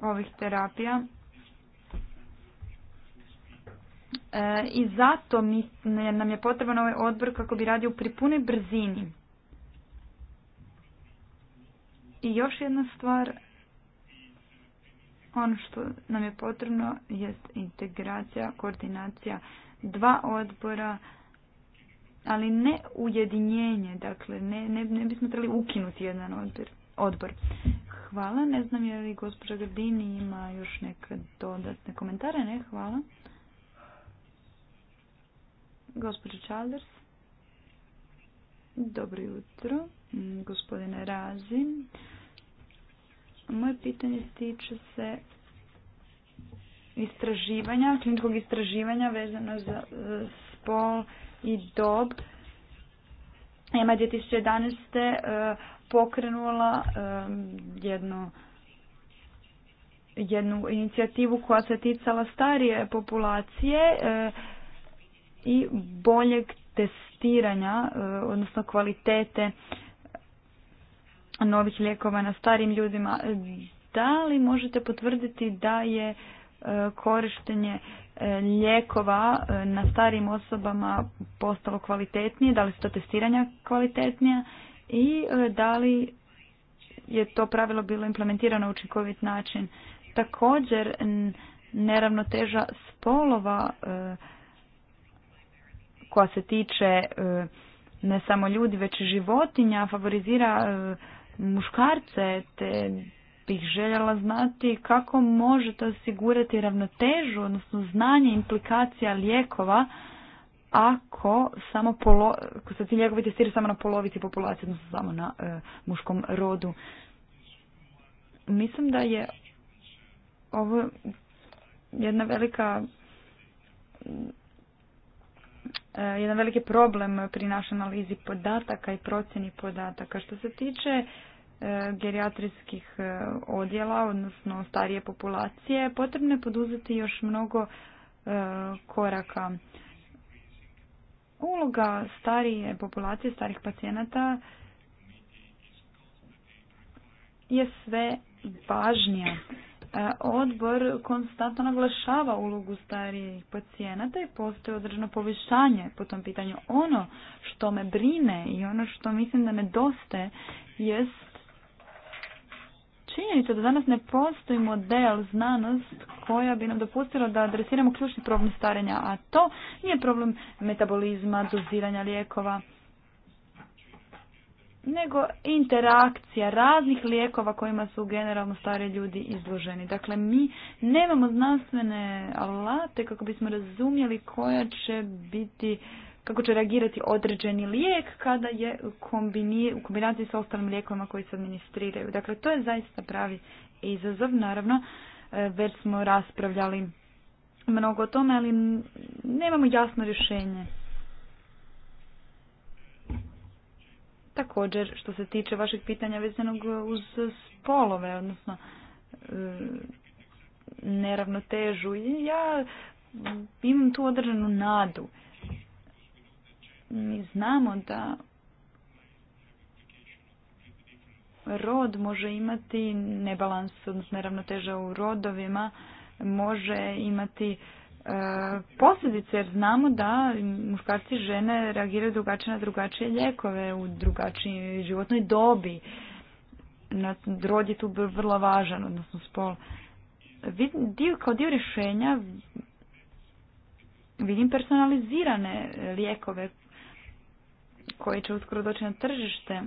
ovih terapija. E, I zato nam je potreban ovaj odbor kako bi radio pri punoj brzini. I još jedna stvar, ono što nam je potrebno jest integracija, koordinacija dva odbora, ali ne ujedinjenje, dakle ne, ne, ne bismo trebali ukinuti jedan odbor. Hvala, ne znam je li gospođa Gardini ima još neke dodatne komentare, ne, hvala. Gospođa Čalders, Dobro jutro, mm, gospodine Razin. Moje pitanje tiče se istraživanja, kliničkog istraživanja vezano za e, spol i dob. EMA 2011. E, pokrenula e, jednu jednu inicijativu koja se ticala starije populacije e, i boljeg testiranja, odnosno kvalitete novih lijekova na starim ljudima. Da li možete potvrditi da je korištenje E, lijekova e, na starim osobama postalo kvalitetnije, da li su to testiranja kvalitetnija i e, da li je to pravilo bilo implementirano na učinkovit način. Također neravnoteža spolova koja se tiče ne samo ljudi već i životinja favorizira muškarce te bih željela znati kako možete osigurati ravnotežu, odnosno znanje implikacija lijekova ako samo polo, ako se ti lijekovi testiraju samo na polovici populacije, odnosno samo na e, muškom rodu. Mislim da je ovo jedna velika e, jedan veliki problem pri našoj analizi podataka i procjeni podataka. Što se tiče E, gerijatrijskih e, odjela, odnosno starije populacije, potrebno je poduzeti još mnogo e, koraka. Uloga starije populacije, starih pacijenata je sve važnija. Odbor konstantno naglašava ulogu starijih pacijenata i postoje određeno povišanje po tom pitanju. Ono što me brine i ono što mislim da nedostaje jest činjenica da danas ne postoji model znanost koja bi nam dopustila da adresiramo ključni problem starenja, a to nije problem metabolizma, doziranja lijekova, nego interakcija raznih lijekova kojima su generalno stari ljudi izloženi. Dakle, mi nemamo znanstvene alate kako bismo razumjeli koja će biti kako će reagirati određeni lijek kada je kombini, u kombinaciji sa ostalim lijekovima koji se administriraju. Dakle, to je zaista pravi izazov, naravno, e, već smo raspravljali mnogo o tome, ali nemamo jasno rješenje. Također, što se tiče vašeg pitanja vezanog uz spolove, odnosno e, neravnotežu, ja imam tu određenu nadu. Mi znamo da rod može imati nebalans, odnosno neravnoteža u rodovima, može imati e, posljedice jer znamo da muškarci i žene reagiraju drugačije na drugačije ljekove u drugačijoj životnoj dobi. Rod je tu vrlo važan, odnosno spol. Dio, kao dio rješenja vidim personalizirane lijekove koji će uskoro doći na tržište,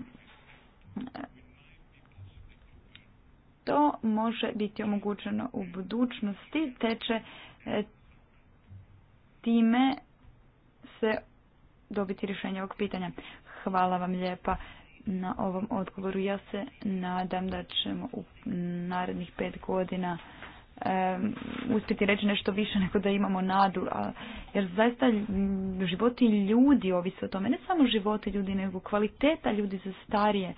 to može biti omogućeno u budućnosti, te će e, time se dobiti rješenje ovog pitanja. Hvala vam lijepa na ovom odgovoru. Ja se nadam da ćemo u narednih pet godina uspjeti reći nešto više nego da imamo nadu, a, jer zaista životi ljudi ovisi o tome, ne samo životi ljudi, nego kvaliteta ljudi za starije,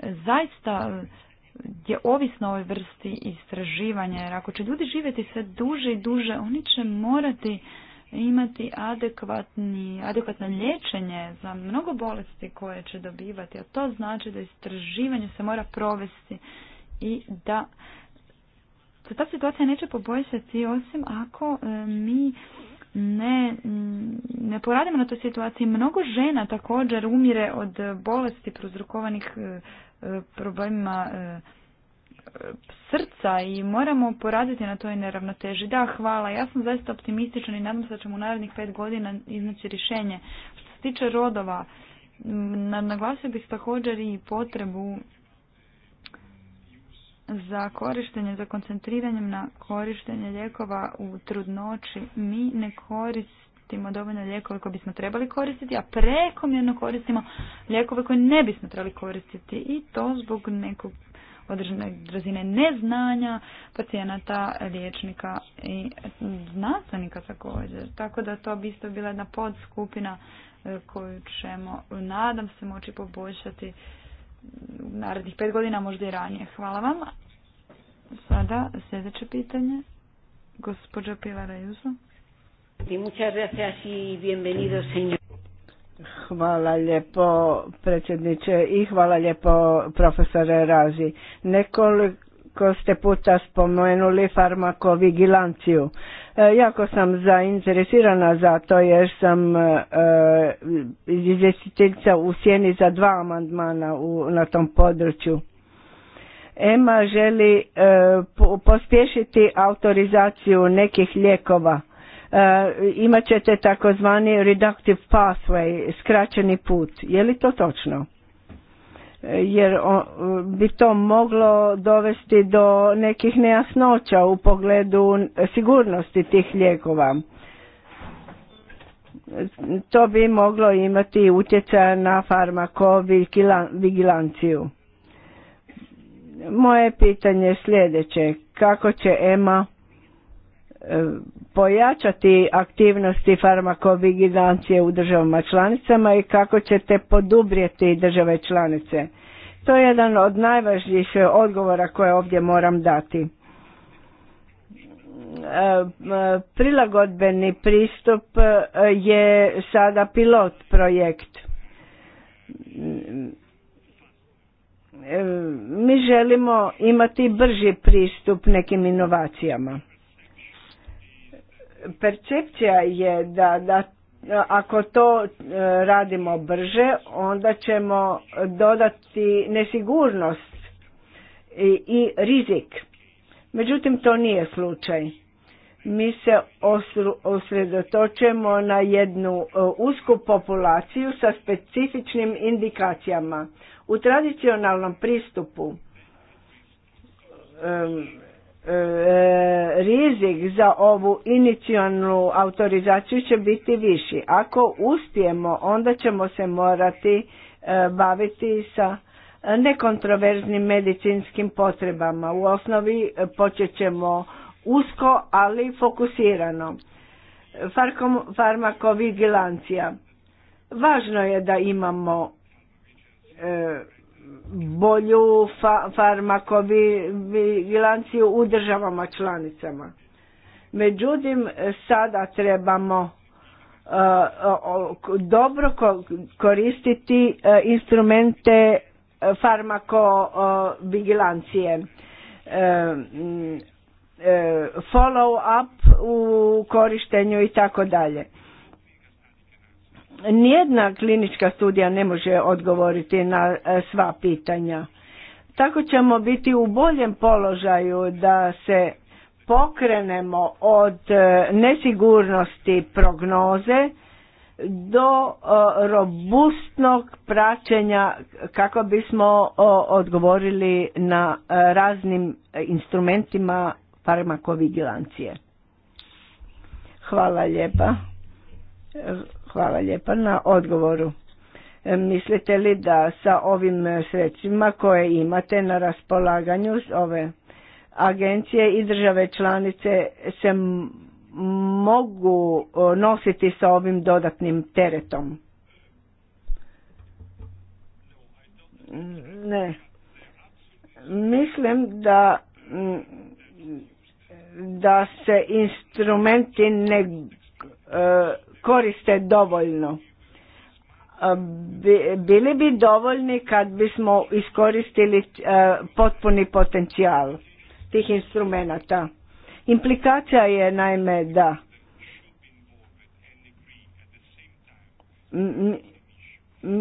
zaista je ovisno o ovoj vrsti istraživanja, jer ako će ljudi živjeti sve duže i duže, oni će morati imati adekvatni, adekvatno liječenje za mnogo bolesti koje će dobivati, a to znači da istraživanje se mora provesti i da ta situacija neće poboljšati osim ako e, mi ne, ne poradimo na toj situaciji. Mnogo žena također umire od bolesti prouzrokovanih e, e, problemima srca i moramo poraditi na toj neravnoteži. Da, hvala, ja sam zaista optimistična i nadam se da ćemo u narednih pet godina iznaći rješenje. Što se tiče rodova, naglasio bih također i potrebu za korištenje, za koncentriranjem na korištenje lijekova u trudnoći, mi ne koristimo dovoljno lijekove koje bismo trebali koristiti, a prekomjerno koristimo lijekove koje ne bismo trebali koristiti i to zbog nekog određene razine neznanja pacijenata, liječnika i znanstvenika također. Tako da to bi isto bila jedna podskupina e, koju ćemo, nadam se, moći poboljšati narednih pet godina, možda i ranije. Hvala vam. Sada sljedeće pitanje. Gospođa Pilara Juzo.
Hvala lijepo predsjedniče i hvala lijepo profesore Razi. Nekoliko ste puta spomenuli farmakovigilanciju. E, jako sam zainteresirana za to jer sam e, e, izvjestiteljica u sjeni za dva amandmana na tom području. EMA želi pospješiti autorizaciju nekih lijekova. Imat ćete takozvani reductive pathway, skraćeni put. Je li to točno? jer bi to moglo dovesti do nekih nejasnoća u pogledu sigurnosti tih lijekova. To bi moglo imati utjecaj na farmakovigilanciju. Moje pitanje je sljedeće. Kako će EMA pojačati aktivnosti farmakovigilancije u državama članicama i kako ćete podubrijeti države članice. To je jedan od najvažnijih odgovora koje ovdje moram dati. E, prilagodbeni pristup e, je sada pilot projekt. E, mi želimo imati brži pristup nekim inovacijama Percepcija je da, da ako to e, radimo brže, onda ćemo dodati nesigurnost i, i rizik. Međutim, to nije slučaj. Mi se osredotočemo na jednu e, usku populaciju sa specifičnim indikacijama. U tradicionalnom pristupu e, E, rizik za ovu inicijalnu autorizaciju će biti viši. Ako uspijemo, onda ćemo se morati e, baviti sa nekontroverznim medicinskim potrebama. U osnovi e, počet ćemo usko, ali fokusirano. farmakovigilancija. Važno je da imamo bolju fa farmakovigilanciju u državama članicama. Međutim, sada trebamo e, dobro koristiti e, instrumente e, farmakovigilancije. Follow up u korištenju i tako dalje. Nijedna klinička studija ne može odgovoriti na e, sva pitanja. Tako ćemo biti u boljem položaju da se pokrenemo od e, nesigurnosti prognoze do e, robustnog praćenja kako bismo odgovorili na raznim instrumentima farmakovigilancije. Hvala lijepa. Hvala lijepa na odgovoru. E, mislite li da sa ovim sredstvima koje imate na raspolaganju ove agencije i države članice se mogu nositi sa ovim dodatnim teretom? Ne. Mislim da da se instrumenti ne e, koriste dovoljno. E, bili bi dovoljni kad bismo iskoristili e, potpuni potencijal tih instrumenata. Implikacija je naime da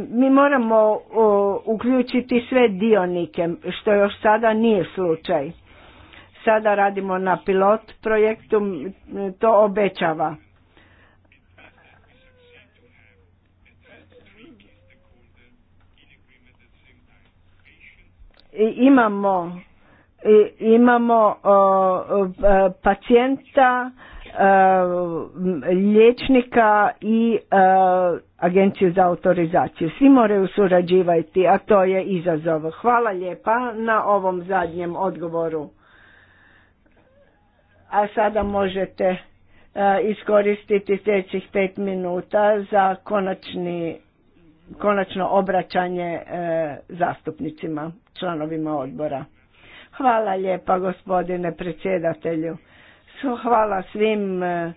mi moramo uključiti sve dionike, što još sada nije slučaj. Sada radimo na pilot projektu, to obećava. imamo imamo e, pacijenta, e, liječnika i e, agenciju za autorizaciju. Svi moraju surađivati, a to je izazov. Hvala lijepa na ovom zadnjem odgovoru. A sada možete iskoristiti sljedećih pet minuta za konačni konačno obraćanje e, zastupnicima, članovima odbora. Hvala lijepa gospodine predsjedatelju. Hvala svim e,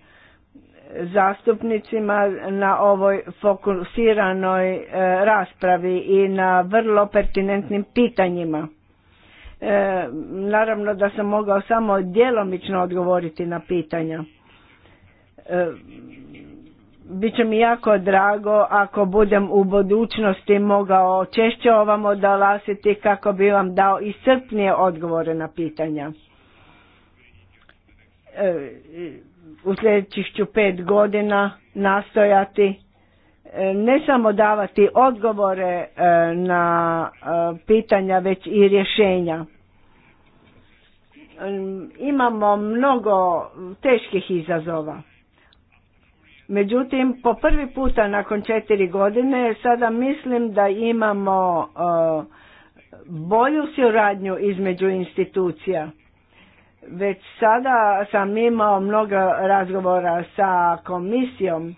zastupnicima na ovoj fokusiranoj e, raspravi i na vrlo pertinentnim pitanjima. Naravno da sam mogao samo djelomično odgovoriti na pitanja će mi jako drago ako budem u budućnosti mogao češće ovamo odalasiti kako bi vam dao i srpnije odgovore na pitanja. E, u sljedećih ću pet godina nastojati e, ne samo davati odgovore e, na pitanja već i rješenja. Imamo mnogo teških izazova Međutim, po prvi puta nakon četiri godine sada mislim da imamo e, bolju suradnju između institucija. Već sada sam imao mnogo razgovora sa komisijom.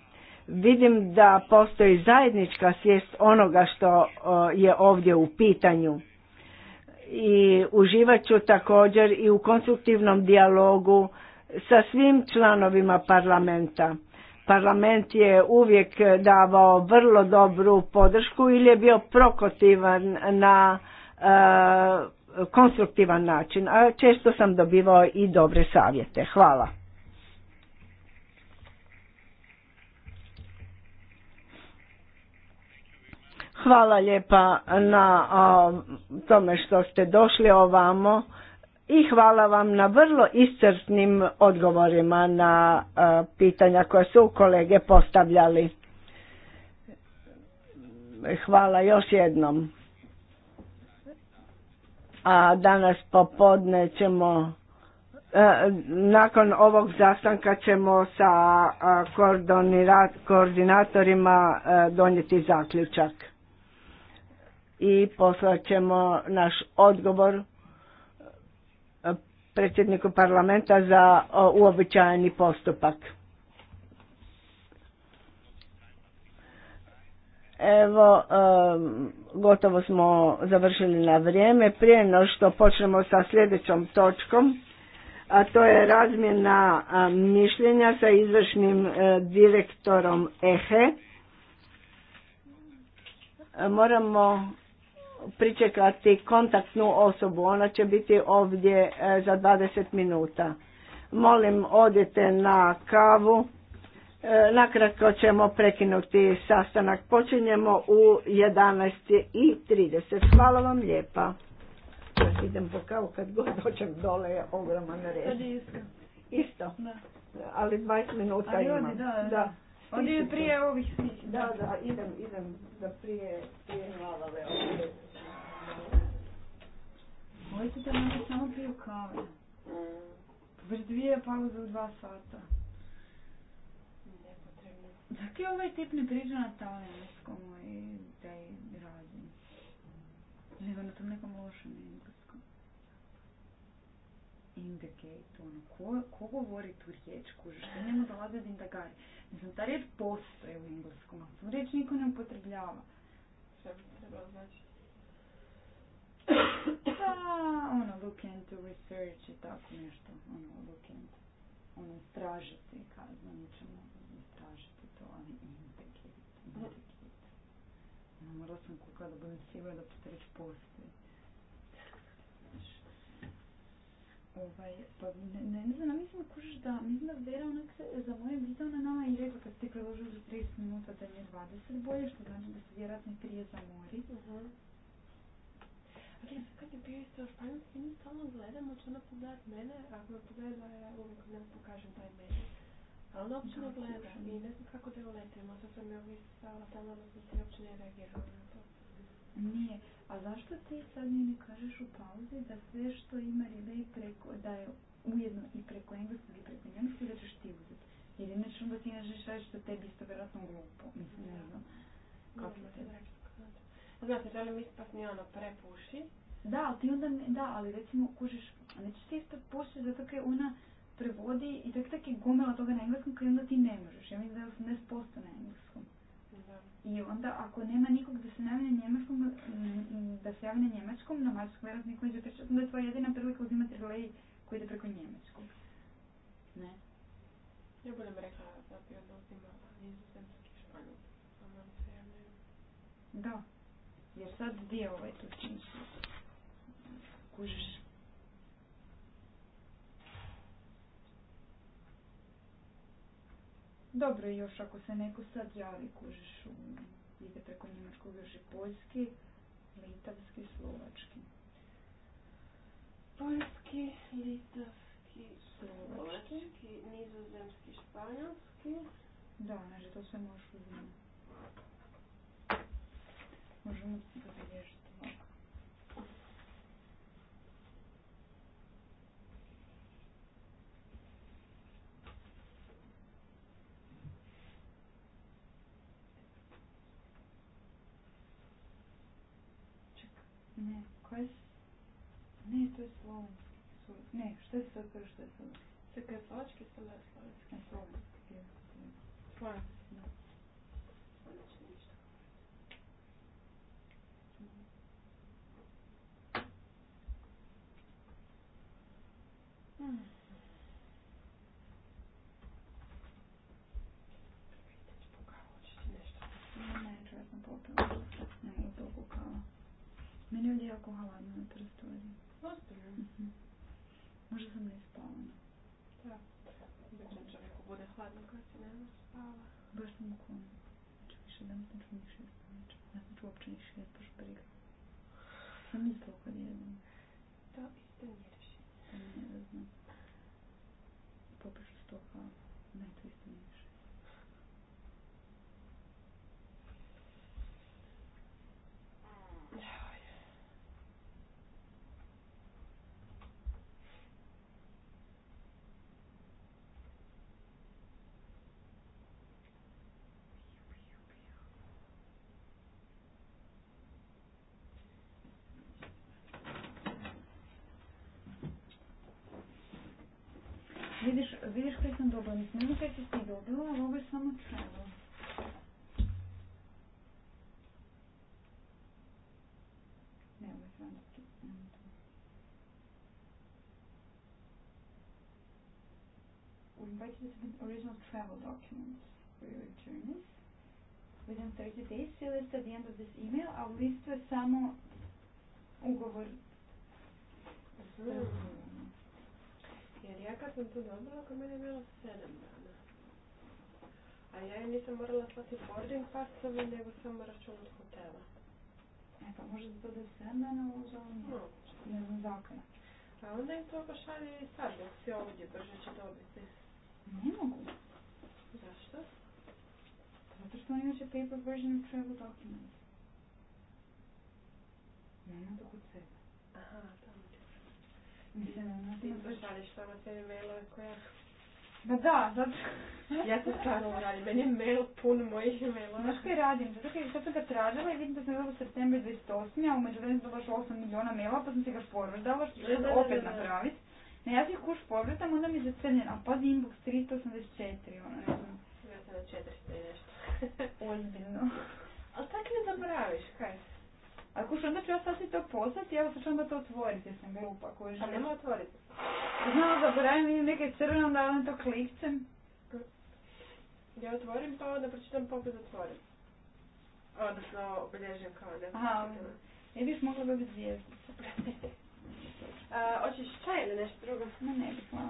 Vidim da postoji zajednička svijest onoga što e, je ovdje u pitanju. I uživat ću također i u konstruktivnom dijalogu sa svim članovima parlamenta Parlament je uvijek davao vrlo dobru podršku ili je bio prokotivan na e, konstruktivan način, a često sam dobivao i dobre savjete. Hvala. Hvala lijepa na tome što ste došli ovamo i hvala vam na vrlo iscrpnim odgovorima na e, pitanja koja su kolege postavljali. Hvala još jednom. A danas popodne ćemo, e, nakon ovog zastanka ćemo sa e, koordinatorima donijeti zaključak i poslat ćemo naš odgovor predsjedniku parlamenta za uobičajeni postupak. Evo, gotovo smo završili na vrijeme. Prije no što počnemo sa sljedećom točkom, a to je razmjena mišljenja sa izvršnim e, direktorom EHE. E. Moramo pričekati kontaktnu osobu. Ona će biti ovdje e, za 20 minuta. Molim, odite na kavu. E, nakratko ćemo prekinuti sastanak. Počinjemo u 11.30. Hvala vam lijepa. Idem po kavu kad god hoćem dole je ogroman red. Isto. Ali 20 minuta imam. Da. Oni prije ovih svih. Da, da, idem, idem da prije, prije malo. ovdje.
Možete da možda samo piju kave. Mm.
Već dvije pauze u dva sata.
Nepotrebno.
Dakle, ovaj tip ne priča na talijanskom i da je razim. Nego na tom nekom lošem engleskom. Indicate, ono, ko, ko govori tu riječ, kuže, što njemu dolaze od indagari. Mislim, ta riječ postoje u engleskom, ali tu riječ niko ne upotrebljava. Što bi trebalo znači? Da, ono, look into research i tako nešto. Ono, look into, ono, istražiti, kad znam, ćemo istražiti to, ali indicate, indicate. Ono, morala sam kukala da budem sigurna da postoji reći postoji. Ovaj, pa ne, ne, ne znam, mislim da kužiš da, mislim da Vera onak se za moje video na nama i rekla kad ste predložili za 30 minuta da je 20 bolje, što znači da se vjerojatno prije zamori. Uh mhm. -huh. Kad je bio isto Španjolski, mi stalno gledamo, će ona
pogledat mene, ako me pogleda, ja uvijek ne pokažem taj meni. A ona uopće ne gleda i ne znam kako da je uletimo, sad sam ja stala tamo, odnosno ti uopće ne reagirala na to.
Nije, a zašto ti sad ne kažeš u pauzi da sve što ima ribe i preko, da je ujedno i preko engleskog i preko njegovskog da ćeš ti uzeti? Jer inače onda ti ne želiš reći što tebi isto vjerojatno glupo, mislim ne znam. Kako te? se, želim ispast ni ono prepuši. Da, ali ti onda, da, ali recimo kužiš, nećeš ti ispast pušiti zato kaj ona prevodi i tak tako je gomela toga na engleskom kaj onda ti ne možeš. Ja mislim da je 80% na engleskom. Da. I onda ako nema nikog da se javi na njemačkom, da se javne njemačkom, na mačkom, vjerojatno niko neće pričati, onda je tvoja jedina prilika uzimati relay koji ide preko njemačkog. Ne.
Ja budem rekla da bi onda uzimala nizozemski španjol.
Da. Jer sad gdje je ovaj tu činjenicu? Kužiš? Dobro, još ako se neko sad javi, kužiš, ide preko njemačkog još i poljski, litavski, slovački.
Poljski,
litavski, slovački,
nizozemski, španjolski.
Da, znači to sve možeš uzmati. Možemo se zabilježiti. Čekaj, ne, koje su? Ne, to je slovenski. ne, što je sad prvo što je slovenski?
Čekaj, slovački, je slovenski.
Slovenski,
slovenski, da.
jako hladno na prostoriji. Ozbiljno? Mhm. Možda sam ne spavana.
Da. Obično čovjeku bude hladno kad se nema spava.
Baš sam u konu. Znači više danas neću ni šest na večer. Danas neću uopće ni šest, baš briga. Sam iz ali ovo je samo celo. Ne, We invite you to submit original travel documents for your journeys within 30 days. See list at the end of this email, a u listu je samo ugovor
Jer ja kad sam to dobila, kod mene je bilo sedam dana. A ja im nisam morala slati boarding pasove, nego samo račun od hotela.
E pa može da bude sve mene u ne znam zakona. A onda im to
šalje i sad, dok si ovdje brže će dobiti. Ne mogu. Zašto?
Zato što oni imaće paper version of travel document. Ne, ne to kod sebe.
Aha, tamo ti. Mislim, ne znam. Ti šalješ samo te e-mailove koja da, da, da. ja sam stvarno radim,
meni je mail pun mojih mailova. Znaš kaj radim, zato kaj sad sam ga tražila i vidim da sam dobila september 28. a umeđu vremenu dobašla 8 miliona e-maila, pa sam se ga forwardala što ću opet napraviti. Ne, ja si kuš povratam, onda mi je zacrljen, a pa inbox 384, ono, ne znam. Ja sam na 400 i nešto. Ozbiljno. Ali tako ne zaboraviš, kaj? Ako što, onda ću ja sad to poslati, ja sad ću onda to otvoriti, jesam sam glupa koju želim. A nema otvoriti. Znam, zaboravim, vidim neke crvene, da vam to klikcem.
Ja otvorim pa onda pročitam popis otvorim. Odnosno, obilježim kao da... Aha,
ne biš mogla dobiti zvijezdicu. Hoćeš čaj ili nešto drugo? Ma ne bih, hvala,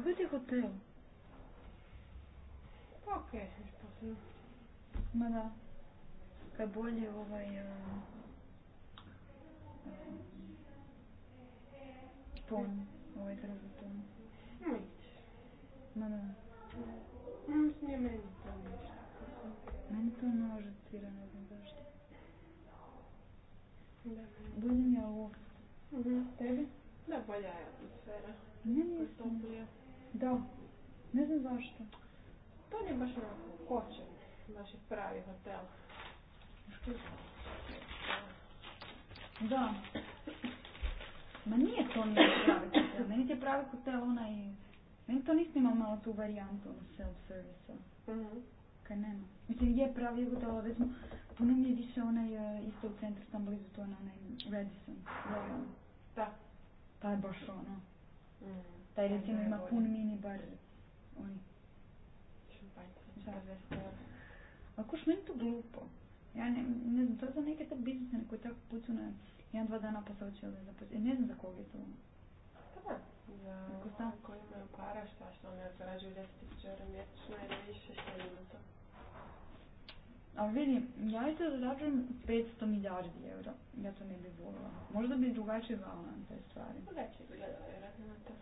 Što bi ti hotel? Ok, isposobno. Mada, kaj bolje ovaj... Um, ovaj drugi ton. Moj. Ma da. Mislim je meni to nešto. Meni to malo žicira, ne znam zašto.
Bolje mi je ovo. Mhm. Tebi? Da, bolja je atmosfera. Ne, nisam. Toplija. Da. Ne znam zašto. To nije baš ono koče. naših pravi hotel.
Da. Ma nije to nije pravi hotel. Meni je pravi hotel onaj... Meni to nisam imao malo tu varijantu ono self service a Mhm. Kaj nema. Mislim, je pravi hotel, ali vezmo... puno mi je više onaj e, isto u centru tam blizu to na onaj Redison. Da. Da. Ta je baš ono. Mhm. Taj recimo ima pun mini Oni. Ako kuš, meni to glupo. Ja ne, ne znam, to je za neke te biznisne koji tako pucu na jedan, dva dana pa se očeli zaposliti. E, ne znam za koga je to.
Pa da, za koji imaju para, šta što ne zarađuju 10.000 EUR mjesečno ili više što ima to.
A vidi, ja isto zarađujem 500 milijardi eura. Ja to ne bih volila. Možda bi drugačije gledala na te stvari. Pa
drugačije gledala, vjerojatno na to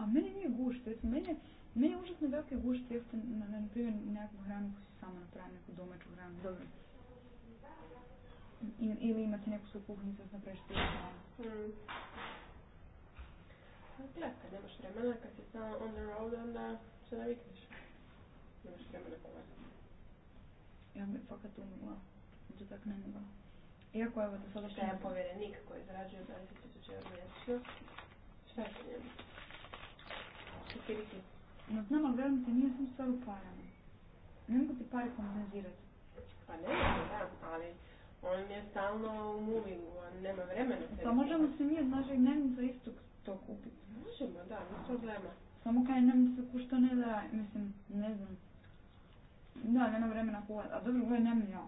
a meni nije gušt, recimo, meni je, meni je užasno velike gušt jer ste na, na primjer nekakvu hranu koju ste samo napravili, neku domaću hranu, dobro. I, ili imate neku svoju kuhinju sad napraviš ti hranu.
Hmm. Pa gledaj, kad nemaš vremena, kad si samo on the road, onda se navikneš. Nemaš vremena kovati.
Ja bi fakat umila, to tako ne mogla. Iako evo da sada... Šta je
povjerenik koji zarađuje 20.000 euro mjesečno?
Šta je sa njemu? No znamo ali ti, nije sam stvar u parama. Ne mogu ti pare kompenzirati.
Pa ne, da, ali on je stalno u movingu, on nema vremena. E, pa možemo
se mi od našeg dnevnica istog to kupiti.
Možemo, da, bez problema.
Samo kaj nam se kušta ne da, mislim, ne znam. Da, nema vremena kuvat, a dobro, gledaj, nema nemam ja.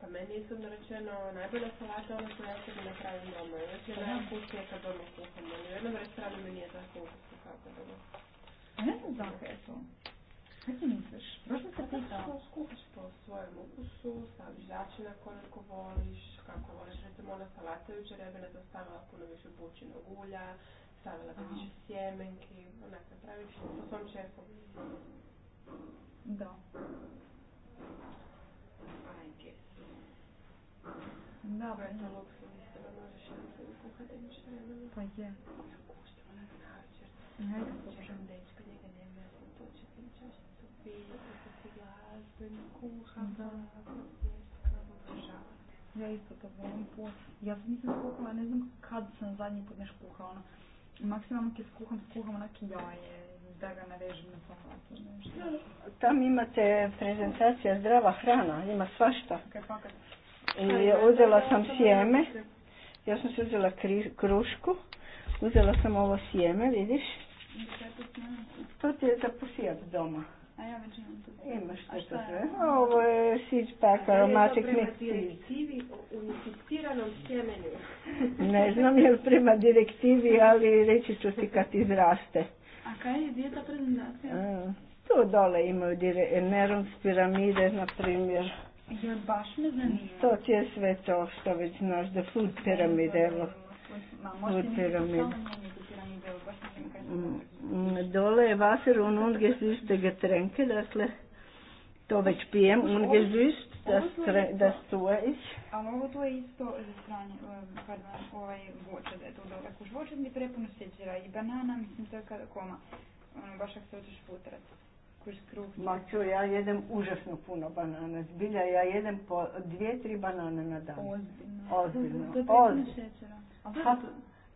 Pa meni je sudno rečeno najbolja salata ono što ja sebi napravim doma. Još je kad doma kuham. U jednom restoranu mi nije tako ukusno kako doma.
A ne znam zašto je to.
Kaj ti misliš? Prošlo se pitao. Skuhaš po svojem ukusu, staviš začina koliko voliš, kako voliš. Recimo ona salata jučer ja bi ne stavila puno više bučinog ulja, stavila bi više sjemenki, onak napraviš po svom šefu.
Da. I guess. Ja isto to volim po... Ja sam nisam skuhala, ne znam kad sam zadnji put nešto kuhala. Ono,
maksimalno kad skuham, skuham onak jaje
da ga narežem na salatu. Nešto.
Tam imate prezentacija zdrava hrana, ima svašta. Kaj okay, pa fakat? I e, uzela sam sjeme. Ja sam se uzela krušku. Uzela sam ovo sjeme, vidiš? To ti je za posijat doma.
A ja
već imam to.
Imaš to sve. Ovo je seed pack aromatic mix.
direktivi u unificiranom sjemenju?
ne znam je li prema direktivi, ali reći ću ti kad izraste.
A kaj je dijeta prezentacija?
Tu dole imaju dire, Nerons piramide, na primjer. To ti je sve to što već znaš, da food piramid, evo.
Food piramid.
Dole je Wasser und ga trenke, dakle, to već pijem, ungezüst, da, da stuje ich.
Ali ovo to je isto za stranje, pardon, ovaj voće, da je to dole. ako voće mi prepuno šećera i banana, mislim, to je kada koma. Ono, baš ako se hoćeš futrati.
Ma čo, ja jedem užasno puno banana. Zbilja, ja jedem po dvije, tri banane na dan. Ozbiljno. Ozbiljno. To je prepuno šećera.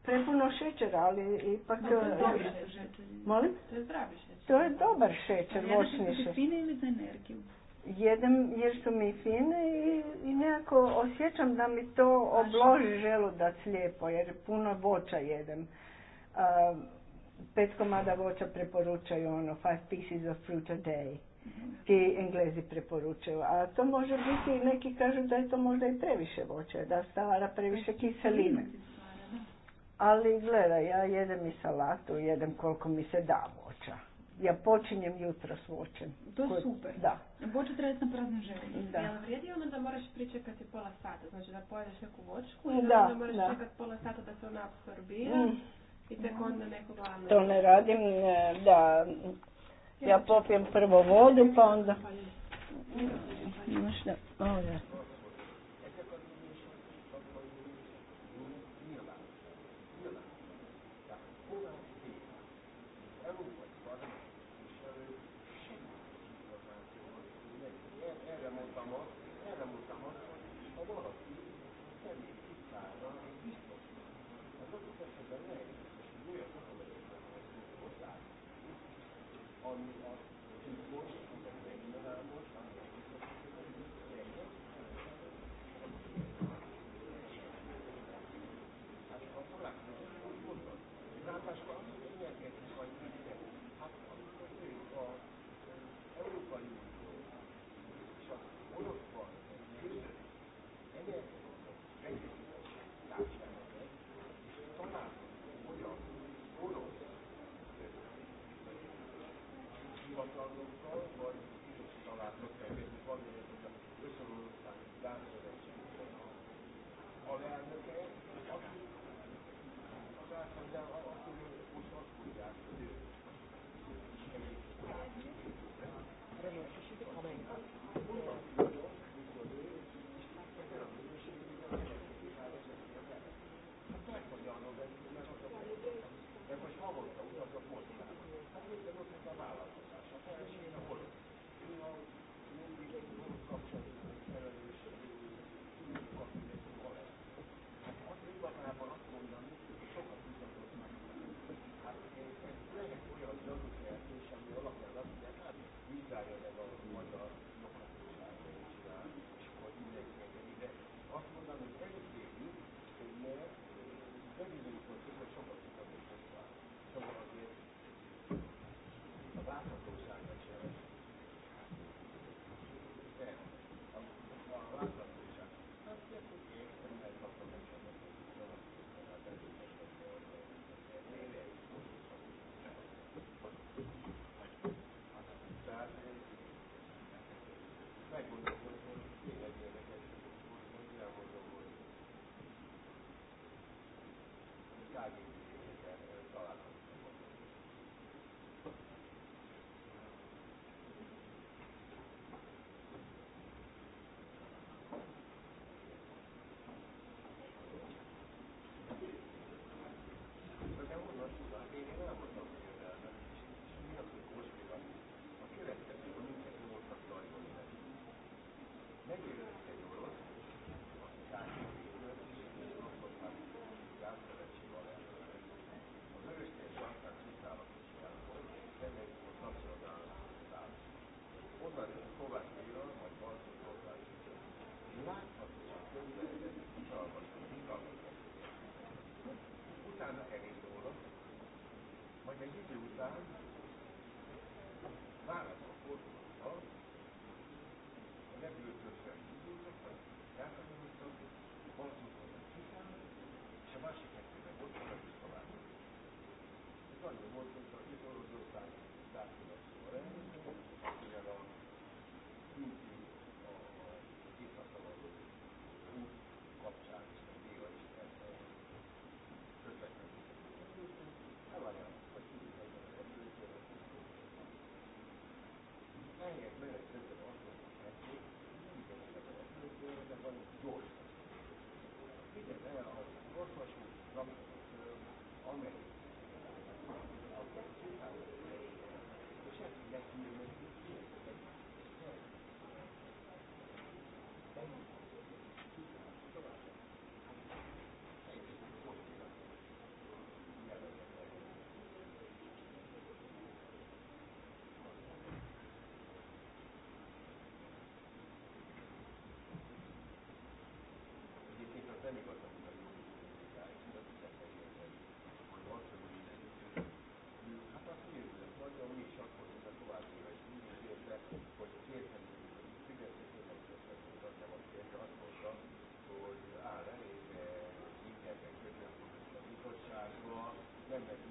prepuno šećera, ali ipak... to je dobar šećer. Molim? To je zdravi šećer. To je dobar šećer, voćni šećer. fine ili za energiju? Jedem jer su mi fine i, i nekako osjećam da mi to obloži želudac lijepo, jer puno voća jedem. Uh, pet komada voća preporučaju ono five pieces of fruit a day mhm. ti englezi preporučuju. A to može biti, neki kažu da je to možda i previše voća, da stvara previše kiseline. Ali gledaj, ja jedem i salatu, jedem koliko mi se da voća. Ja počinjem jutro s voćem. To je super. Da.
Voće treba na želju. Da. Jel
vrijedi ono da moraš pričekati pola sata? Znači da pojedeš neku voćku i da, onda moraš da. čekati pola sata da se ona absorbira? Mm. I tek onda neko glavno. To ne radim,
e, da ja popijem prvo vodu pa onda...
Pa
Možda, ovo
Hvala Thank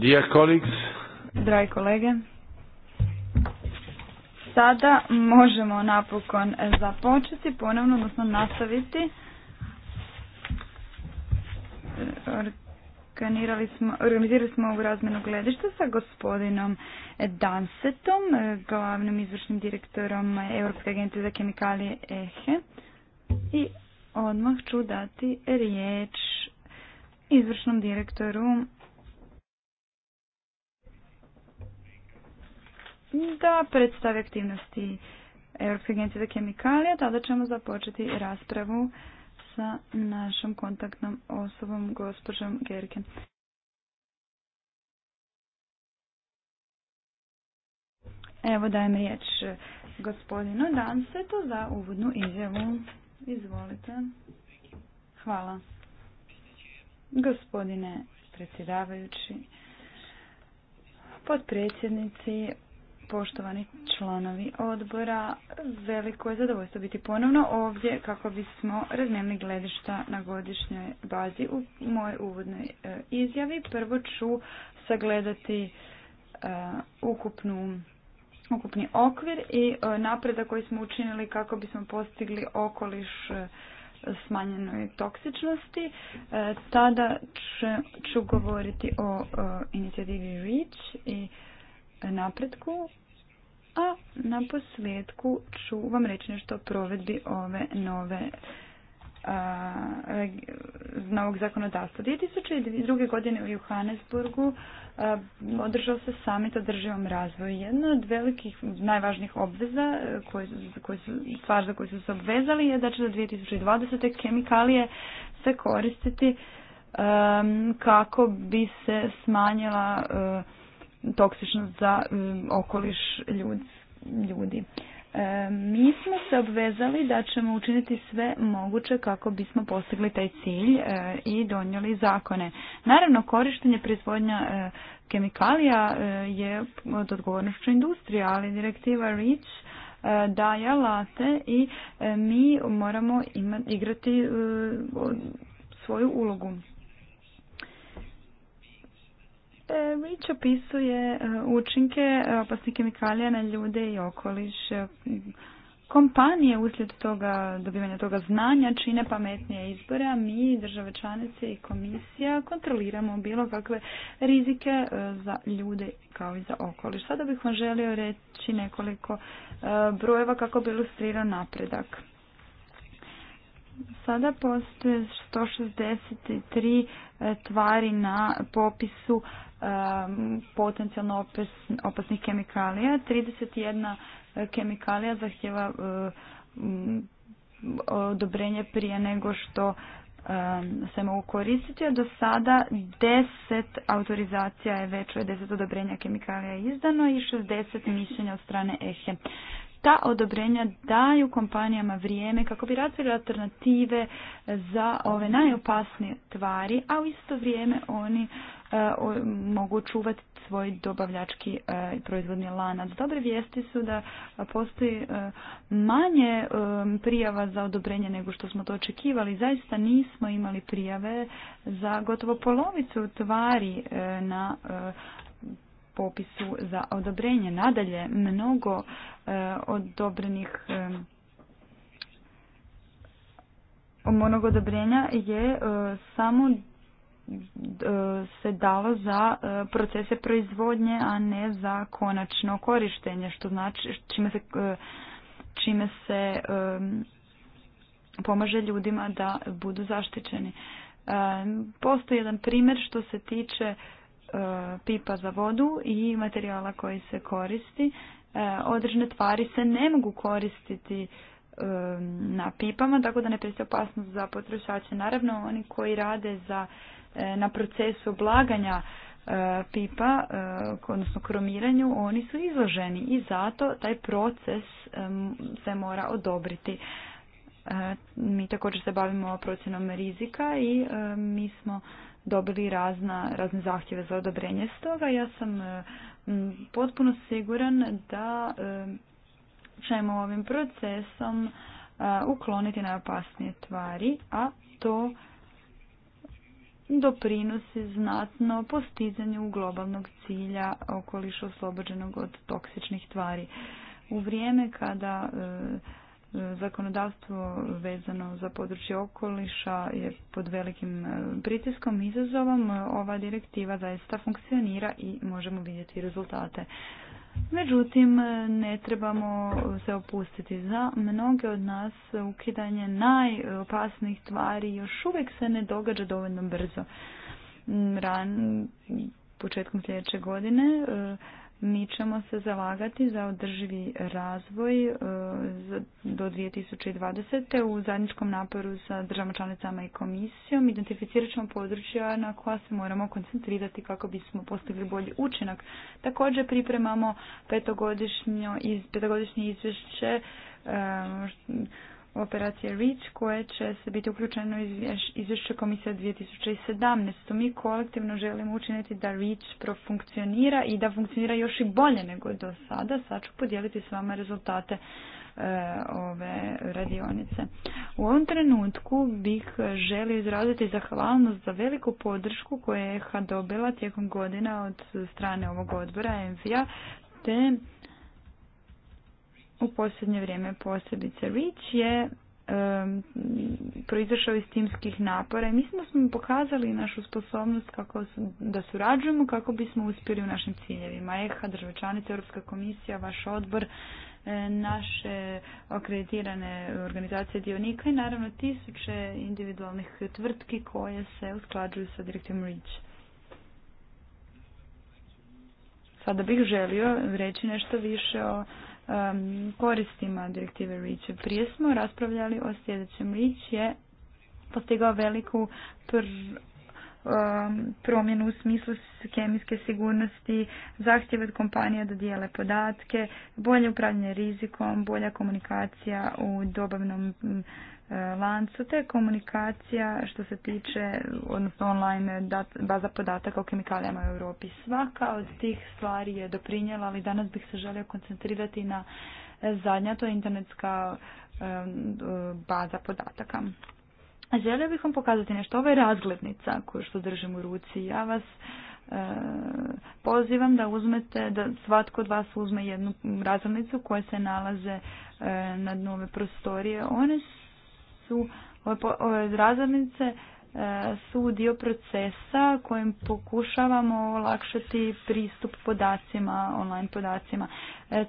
Dear colleagues.
Dragi kolege. Sada možemo napokon započeti ponovno, odnosno nastaviti. Organizirali smo, organizirali smo ovu razmenu gledišta sa gospodinom Dansetom, glavnim izvršnim direktorom Europske agencije za kemikalije EHE. I odmah ću dati riječ izvršnom direktoru da predstavlja aktivnosti Europske agencije za kemikalije, tada ćemo započeti raspravu sa našom kontaktnom osobom, gospođom Gerken. Evo dajem riječ gospodinu Dansetu za uvodnu izjavu. Izvolite. Hvala. Gospodine predsjedavajući, potpredsjednici, poštovani članovi odbora. Veliko je zadovoljstvo biti ponovno ovdje kako bismo razmijenili gledišta na godišnjoj bazi u mojoj uvodnoj e, izjavi. Prvo ću sagledati e, ukupni okvir i e, napreda koji smo učinili kako bismo postigli okoliš smanjenoj toksičnosti. Tada ću govoriti o inicijativi REACH i napretku a na posljedku ću vam reći nešto o provedbi ove nove novog zakonodavstva. 2002. godine u Johannesburgu održao se samit o državom razvoju. Jedna od velikih, najvažnijih obveza, e, koje, su, stvar za koju su se obvezali je da će do 2020. kemikalije se koristiti kako bi se smanjila e, toksičnost za mm, okoliš ljudi. E, mi smo se obvezali da ćemo učiniti sve moguće kako bismo postigli taj cilj e, i donijeli zakone. Naravno, korištenje proizvodnja e, kemikalija je od odgovornošću industrije, ali direktiva REACH daje alate i mi moramo igrati svoju ulogu. Mić e, opisuje e, učinke e, opasnih kemikalija na ljude i okoliš. Kompanije uslijed toga, dobivanja toga znanja čine pametnije izbore, a mi, države članice i komisija, kontroliramo bilo kakve rizike za ljude kao i za okoliš. Sada bih vam želio reći nekoliko brojeva kako bi ilustrirao napredak. Sada postoje 163 tvari na popisu Um, potencijalno opasnih kemikalija. 31 e, kemikalija zahtjeva e, odobrenje prije nego što se mogu koristiti, a do sada 10 autorizacija je već 10 odobrenja kemikalija izdano i 60 mišljenja od strane EHE. Ta odobrenja daju kompanijama vrijeme kako bi razvili alternative za ove najopasnije tvari, a u isto vrijeme oni E, mogu čuvati svoj dobavljački e, proizvodni lanac. Dobre vijesti su da postoji e, manje prijava za odobrenje nego što smo to očekivali. Zaista nismo imali prijave za gotovo polovicu tvari na popisu za odobrenje. Nadalje, mnogo odobrenih mnogo odobrenja je samo E, se dalo za e, procese proizvodnje, a ne za konačno korištenje, što znači čime se, e, čime se pomaže ljudima da budu zaštićeni. Postoji jedan primjer što se tiče pipa za vodu i materijala koji se koristi. Određene tvari se ne mogu koristiti na pipama, tako da ne prestaje opasnost za potrošače. Naravno, oni koji rade za E, na procesu oblaganja e, pipa, e, odnosno kromiranju, oni su izloženi i zato taj proces se mora odobriti. Mi također se bavimo procjenom rizika i mi smo dobili razne zahtjeve za odobrenje. Stoga ja sam potpuno siguran da ćemo ovim procesom ukloniti najopasnije tvari, a to doprinosi znatno postizanju globalnog cilja okoliša oslobođenog od toksičnih tvari. U vrijeme kada e, e, zakonodavstvo vezano za područje okoliša je pod velikim e, pritiskom i izazovom, ova direktiva zaista funkcionira i možemo vidjeti rezultate. Međutim, ne trebamo se opustiti. Za mnoge od nas ukidanje najopasnijih tvari još uvijek se ne događa dovoljno brzo. Ran, početkom sljedeće godine mi ćemo se zalagati za održivi razvoj e, do 2020. u zajedničkom naporu sa državama članicama i komisijom. Identificirat ćemo područja na koja se moramo koncentrirati kako bismo postigli bolji učinak. Također pripremamo petogodišnje, petogodišnje izvješće e, operacije REACH koje će se biti uključeno u izvješće komisije 2017. Mi kolektivno želimo učiniti da REACH profunkcionira i da funkcionira još i bolje nego do sada. Sad ću podijeliti s vama rezultate e, ove radionice. U ovom trenutku bih želio izraziti zahvalnost za veliku podršku koju je EHA dobila tijekom godina od strane ovog odbora EMFI-a, te u posljednje vrijeme posebice. Rich je proizašao iz timskih napora i mi da smo pokazali našu sposobnost kako da surađujemo kako bismo uspjeli u našim ciljevima. EHA, države Europska komisija, vaš odbor, e, naše akreditirane organizacije dionika i naravno tisuće individualnih tvrtki koje se usklađuju sa direktivom REACH. Sada bih želio reći nešto više o Um, koristima direktive REACH. Prije smo raspravljali o sljedećem REACH je postigao veliku pr um, promjenu u smislu kemijske sigurnosti, zahtjeve od kompanija da dijele podatke, bolje upravljanje rizikom, bolja komunikacija u dobavnom Eh, lancu te komunikacija što se tiče odnosno online baza podataka o kemikalijama u Europi. Svaka od tih stvari je doprinjela, ali danas bih se želio koncentrirati na eh, zadnja, to je internetska eh, baza podataka. Želio bih vam pokazati nešto. Ovo je razglednica koju što držim u ruci. Ja vas pozivam da uzmete, da svatko od vas uzme jednu razglednicu koja se nalaze na dnu prostorije. One su ove, razrednice e, su dio procesa kojim pokušavamo olakšati pristup podacima, online podacima. E,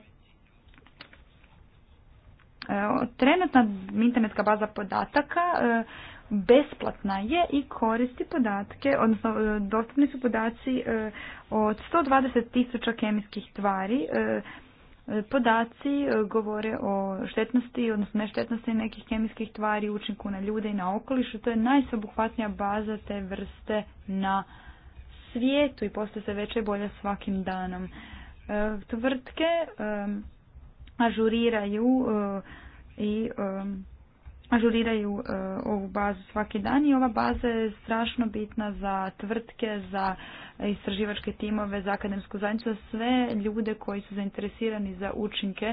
e, trenutna internetska baza podataka besplatna je i koristi podatke, odnosno dostupni su podaci od 120 tisuća kemijskih tvari, Podaci e, govore o štetnosti, odnosno neštetnosti nekih kemijskih tvari, učinku na ljude i na okolišu. To je najsobuhvatnija baza te vrste na svijetu i postoje se veće i bolje svakim danom. E, tvrtke e, ažuriraju i ažuriraju e, ovu bazu svaki dan i ova baza je strašno bitna za tvrtke, za istraživačke timove, za akademsku zajednicu, za sve ljude koji su zainteresirani za učinke,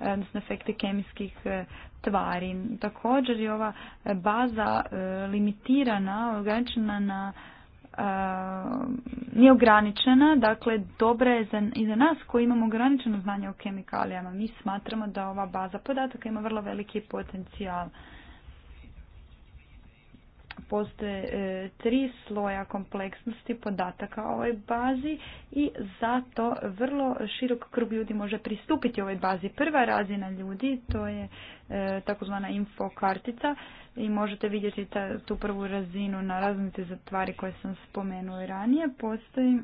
e, odnosno efekte kemijskih e, tvari. Također je ova baza e, limitirana, ograničena na nije ograničena, dakle dobra je za, i za nas koji imamo ograničeno znanje o kemikalijama. Mi smatramo da ova baza podataka ima vrlo veliki potencijal. Postoje e, tri sloja kompleksnosti podataka o ovoj bazi i zato vrlo širok krug ljudi može pristupiti ovoj bazi. Prva razina ljudi, to je e, takozvana infokartica i možete vidjeti tu prvu razinu na raznice za tvari koje sam spomenula ranije. Postoji e,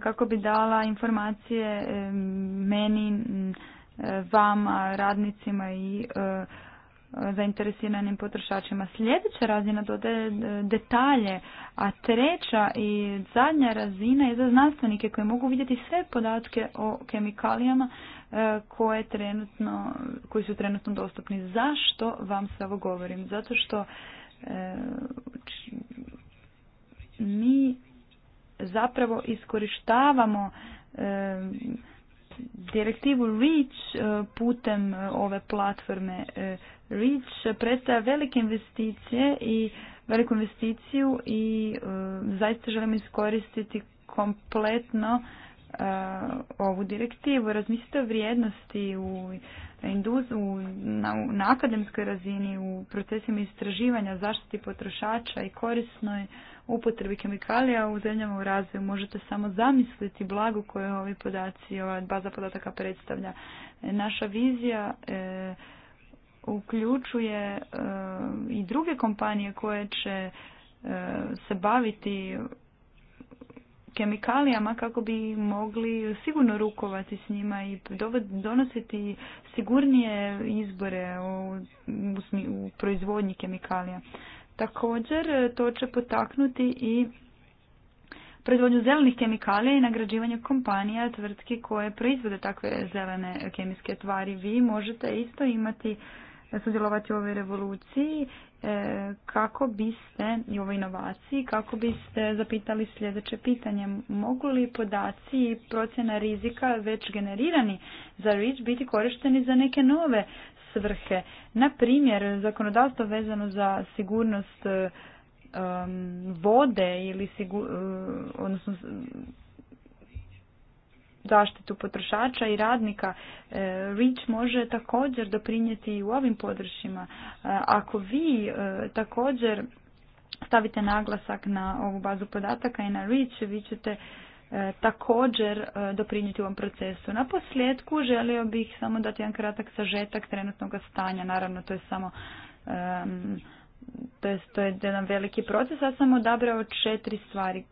kako bi dala informacije meni, vama, radnicima i zainteresiranim potrošačima. Sljedeća razina dodaje e, detalje, a treća i zadnja razina je za znanstvenike koji mogu vidjeti sve podatke o kemikalijama e, koje trenutno, koji su trenutno dostupni. Zašto vam se ovo govorim? Zato što e, mi zapravo iskorištavamo direktivu REACH putem ove platforme REACH predstavlja velike investicije i veliku investiciju i e, zaista želim iskoristiti kompletno e, ovu direktivu. Razmislite o vrijednosti u, na, akademskoj razini, u procesima istraživanja, zaštiti potrošača i korisnoj upotrebi kemikalija u zemljama u razvoju. Možete samo zamisliti blagu koju ovi podaci, ova baza podataka predstavlja. Naša vizija e, uključuje e, i druge kompanije koje će e, se baviti kemikalijama kako bi mogli sigurno rukovati s njima i donositi sigurnije izbore u, proizvodnji kemikalija. Također e, to će potaknuti i proizvodnju zelenih kemikalija i nagrađivanje kompanija tvrtki koje proizvode takve zelene kemijske tvari. Vi možete isto imati sudjelovati u ovoj revoluciji e, kako biste i ovoj inovaciji kako biste zapitali sljedeće pitanje mogu li podaci i procjena rizika već generirani za REACH biti korišteni za neke nove svrhe na primjer zakonodavstvo vezano za sigurnost e, vode ili sigur, e, odnosno zaštitu potrošača i radnika. E, REACH može također doprinijeti i u ovim područjima. E, ako vi e, također stavite naglasak na ovu bazu podataka i na REACH, vi ćete također doprinijeti ovom procesu. Na posljedku želio bih samo dati jedan kratak sažetak trenutnog stanja. Naravno, to je samo to to je jedan veliki proces, ja sam odabrao četiri stvari.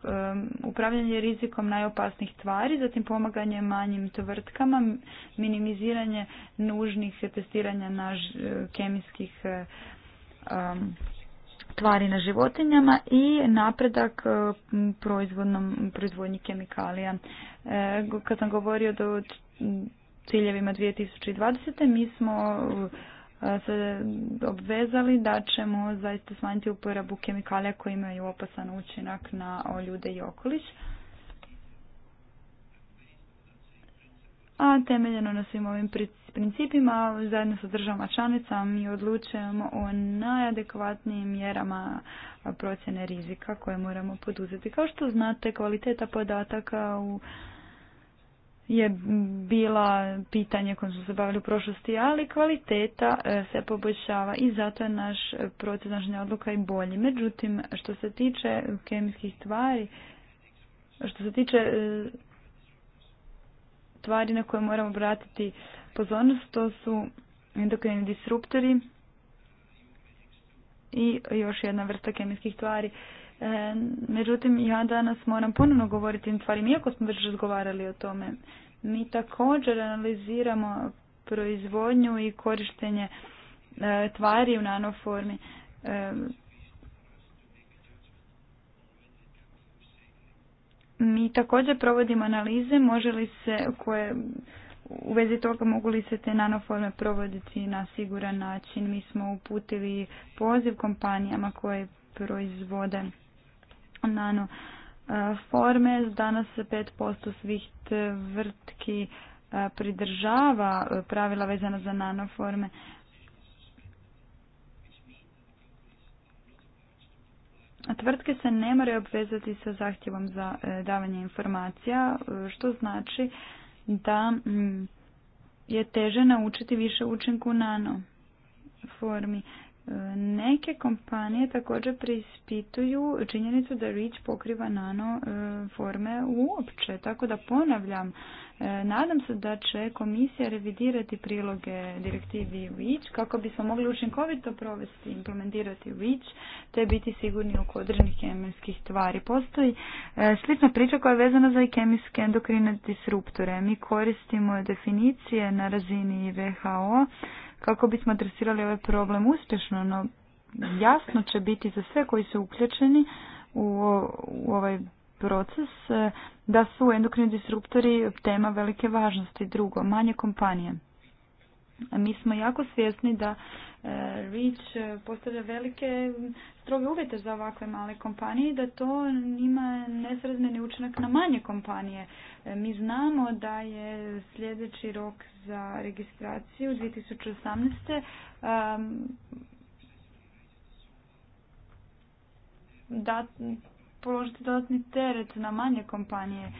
Upravljanje rizikom najopasnih tvari, zatim pomaganje manjim tvrtkama, minimiziranje nužnih testiranja na e, kemijskih e, tvari na životinjama i napredak e, proizvodnom, proizvodnji kemikalija. Kad sam govorio o ciljevima 2020. mi smo E, se obvezali da ćemo zaista smanjiti uporabu kemikalija koje imaju opasan učinak na ljude i okoliš. A temeljeno na svim ovim principima, zajedno sa državama članicama mi odlučujemo o najadekvatnijim mjerama procjene rizika koje moramo poduzeti. Kao što znate, kvaliteta podataka u je bila pitanje kojim smo se bavili u prošlosti, ali kvaliteta e, se poboljšava i zato je naš proces odluka i bolji. Međutim, što se tiče kemijskih tvari, što se tiče e, tvari na koje moramo obratiti pozornost, to su endokrini disruptori i još jedna vrsta kemijskih tvari E, međutim, ja danas moram ponovno govoriti o tvarima, iako smo već razgovarali o tome. Mi također analiziramo proizvodnju i korištenje e, tvari u nanoformi. E, mi također provodimo analize, može li se, koje, u vezi toga mogu li se te nanoforme provoditi na siguran način. Mi smo uputili poziv kompanijama koje proizvode nano e, forme. Danas se 5% svih tvrtki e, pridržava e, pravila vezana za nanoforme. A tvrtke se ne moraju obvezati sa zahtjevom za davanje informacija, što znači da mm, je teže naučiti više učinku nano formi. Neke kompanije također preispituju činjenicu da REACH pokriva nano e, forme uopće. Tako da ponavljam, e, nadam se da će komisija revidirati priloge direktivi REACH kako bismo mogli učinkovito provesti, implementirati REACH te biti sigurni oko određenih kemijskih tvari. Postoji e, slična priča koja je vezana za i kemijske endokrine disruptore. Mi koristimo definicije na razini WHO kako bismo adresirali ovaj problem uspješno, no jasno će biti za sve koji su uključeni u, ovaj proces e, da su endokrini disruptori tema velike važnosti. Drugo, manje kompanije. Mi smo jako svjesni da e, REACH e, postavlja velike stroge uvjete za ovakve male kompanije i da to ima nesrazmeni učinak na manje kompanije. E, mi znamo da je sljedeći rok za registraciju 2018. da položiti dodatni teret na manje kompanije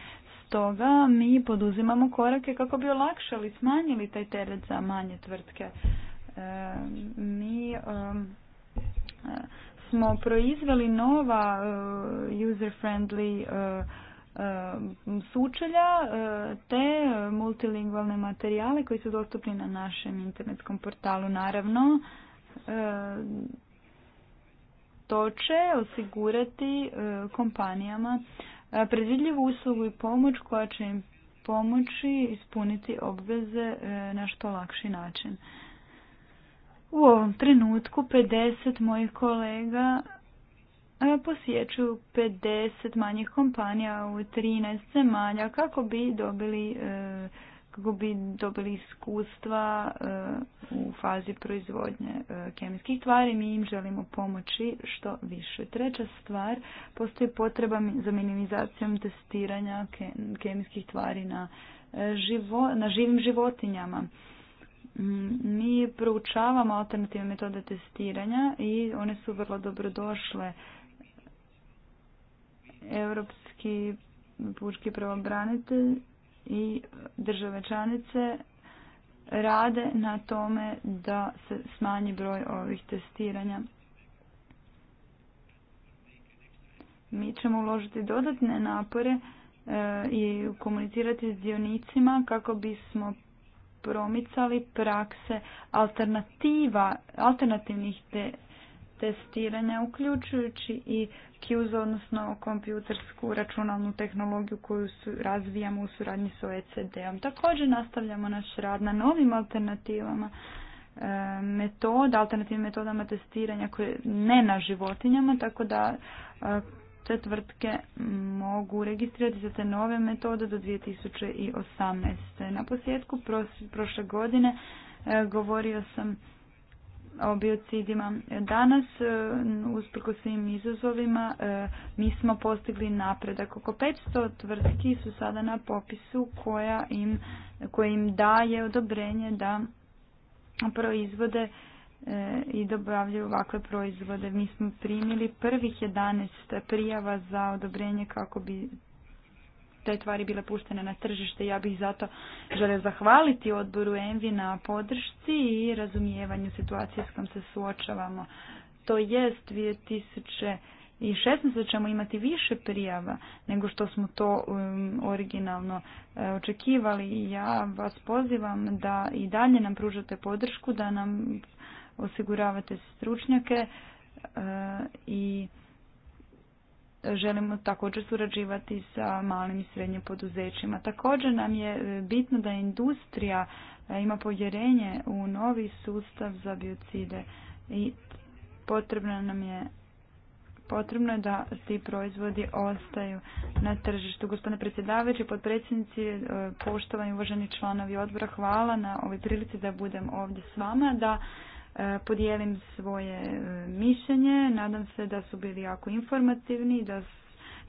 toga mi poduzimamo korake kako bi olakšali, smanjili taj teret za manje tvrtke. E, mi smo proizveli nova e, user-friendly e, sučelja te multilingualne materijale koji su dostupni na našem internetskom portalu. Naravno, to će osigurati kompanijama E, predvidljivu uslugu i pomoć koja će im pomoći ispuniti obveze e, na što lakši način. U ovom trenutku 50 mojih kolega e, posjećuju 50 manjih kompanija u 13 zemalja kako bi dobili kako bi dobili iskustva e, u fazi proizvodnje e, kemijskih tvari. Mi im želimo pomoći što više. Treća stvar, postoji potreba za minimizacijom testiranja kemijskih tvari na, e, na živim životinjama. Mm, mi proučavamo alternativne metode testiranja i one su vrlo dobrodošle. Europski pučki pravobranitelj i države članice rade na tome da se smanji broj ovih testiranja. Mi ćemo uložiti dodatne napore e, i komunicirati s dionicima kako bismo promicali prakse alternativnih te, testiranja, uključujući i QZ, odnosno kompjutersku računalnu tehnologiju koju su, razvijamo u suradnji s OECD-om. Također nastavljamo naš rad na novim alternativama e, metoda, alternativnim metodama testiranja koje ne na životinjama, tako da e, te tvrtke mogu registrirati za te nove metode do 2018. Na posjetku prošle godine e, govorio sam o biocidima. Danas, e, usprko svim izazovima, e, mi smo postigli napredak. Oko 500 tvrtki su sada na popisu koja im, koje im daje odobrenje da proizvode e, i dobavljaju ovakve proizvode. Mi smo primili prvih 11 prijava za odobrenje kako bi te tvari bile puštene na tržište. Ja bih zato želeo zahvaliti odboru Envi na podršci i razumijevanju situacije s kojom se suočavamo. To jest 2016. ćemo imati više prijava nego što smo to um, originalno e, očekivali. očekivali. Ja vas pozivam da i dalje nam pružate podršku, da nam osiguravate stručnjake e, i Želimo također surađivati sa malim i srednjim poduzećima. Također nam je e, bitno da industrija e, ima povjerenje u novi sustav za biocide i potrebno nam je potrebno je da ti proizvodi ostaju na tržištu. Gospodine predsjedavajući, podpredsjednici, e, poštovani uvaženi članovi odbora, hvala na ovoj prilici da budem ovdje s vama, da podijelim svoje e, mišljenje. Nadam se da su bili jako informativni i da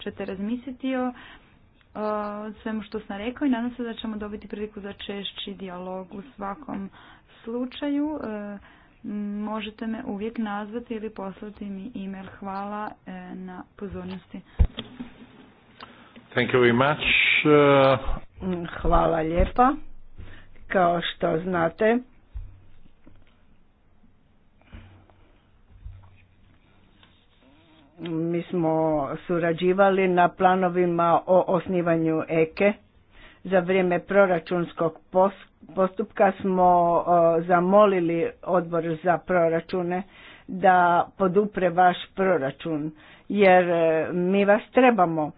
ćete razmisliti o svemu što sam rekao i nadam se da ćemo dobiti priliku za češći dijalog u svakom slučaju. E, možete me uvijek nazvati ili poslati mi e-mail. Hvala e, na
pozornosti.
Thank you very much.
Hvala lijepa. Kao što znate, Mi smo surađivali na planovima o osnivanju EKE. E. Za vrijeme proračunskog postupka smo zamolili odbor za proračune da podupre vaš proračun, jer e, mi vas trebamo.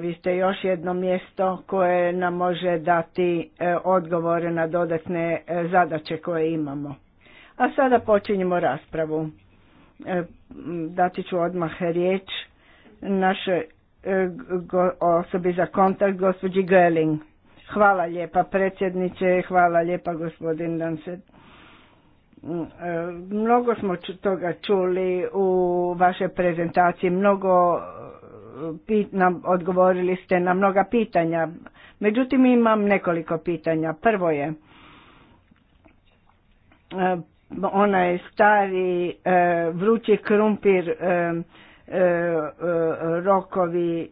Vi ste još jedno mjesto koje nam može dati e, odgovore na dodatne zadaće koje imamo. A sada počinjemo raspravu. E, dati ću odmah riječ našoj e, osobi za kontakt, gospođi Gerling. Hvala lijepa predsjedniče, hvala lijepa gospodin Danset. Mm, e, mnogo smo toga čuli u vašoj prezentaciji, mnogo nam odgovorili ste na mnoga pitanja. Međutim, imam nekoliko pitanja. Prvo je, onaj stari e, vrući krumpir e, e, rokovi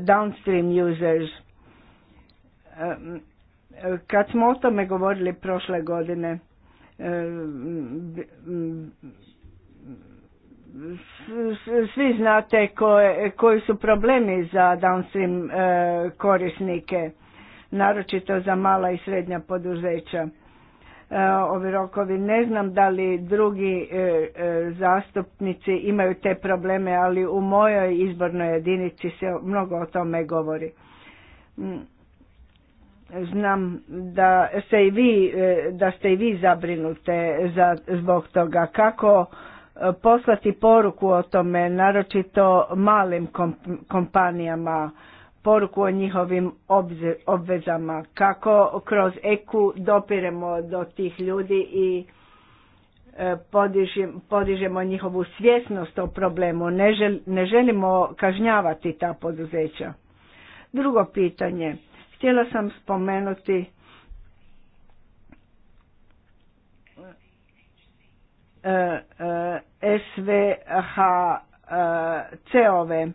downstream users kad smo o tome govorili prošle godine svi znate koji su problemi za downstream korisnike naročito za mala i srednja poduzeća E, ovi rokovi. Ne znam da li drugi e, e, zastupnici imaju te probleme, ali u mojoj izbornoj jedinici se mnogo o tome govori. Mm, znam da ste i vi, da ste i vi zabrinute za, zbog toga kako poslati poruku o tome, naročito malim kompanijama poruku o njihovim obvezama, kako kroz EKU dopiremo do tih ljudi i e, podižemo njihovu svjesnost o problemu, ne želimo kažnjavati ta poduzeća. Drugo pitanje, htjela sam spomenuti e, e, SVHC-ove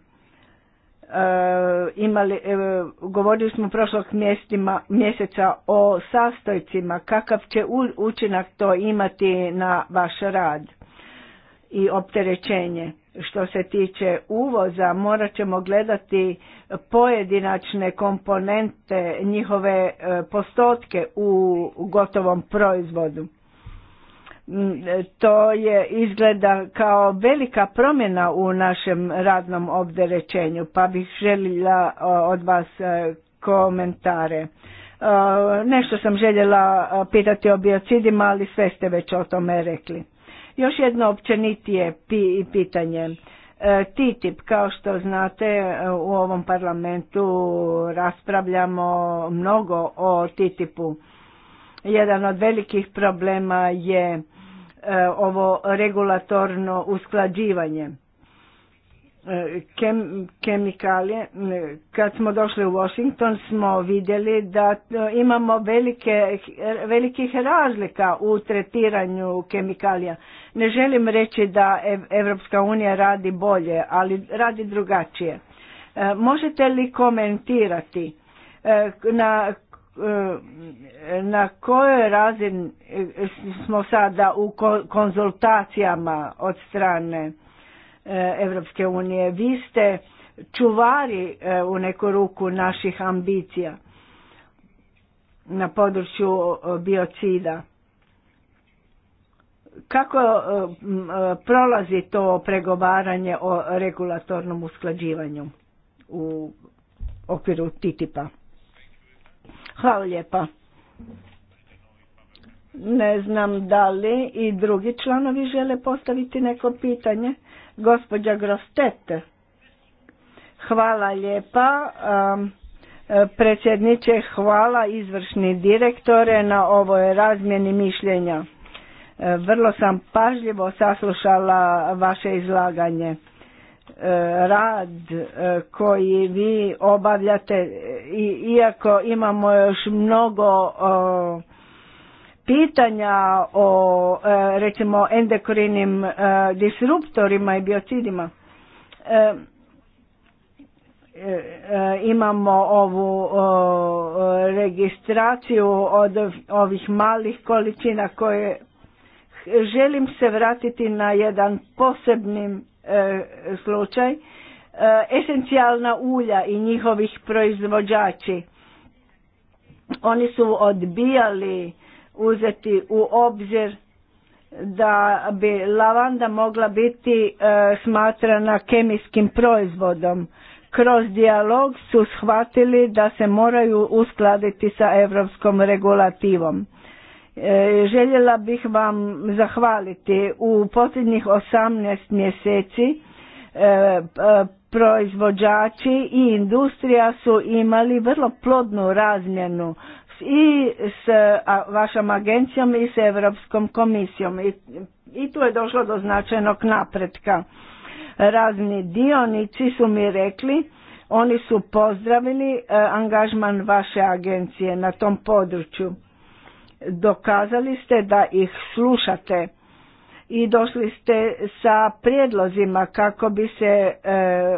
E, imali, e, govorili smo prošlog mjestima, mjeseca o sastojcima, kakav će učinak to imati na vaš rad i opterećenje. Što se tiče uvoza, morat ćemo gledati pojedinačne komponente, njihove e, postotke u gotovom proizvodu. Mm, to je izgleda kao velika promjena u našem radnom obderećenju, pa bih željela od vas e, komentare. E, nešto sam željela e, pitati o biocidima, ali sve ste već o tome rekli. Još jedno općenitije pitanje. TTIP, kao što znate, u ovom parlamentu raspravljamo mnogo o TTIP-u jedan od velikih problema je e, ovo regulatorno usklađivanje e, kemikalije. E, kad smo došli u Washington smo vidjeli da imamo velike, velikih razlika u tretiranju kemikalija. Ne želim reći da Evropska unija radi bolje, ali radi drugačije. Možete li komentirati na E, na kojoj razini e, smo sada u konzultacijama od strane e, Evropske unije. Vi ste čuvari u neku ruku naših ambicija na području biocida. Kako prolazi to pregovaranje o regulatornom usklađivanju u okviru TTIP-a? Hvala lijepa. Ne znam da li i drugi članovi žele postaviti neko pitanje. Gospođa Grostete. Hvala lijepa. Predsjedniče, hvala izvršni direktore na ovoj razmjeni mišljenja. Vrlo sam pažljivo saslušala vaše izlaganje rad e, koji vi obavljate e, iako imamo još mnogo pitanja o e, recimo endokrinim disruptorima i biocidima imamo ovu registraciju od ovih malih količina koje želim se vratiti na jedan posebnim E, slučaj e, esencijalna ulja i njihovih proizvođači oni su odbijali uzeti u obzir da bi lavanda mogla biti e, smatrana kemijskim proizvodom kroz dijalog su shvatili da se moraju uskladiti sa europskom regulativom E, željela bih vam zahvaliti u posljednjih 18 mjeseci e, e, proizvođači i industrija su imali vrlo plodnu razmjenu i s vašom agencijom i s Europskom komisijom i tu je došlo do značajnog napretka. Razni dionici su mi rekli, oni su pozdravili angažman vaše agencije na tom području dokazali ste da ih slušate i došli ste sa prijedlozima kako bi se e, e,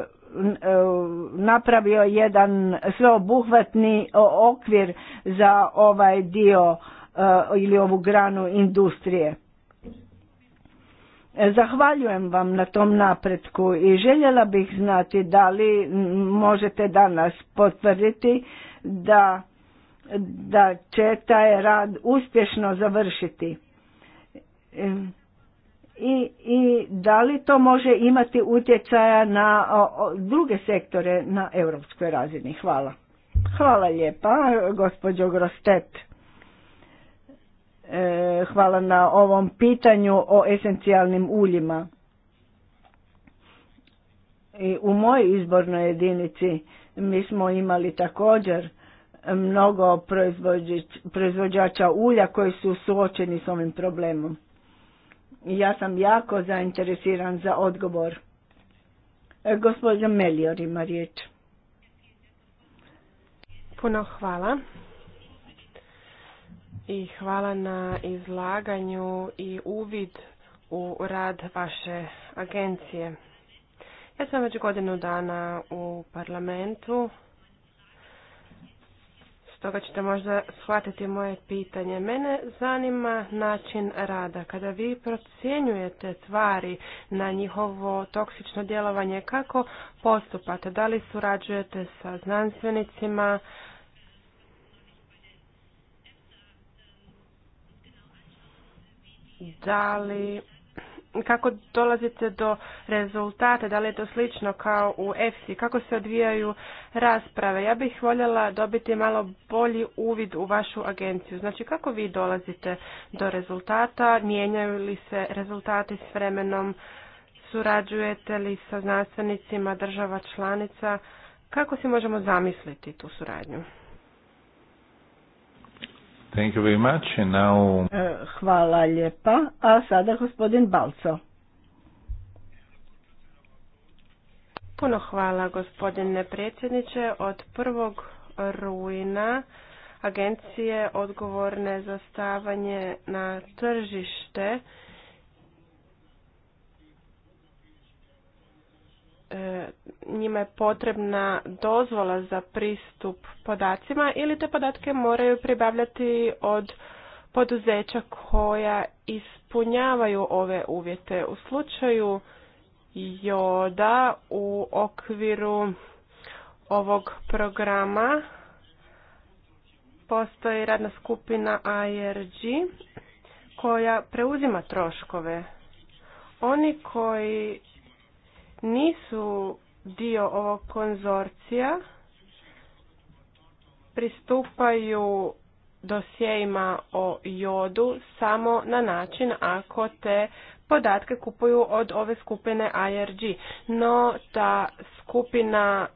napravio jedan sveobuhvatni okvir za ovaj dio e, ili ovu granu industrije. Zahvaljujem vam na tom napretku i željela bih znati da li možete danas potvrditi da da će taj rad uspješno završiti e, i, i da li to može imati utjecaja na o, druge sektore na europskoj razini. Hvala. Hvala lijepa, gospođo Grostet. E, hvala na ovom pitanju o esencijalnim uljima. I u mojoj izbornoj jedinici mi smo imali također mnogo proizvođača ulja koji su suočeni s ovim problemom. Ja sam jako zainteresiran za odgovor. E, Gospodin Melior ima riječ.
Puno hvala. I hvala na izlaganju i uvid u rad vaše agencije. Ja sam već godinu dana u parlamentu Stoga ćete možda shvatiti moje pitanje. Mene zanima način rada. Kada vi procjenjujete tvari na njihovo toksično djelovanje, kako postupate? Da li surađujete sa znanstvenicima? Da li kako dolazite do rezultata, da li je to slično kao u EFSI, kako se odvijaju rasprave. Ja bih voljela dobiti malo bolji uvid u vašu agenciju. Znači kako vi dolazite do rezultata, mijenjaju li se rezultati s vremenom, surađujete li sa znanstvenicima država članica, kako si možemo zamisliti tu suradnju?
Thank you very much. And now...
E, hvala lijepa. A sada gospodin Balco. Puno hvala gospodine predsjedniče. Od prvog
rujna agencije odgovorne za stavanje na tržište E, njima je potrebna dozvola za pristup podacima ili te podatke moraju pribavljati od poduzeća koja ispunjavaju ove uvjete. U slučaju Joda u okviru ovog programa postoji radna skupina IRG koja preuzima troškove. Oni koji nisu dio ovog konzorcija pristupaju dosjejima o jodu samo na način ako te podatke kupuju od ove skupine IRG. No ta skupina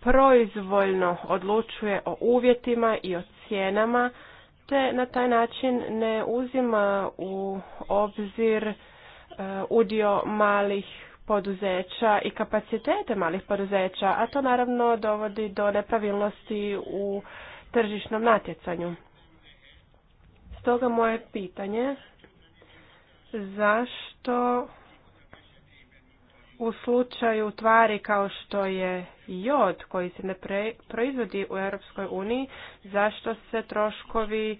proizvoljno odlučuje o uvjetima i o cijenama te na taj način ne uzima u obzir e, udio malih poduzeća i kapacitete malih poduzeća, a to naravno dovodi do nepravilnosti u tržišnom natjecanju. Stoga moje pitanje zašto u slučaju tvari kao što je jod koji se ne proizvodi u Europskoj uniji, zašto se troškovi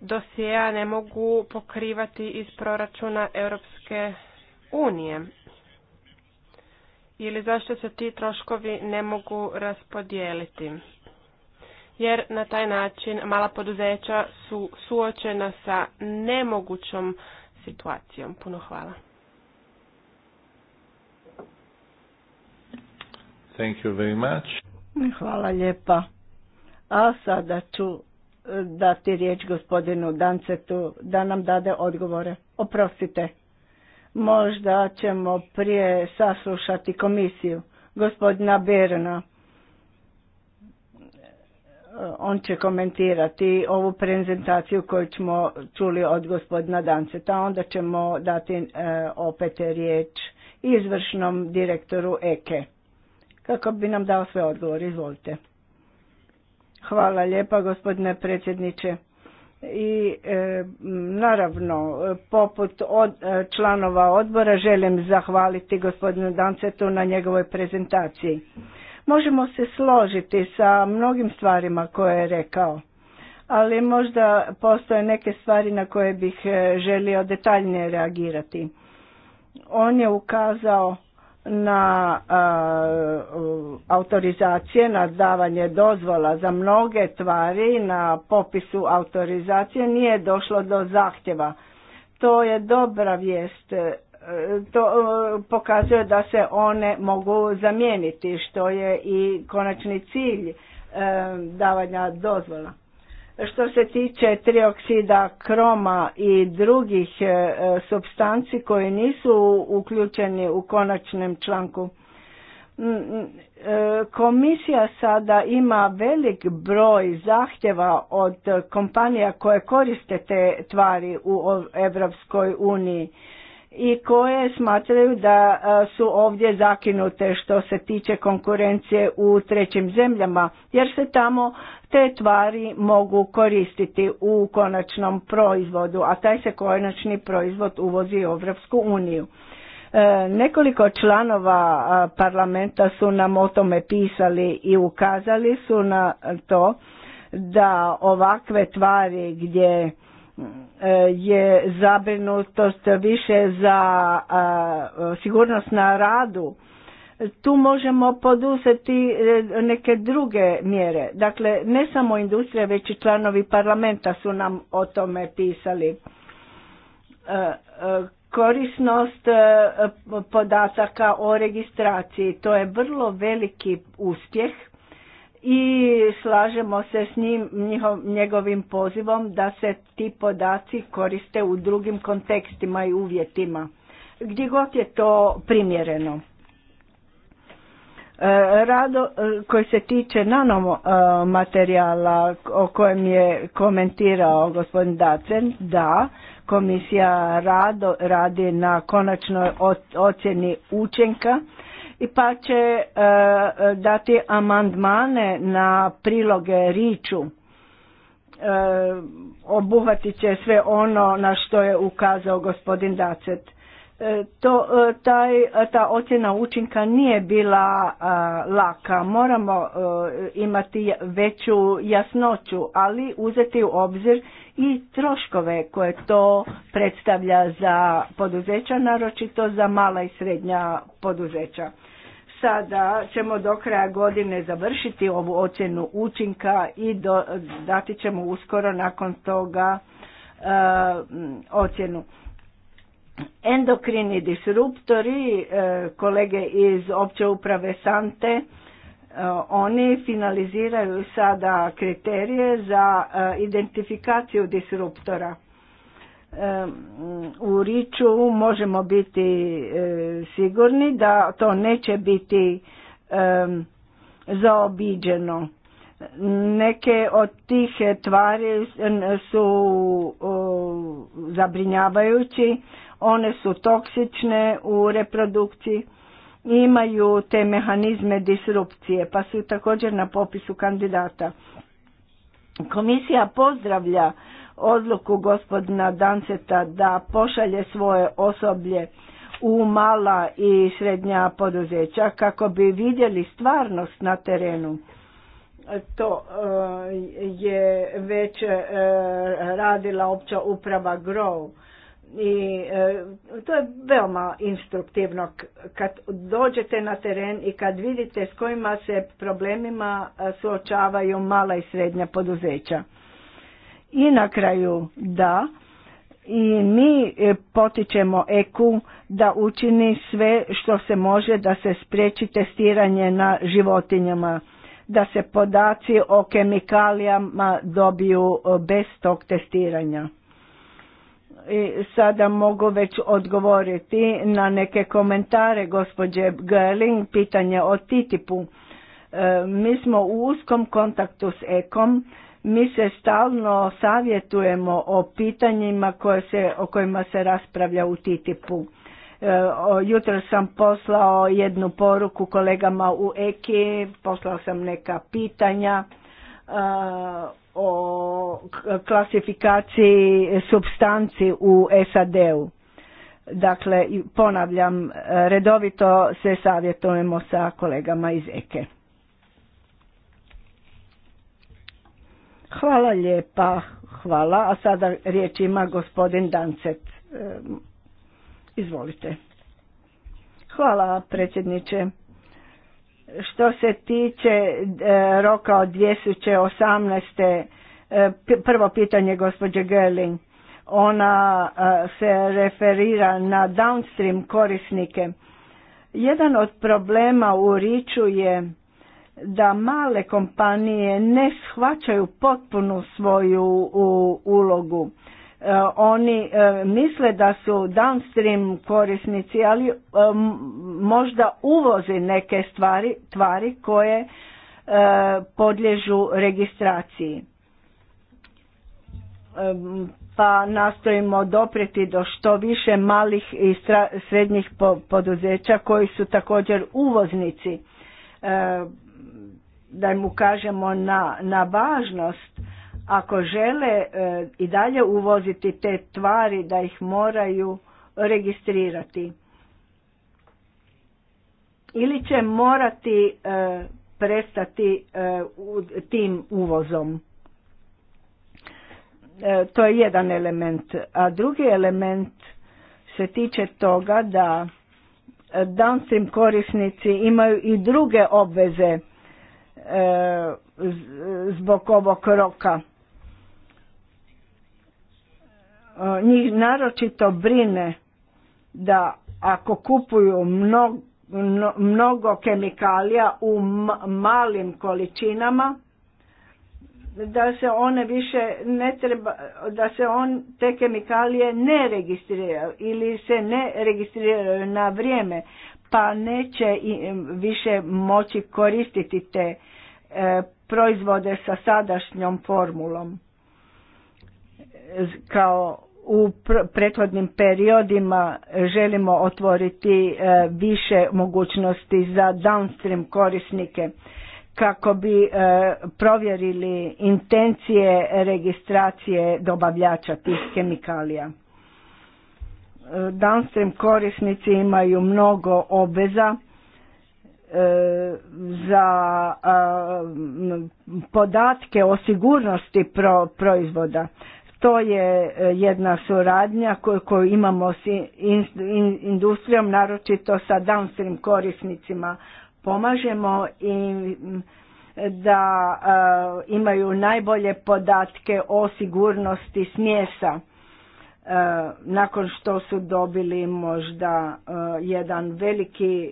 dosjeja ne mogu pokrivati iz proračuna Europske unije ili zašto se ti troškovi ne mogu raspodijeliti. Jer na taj način mala poduzeća su suočena sa nemogućom situacijom. Puno hvala.
Thank you very much.
Hvala lijepa. A sada ću eh, dati riječ gospodinu Dancetu da nam dade odgovore. Oprostite. Možda ćemo prije saslušati komisiju gospodina Berna. On će komentirati ovu prezentaciju koju smo čuli od gospodina Danceta. Onda ćemo dati e, opet riječ izvršnom direktoru EKE. Kako bi nam dao sve odgovor, izvolite. Hvala lijepa gospodine predsjedniče i e, naravno poput od, e, članova odbora želim zahvaliti gospodinu Dancetu na njegovoj prezentaciji. Možemo se složiti sa mnogim stvarima koje je rekao, ali možda postoje neke stvari na koje bih e, želio detaljnije reagirati. On je ukazao na autorizacije, na davanje dozvola za mnoge tvari na popisu autorizacije nije došlo do zahtjeva. To je dobra vijest. E, to e, pokazuje da se one mogu zamijeniti što je i konačni cilj e, davanja dozvola. Što se tiče trioksida kroma i drugih e, substanci koje nisu uključeni u konačnom članku, e, komisija sada ima velik broj zahtjeva od kompanija koje koriste te tvari u Europskoj uniji i koje smatraju da e, su ovdje zakinute što se tiče konkurencije u trećim zemljama jer se tamo te tvari mogu koristiti u konačnom proizvodu, a taj se konačni proizvod uvozi u Europsku uniju. E, nekoliko članova e, parlamenta su nam o tome pisali i ukazali su na to da ovakve tvari gdje E, je zabrinutost više za e, sigurnost na radu tu možemo poduzeti e, neke druge mjere. Dakle, ne samo industrija, već i članovi parlamenta su nam o tome pisali. Korisnost podataka o registraciji, to je vrlo veliki uspjeh i slažemo se s njim, njegovim pozivom da se ti podaci koriste u drugim kontekstima i uvjetima, gdje god je to primjereno. E, rado e, koji se tiče nanomaterijala e, o kojem je komentirao gospodin Dacen, da, komisija rado radi na konačnoj ocjeni učenka i pa će e, dati amandmane na priloge Riču. E, obuhvatit će sve ono na što je ukazao gospodin Dacet. E, to, e, taj, e, ta ocjena učinka nije bila laka. Moramo imati veću jasnoću, ali uzeti u obzir i troškove koje to predstavlja za poduzeća, naročito za mala i srednja poduzeća. Sada ćemo do kraja godine završiti ovu ocjenu učinka i do, dati ćemo uskoro nakon toga ocjenu Endokrini disruptori, e, kolege iz opće uprave Sante, e, oni finaliziraju sada kriterije za e, identifikaciju disruptora. U Riču možemo biti sigurni da to neće biti zaobiđeno. Neke od tih tvari su zabrinjavajući one su toksične u reprodukciji, imaju te mehanizme disrupcije, pa su također na popisu kandidata. Komisija pozdravlja odluku gospodina Danceta da pošalje svoje osoblje u mala i srednja poduzeća kako bi vidjeli stvarnost na terenu. To e, je već e, radila opća uprava GROW i e, to je veoma instruktivno kad dođete na teren i kad vidite s kojima se problemima e, suočavaju mala i srednja poduzeća. I na kraju da i mi e, potičemo EKU da učini sve što se može da se spriječi testiranje na životinjama, da se podaci o kemikalijama dobiju bez tog testiranja sada mogu već odgovoriti na neke komentare gospođe Gerling, pitanje o TTIP-u. E, mi smo u uskom kontaktu s EKOM, mi se stalno savjetujemo o pitanjima koje se, o kojima se raspravlja u TTIP-u. E, jutro sam poslao jednu poruku kolegama u EKI, poslao sam neka pitanja. E, o klasifikaciji substanci u SAD-u. Dakle, ponavljam, e, redovito se savjetujemo sa kolegama iz EKE. E. Hvala lijepa, hvala. A sada riječ ima gospodin Dancet. E, izvolite. Hvala predsjedniče. Što se tiče e, roka od 2018. E, prvo pitanje gospođe Gerling, ona e, se referira na downstream korisnike. Jedan od problema u Riču je da male kompanije ne shvaćaju potpunu svoju ulogu E, oni e, misle da su downstream korisnici, ali e, možda uvoze neke stvari, tvari koje podlježu registraciji. Pa nastojimo dopreti do što više malih i srednjih poduzeća koji su također uvoznici. Da im ukažemo na, na važnost ako žele e, i dalje uvoziti te tvari da ih moraju registrirati ili će morati e, prestati e, tim uvozom to je jedan element a drugi element se tiče toga da downstream korisnici imaju i druge obveze zbog ovog roka Eh, njih naročito brine da ako kupuju mnogo kemikalija u malim količinama da se one više ne treba da se on te kemikalije ne registriraju ili se ne registriraju na vrijeme pa neće više moći koristiti te eh, proizvode sa sadašnjom formulom kao u prethodnim periodima želimo otvoriti e, više mogućnosti za downstream korisnike kako bi e, provjerili intencije registracije dobavljača tih kemikalija. E, downstream korisnici imaju mnogo obveza za podatke o sigurnosti proizvoda to je e, jedna suradnja koju imamo s industrijom, naročito sa downstream korisnicima. Pomažemo im da e, imaju najbolje podatke o sigurnosti smjesa e, nakon što su dobili možda jedan veliki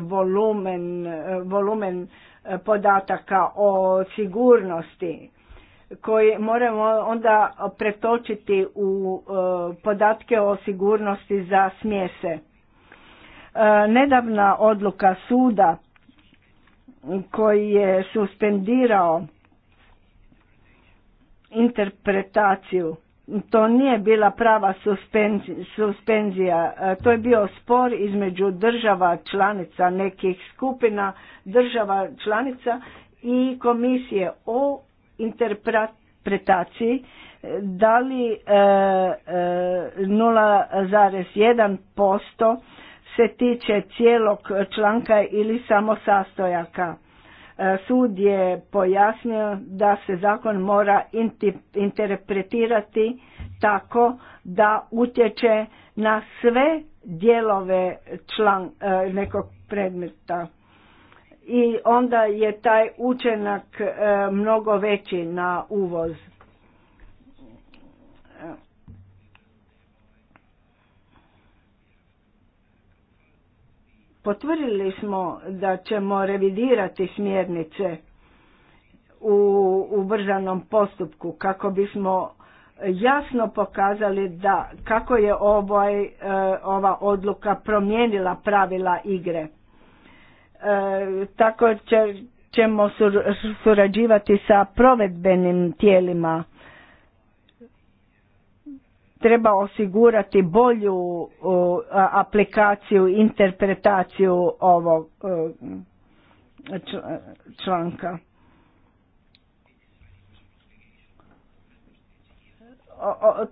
volumen, volumen podataka o sigurnosti koji moramo onda pretočiti u e, podatke o sigurnosti za smjese. E, nedavna odluka suda koji je suspendirao interpretaciju, to nije bila prava suspenzija, e, to je bio spor između država članica nekih skupina država članica i komisije o interpretaciji da li 0,1% e, e, se tiče cijelog članka ili samo sastojaka. E, sud je pojasnio da se zakon mora interpretirati tako da utječe na sve dijelove član, nekog predmeta i onda je taj učenak e, mnogo veći na uvoz. Potvrdili smo da ćemo revidirati smjernice u ubrzanom postupku kako bismo jasno pokazali da kako je ovaj, ova odluka promijenila pravila igre. E, tako ćemo surađivati sa provedbenim tijelima. Treba osigurati bolju aplikaciju, interpretaciju ovog e, članka.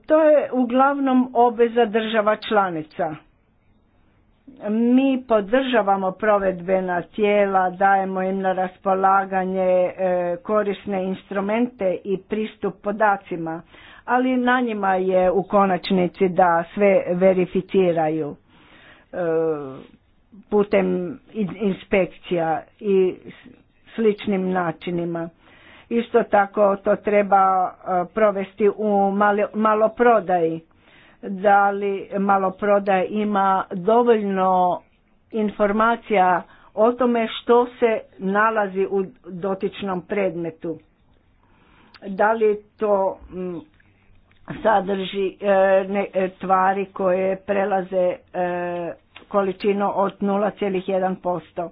To je uglavnom obeza država članica. Mi podržavamo provedbena tijela, dajemo im na raspolaganje e, korisne instrumente i pristup podacima, ali na njima je u konačnici da sve verificiraju e, putem inspekcija i sličnim načinima. Isto tako to treba e, provesti u maloprodaji da li maloprodaja ima dovoljno informacija o tome što se nalazi u dotičnom predmetu. Da li to mm, sadrži e, e, tvari koje prelaze e, količinu od 0,1%.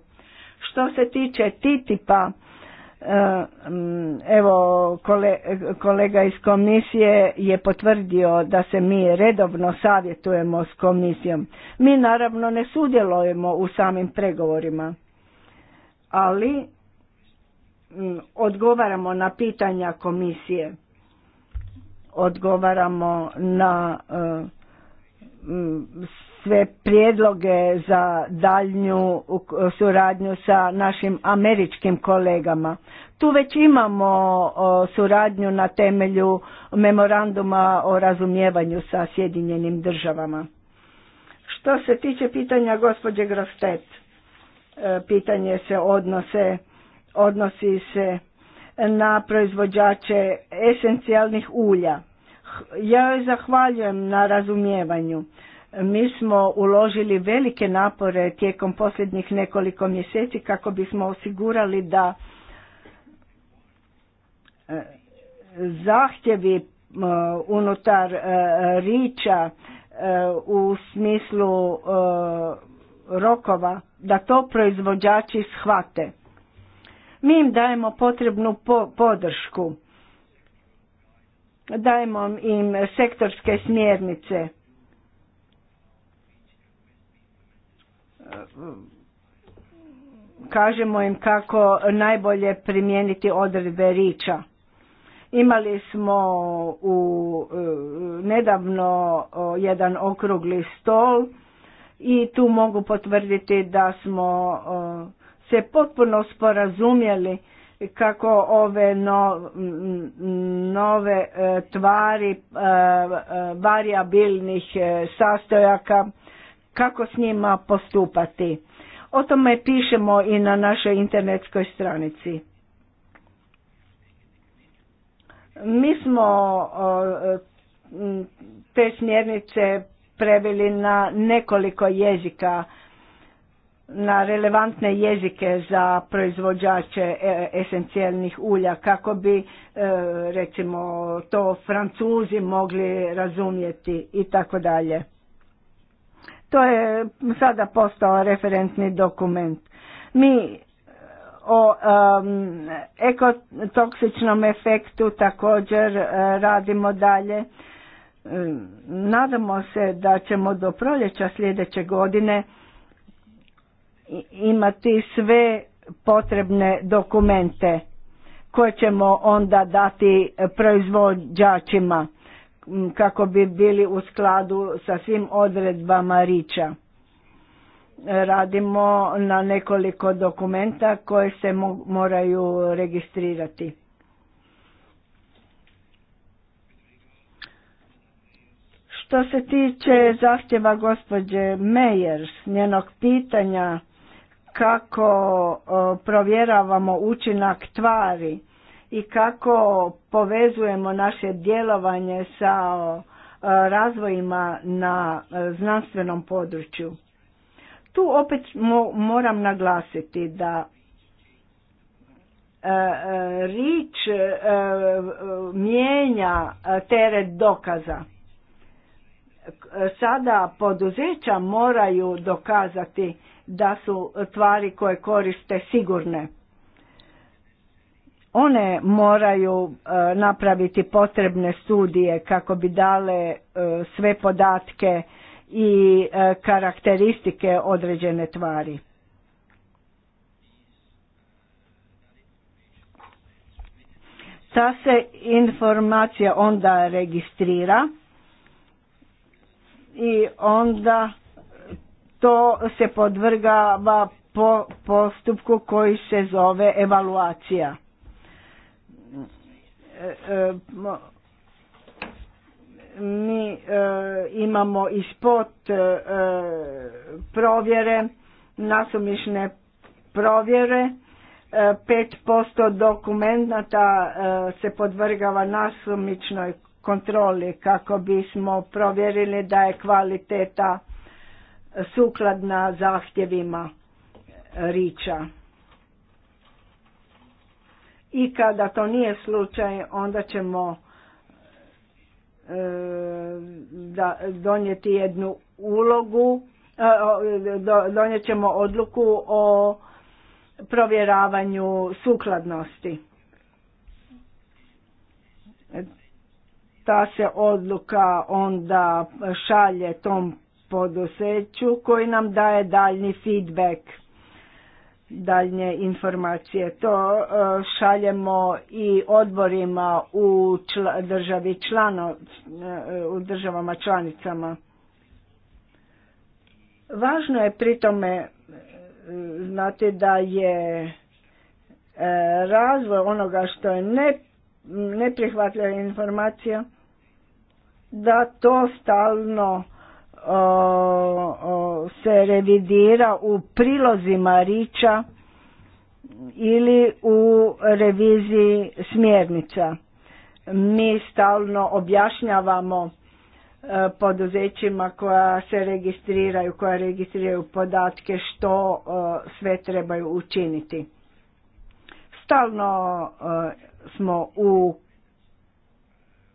Što se tiče TTIP-a, E, evo, kolega iz komisije je potvrdio da se mi redovno savjetujemo s komisijom. Mi naravno ne sudjelujemo u samim pregovorima, ali odgovaramo na pitanja komisije, odgovaramo na e, sve prijedloge za daljnju suradnju sa našim američkim kolegama. Tu već imamo suradnju na temelju memoranduma o razumijevanju sa Sjedinjenim državama. Što se tiče pitanja gospođe Grostet, e, pitanje se odnose, odnosi se na proizvođače esencijalnih ulja. Ja joj zahvaljujem na razumijevanju. Mi smo uložili velike napore tijekom posljednjih nekoliko mjeseci kako bismo osigurali da e, zahtjevi e, unutar e, riča u smislu rokova da to proizvođači shvate. Mi im dajemo potrebnu podršku. Dajemo im sektorske smjernice kažemo im kako najbolje primijeniti odredbe riča. Imali smo u e, nedavno jedan okrugli stol i tu mogu potvrditi da smo se potpuno sporazumjeli kako ove no, nove e, tvari e, variabilnih sastojaka kako s njima postupati. O tome pišemo i na našoj internetskoj stranici. Mi smo te smjernice preveli na nekoliko jezika, na relevantne jezike za proizvođače e, esencijalnih ulja, kako bi e, recimo to francuzi mogli razumjeti i tako dalje. To je sada postao referentni dokument. Mi e, o ekotoksičnom efektu također e, radimo dalje. E, nadamo se da ćemo do proljeća sljedeće godine imati sve potrebne dokumente koje ćemo onda dati proizvođačima kako bi bili u skladu sa svim odredbama Riča. Radimo na nekoliko dokumenta koje se moraju registrirati. Što se tiče zahtjeva gospođe Mejers, njenog pitanja kako provjeravamo učinak tvari, i kako povezujemo naše djelovanje sa e, razvojima na e, znanstvenom području. Tu opet moram naglasiti da e, rič mijenja teret dokaza. Sada poduzeća moraju dokazati da su tvari koje koriste sigurne one moraju e, napraviti potrebne studije kako bi dale e, sve podatke i e, karakteristike određene tvari. Ta se informacija onda registrira i onda to se podvrgava po postupku koji se zove evaluacija. E, e, mi e, imamo i spot provjere, nasumišne provjere, 5% dokumenata se podvrgava nasumičnoj kontroli kako bismo provjerili da je kvaliteta sukladna zahtjevima riča. I kada to nije slučaj, onda ćemo e, da donijeti jednu ulogu, e, donijet ćemo odluku o provjeravanju sukladnosti. Ta se odluka onda šalje tom poduzeću koji nam daje daljni feedback daljnje informacije. To e, šaljemo i odborima u državi člano, e, u državama članicama. Važno je pri tome e, znati da je razvoj onoga što je ne, neprihvatljiva informacija, da to stalno se revidira u prilozima riča ili u reviziji smjernica. Mi stalno objašnjavamo e, poduzećima koja se registriraju, koja registriraju podatke što e, sve trebaju učiniti. Stalno e, smo u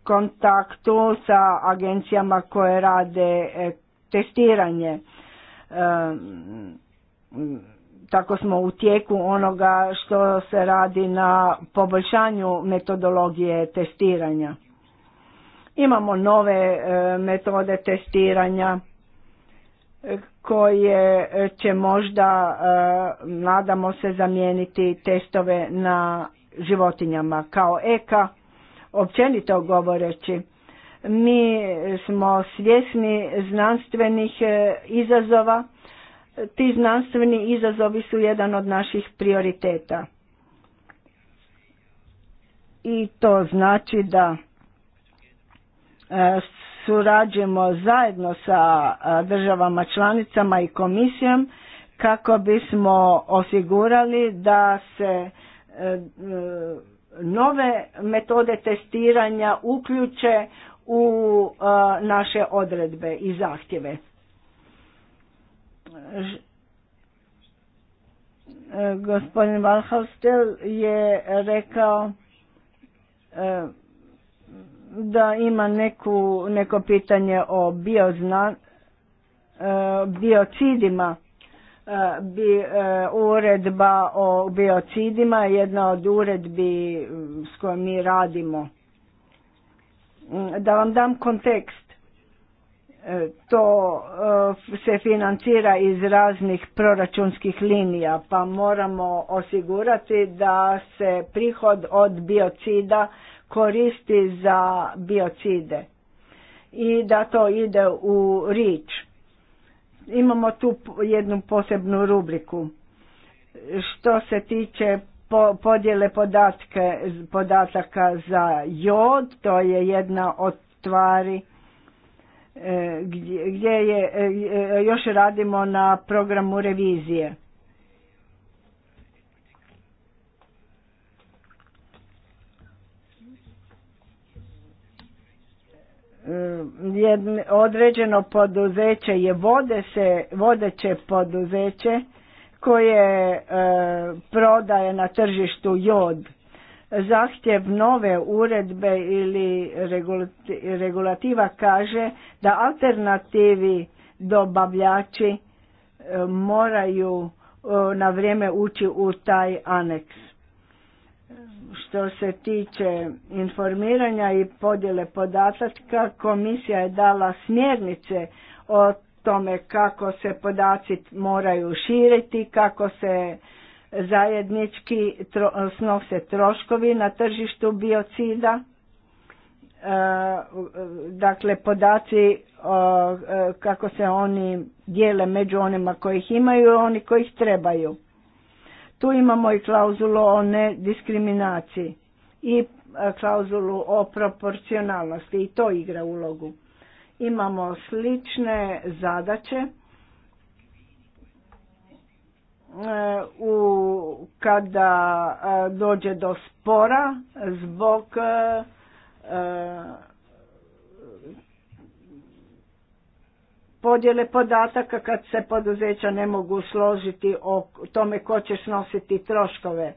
kontaktu sa agencijama koje rade e, testiranje. E, tako smo u tijeku onoga što se radi na poboljšanju metodologije testiranja. Imamo nove e, metode testiranja koje će možda, nadamo se, zamijeniti testove na životinjama kao EKA općenito govoreći. Mi smo svjesni znanstvenih e, izazova. Ti znanstveni izazovi su jedan od naših prioriteta. I to znači da e, surađujemo zajedno sa e, državama članicama i komisijom kako bismo osigurali da se nove metode testiranja uključe u e, naše odredbe i zahtjeve. E, gospodin Valhaustel je rekao e, da ima neku, neko pitanje o biozna, biocidima bi e, uredba o biocidima, jedna od uredbi s kojom mi radimo. Da vam dam kontekst, e, to e, se financira iz raznih proračunskih linija, pa moramo osigurati da se prihod od biocida koristi za biocide i da to ide u rič imamo tu jednu posebnu rubriku što se tiče podjele podatke, podataka za jod, to je jedna od stvari e, gdje, gdje je, e, e, još radimo na programu revizije. određeno poduzeće je vode se, vodeće poduzeće koje e, prodaje na tržištu jod. Zahtjev nove uredbe ili regulativa kaže da alternativi dobavljači e, moraju e, na vrijeme ući u taj aneks. Što se tiče informiranja i podjele podataka, komisija je dala smjernice o tome kako se podaci moraju širiti, kako se zajednički snose troškovi na tržištu biocida. E, dakle, podaci e, kako se oni dijele među onima koji ih imaju i oni koji ih trebaju. Tu imamo i klauzulu o nediskriminaciji i e, klauzulu o proporcionalnosti i to igra ulogu. Imamo slične zadaće e, u kada e, dođe do spora zbog podjele podataka kad se poduzeća ne mogu složiti o tome ko će snositi troškove.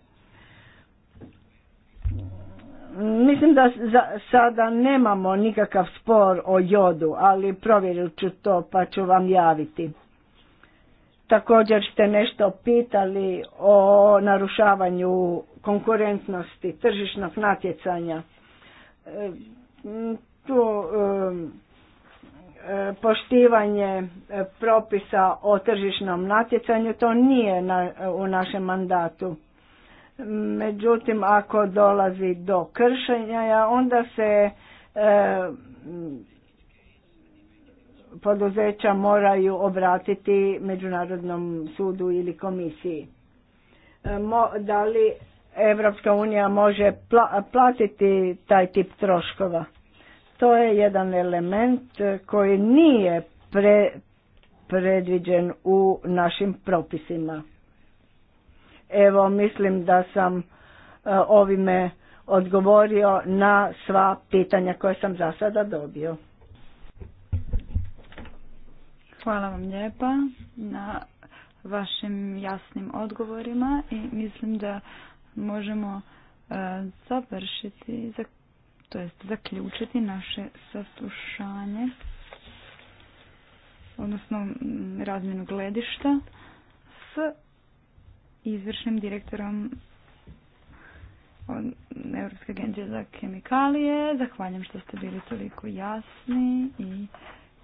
Mislim da za, sada nemamo nikakav spor o jodu, ali provjerit ću to pa ću vam javiti. Također ste nešto pitali o narušavanju konkurentnosti tržišnog natjecanja. E, tu E, poštivanje e, propisa o tržišnom natjecanju to nije na, u našem mandatu. Međutim, ako dolazi do kršenja, onda se e, poduzeća moraju obratiti Međunarodnom sudu ili komisiji. da li Evropska unija može platiti taj tip troškova? To je jedan element koji nije predviđen u našim propisima. Evo, mislim da sam e, ovime odgovorio na sva pitanja koje sam za sada dobio.
Hvala vam lijepa na vašim jasnim odgovorima i mislim da možemo e, završiti to jest zaključiti naše saslušanje, odnosno mm, razmjenu gledišta s izvršnim direktorom od Europske agencije za kemikalije. Zahvaljujem što ste bili toliko jasni i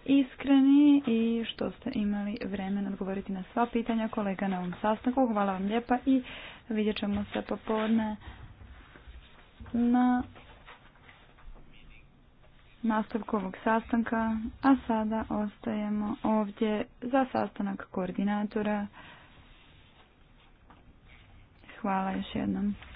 iskreni i što ste imali vremena odgovoriti na sva pitanja kolega na ovom sastanku. Hvala vam lijepa i vidjet ćemo se popodne na nastavku ovog sastanka, a sada ostajemo ovdje za sastanak koordinatora. Hvala još jednom.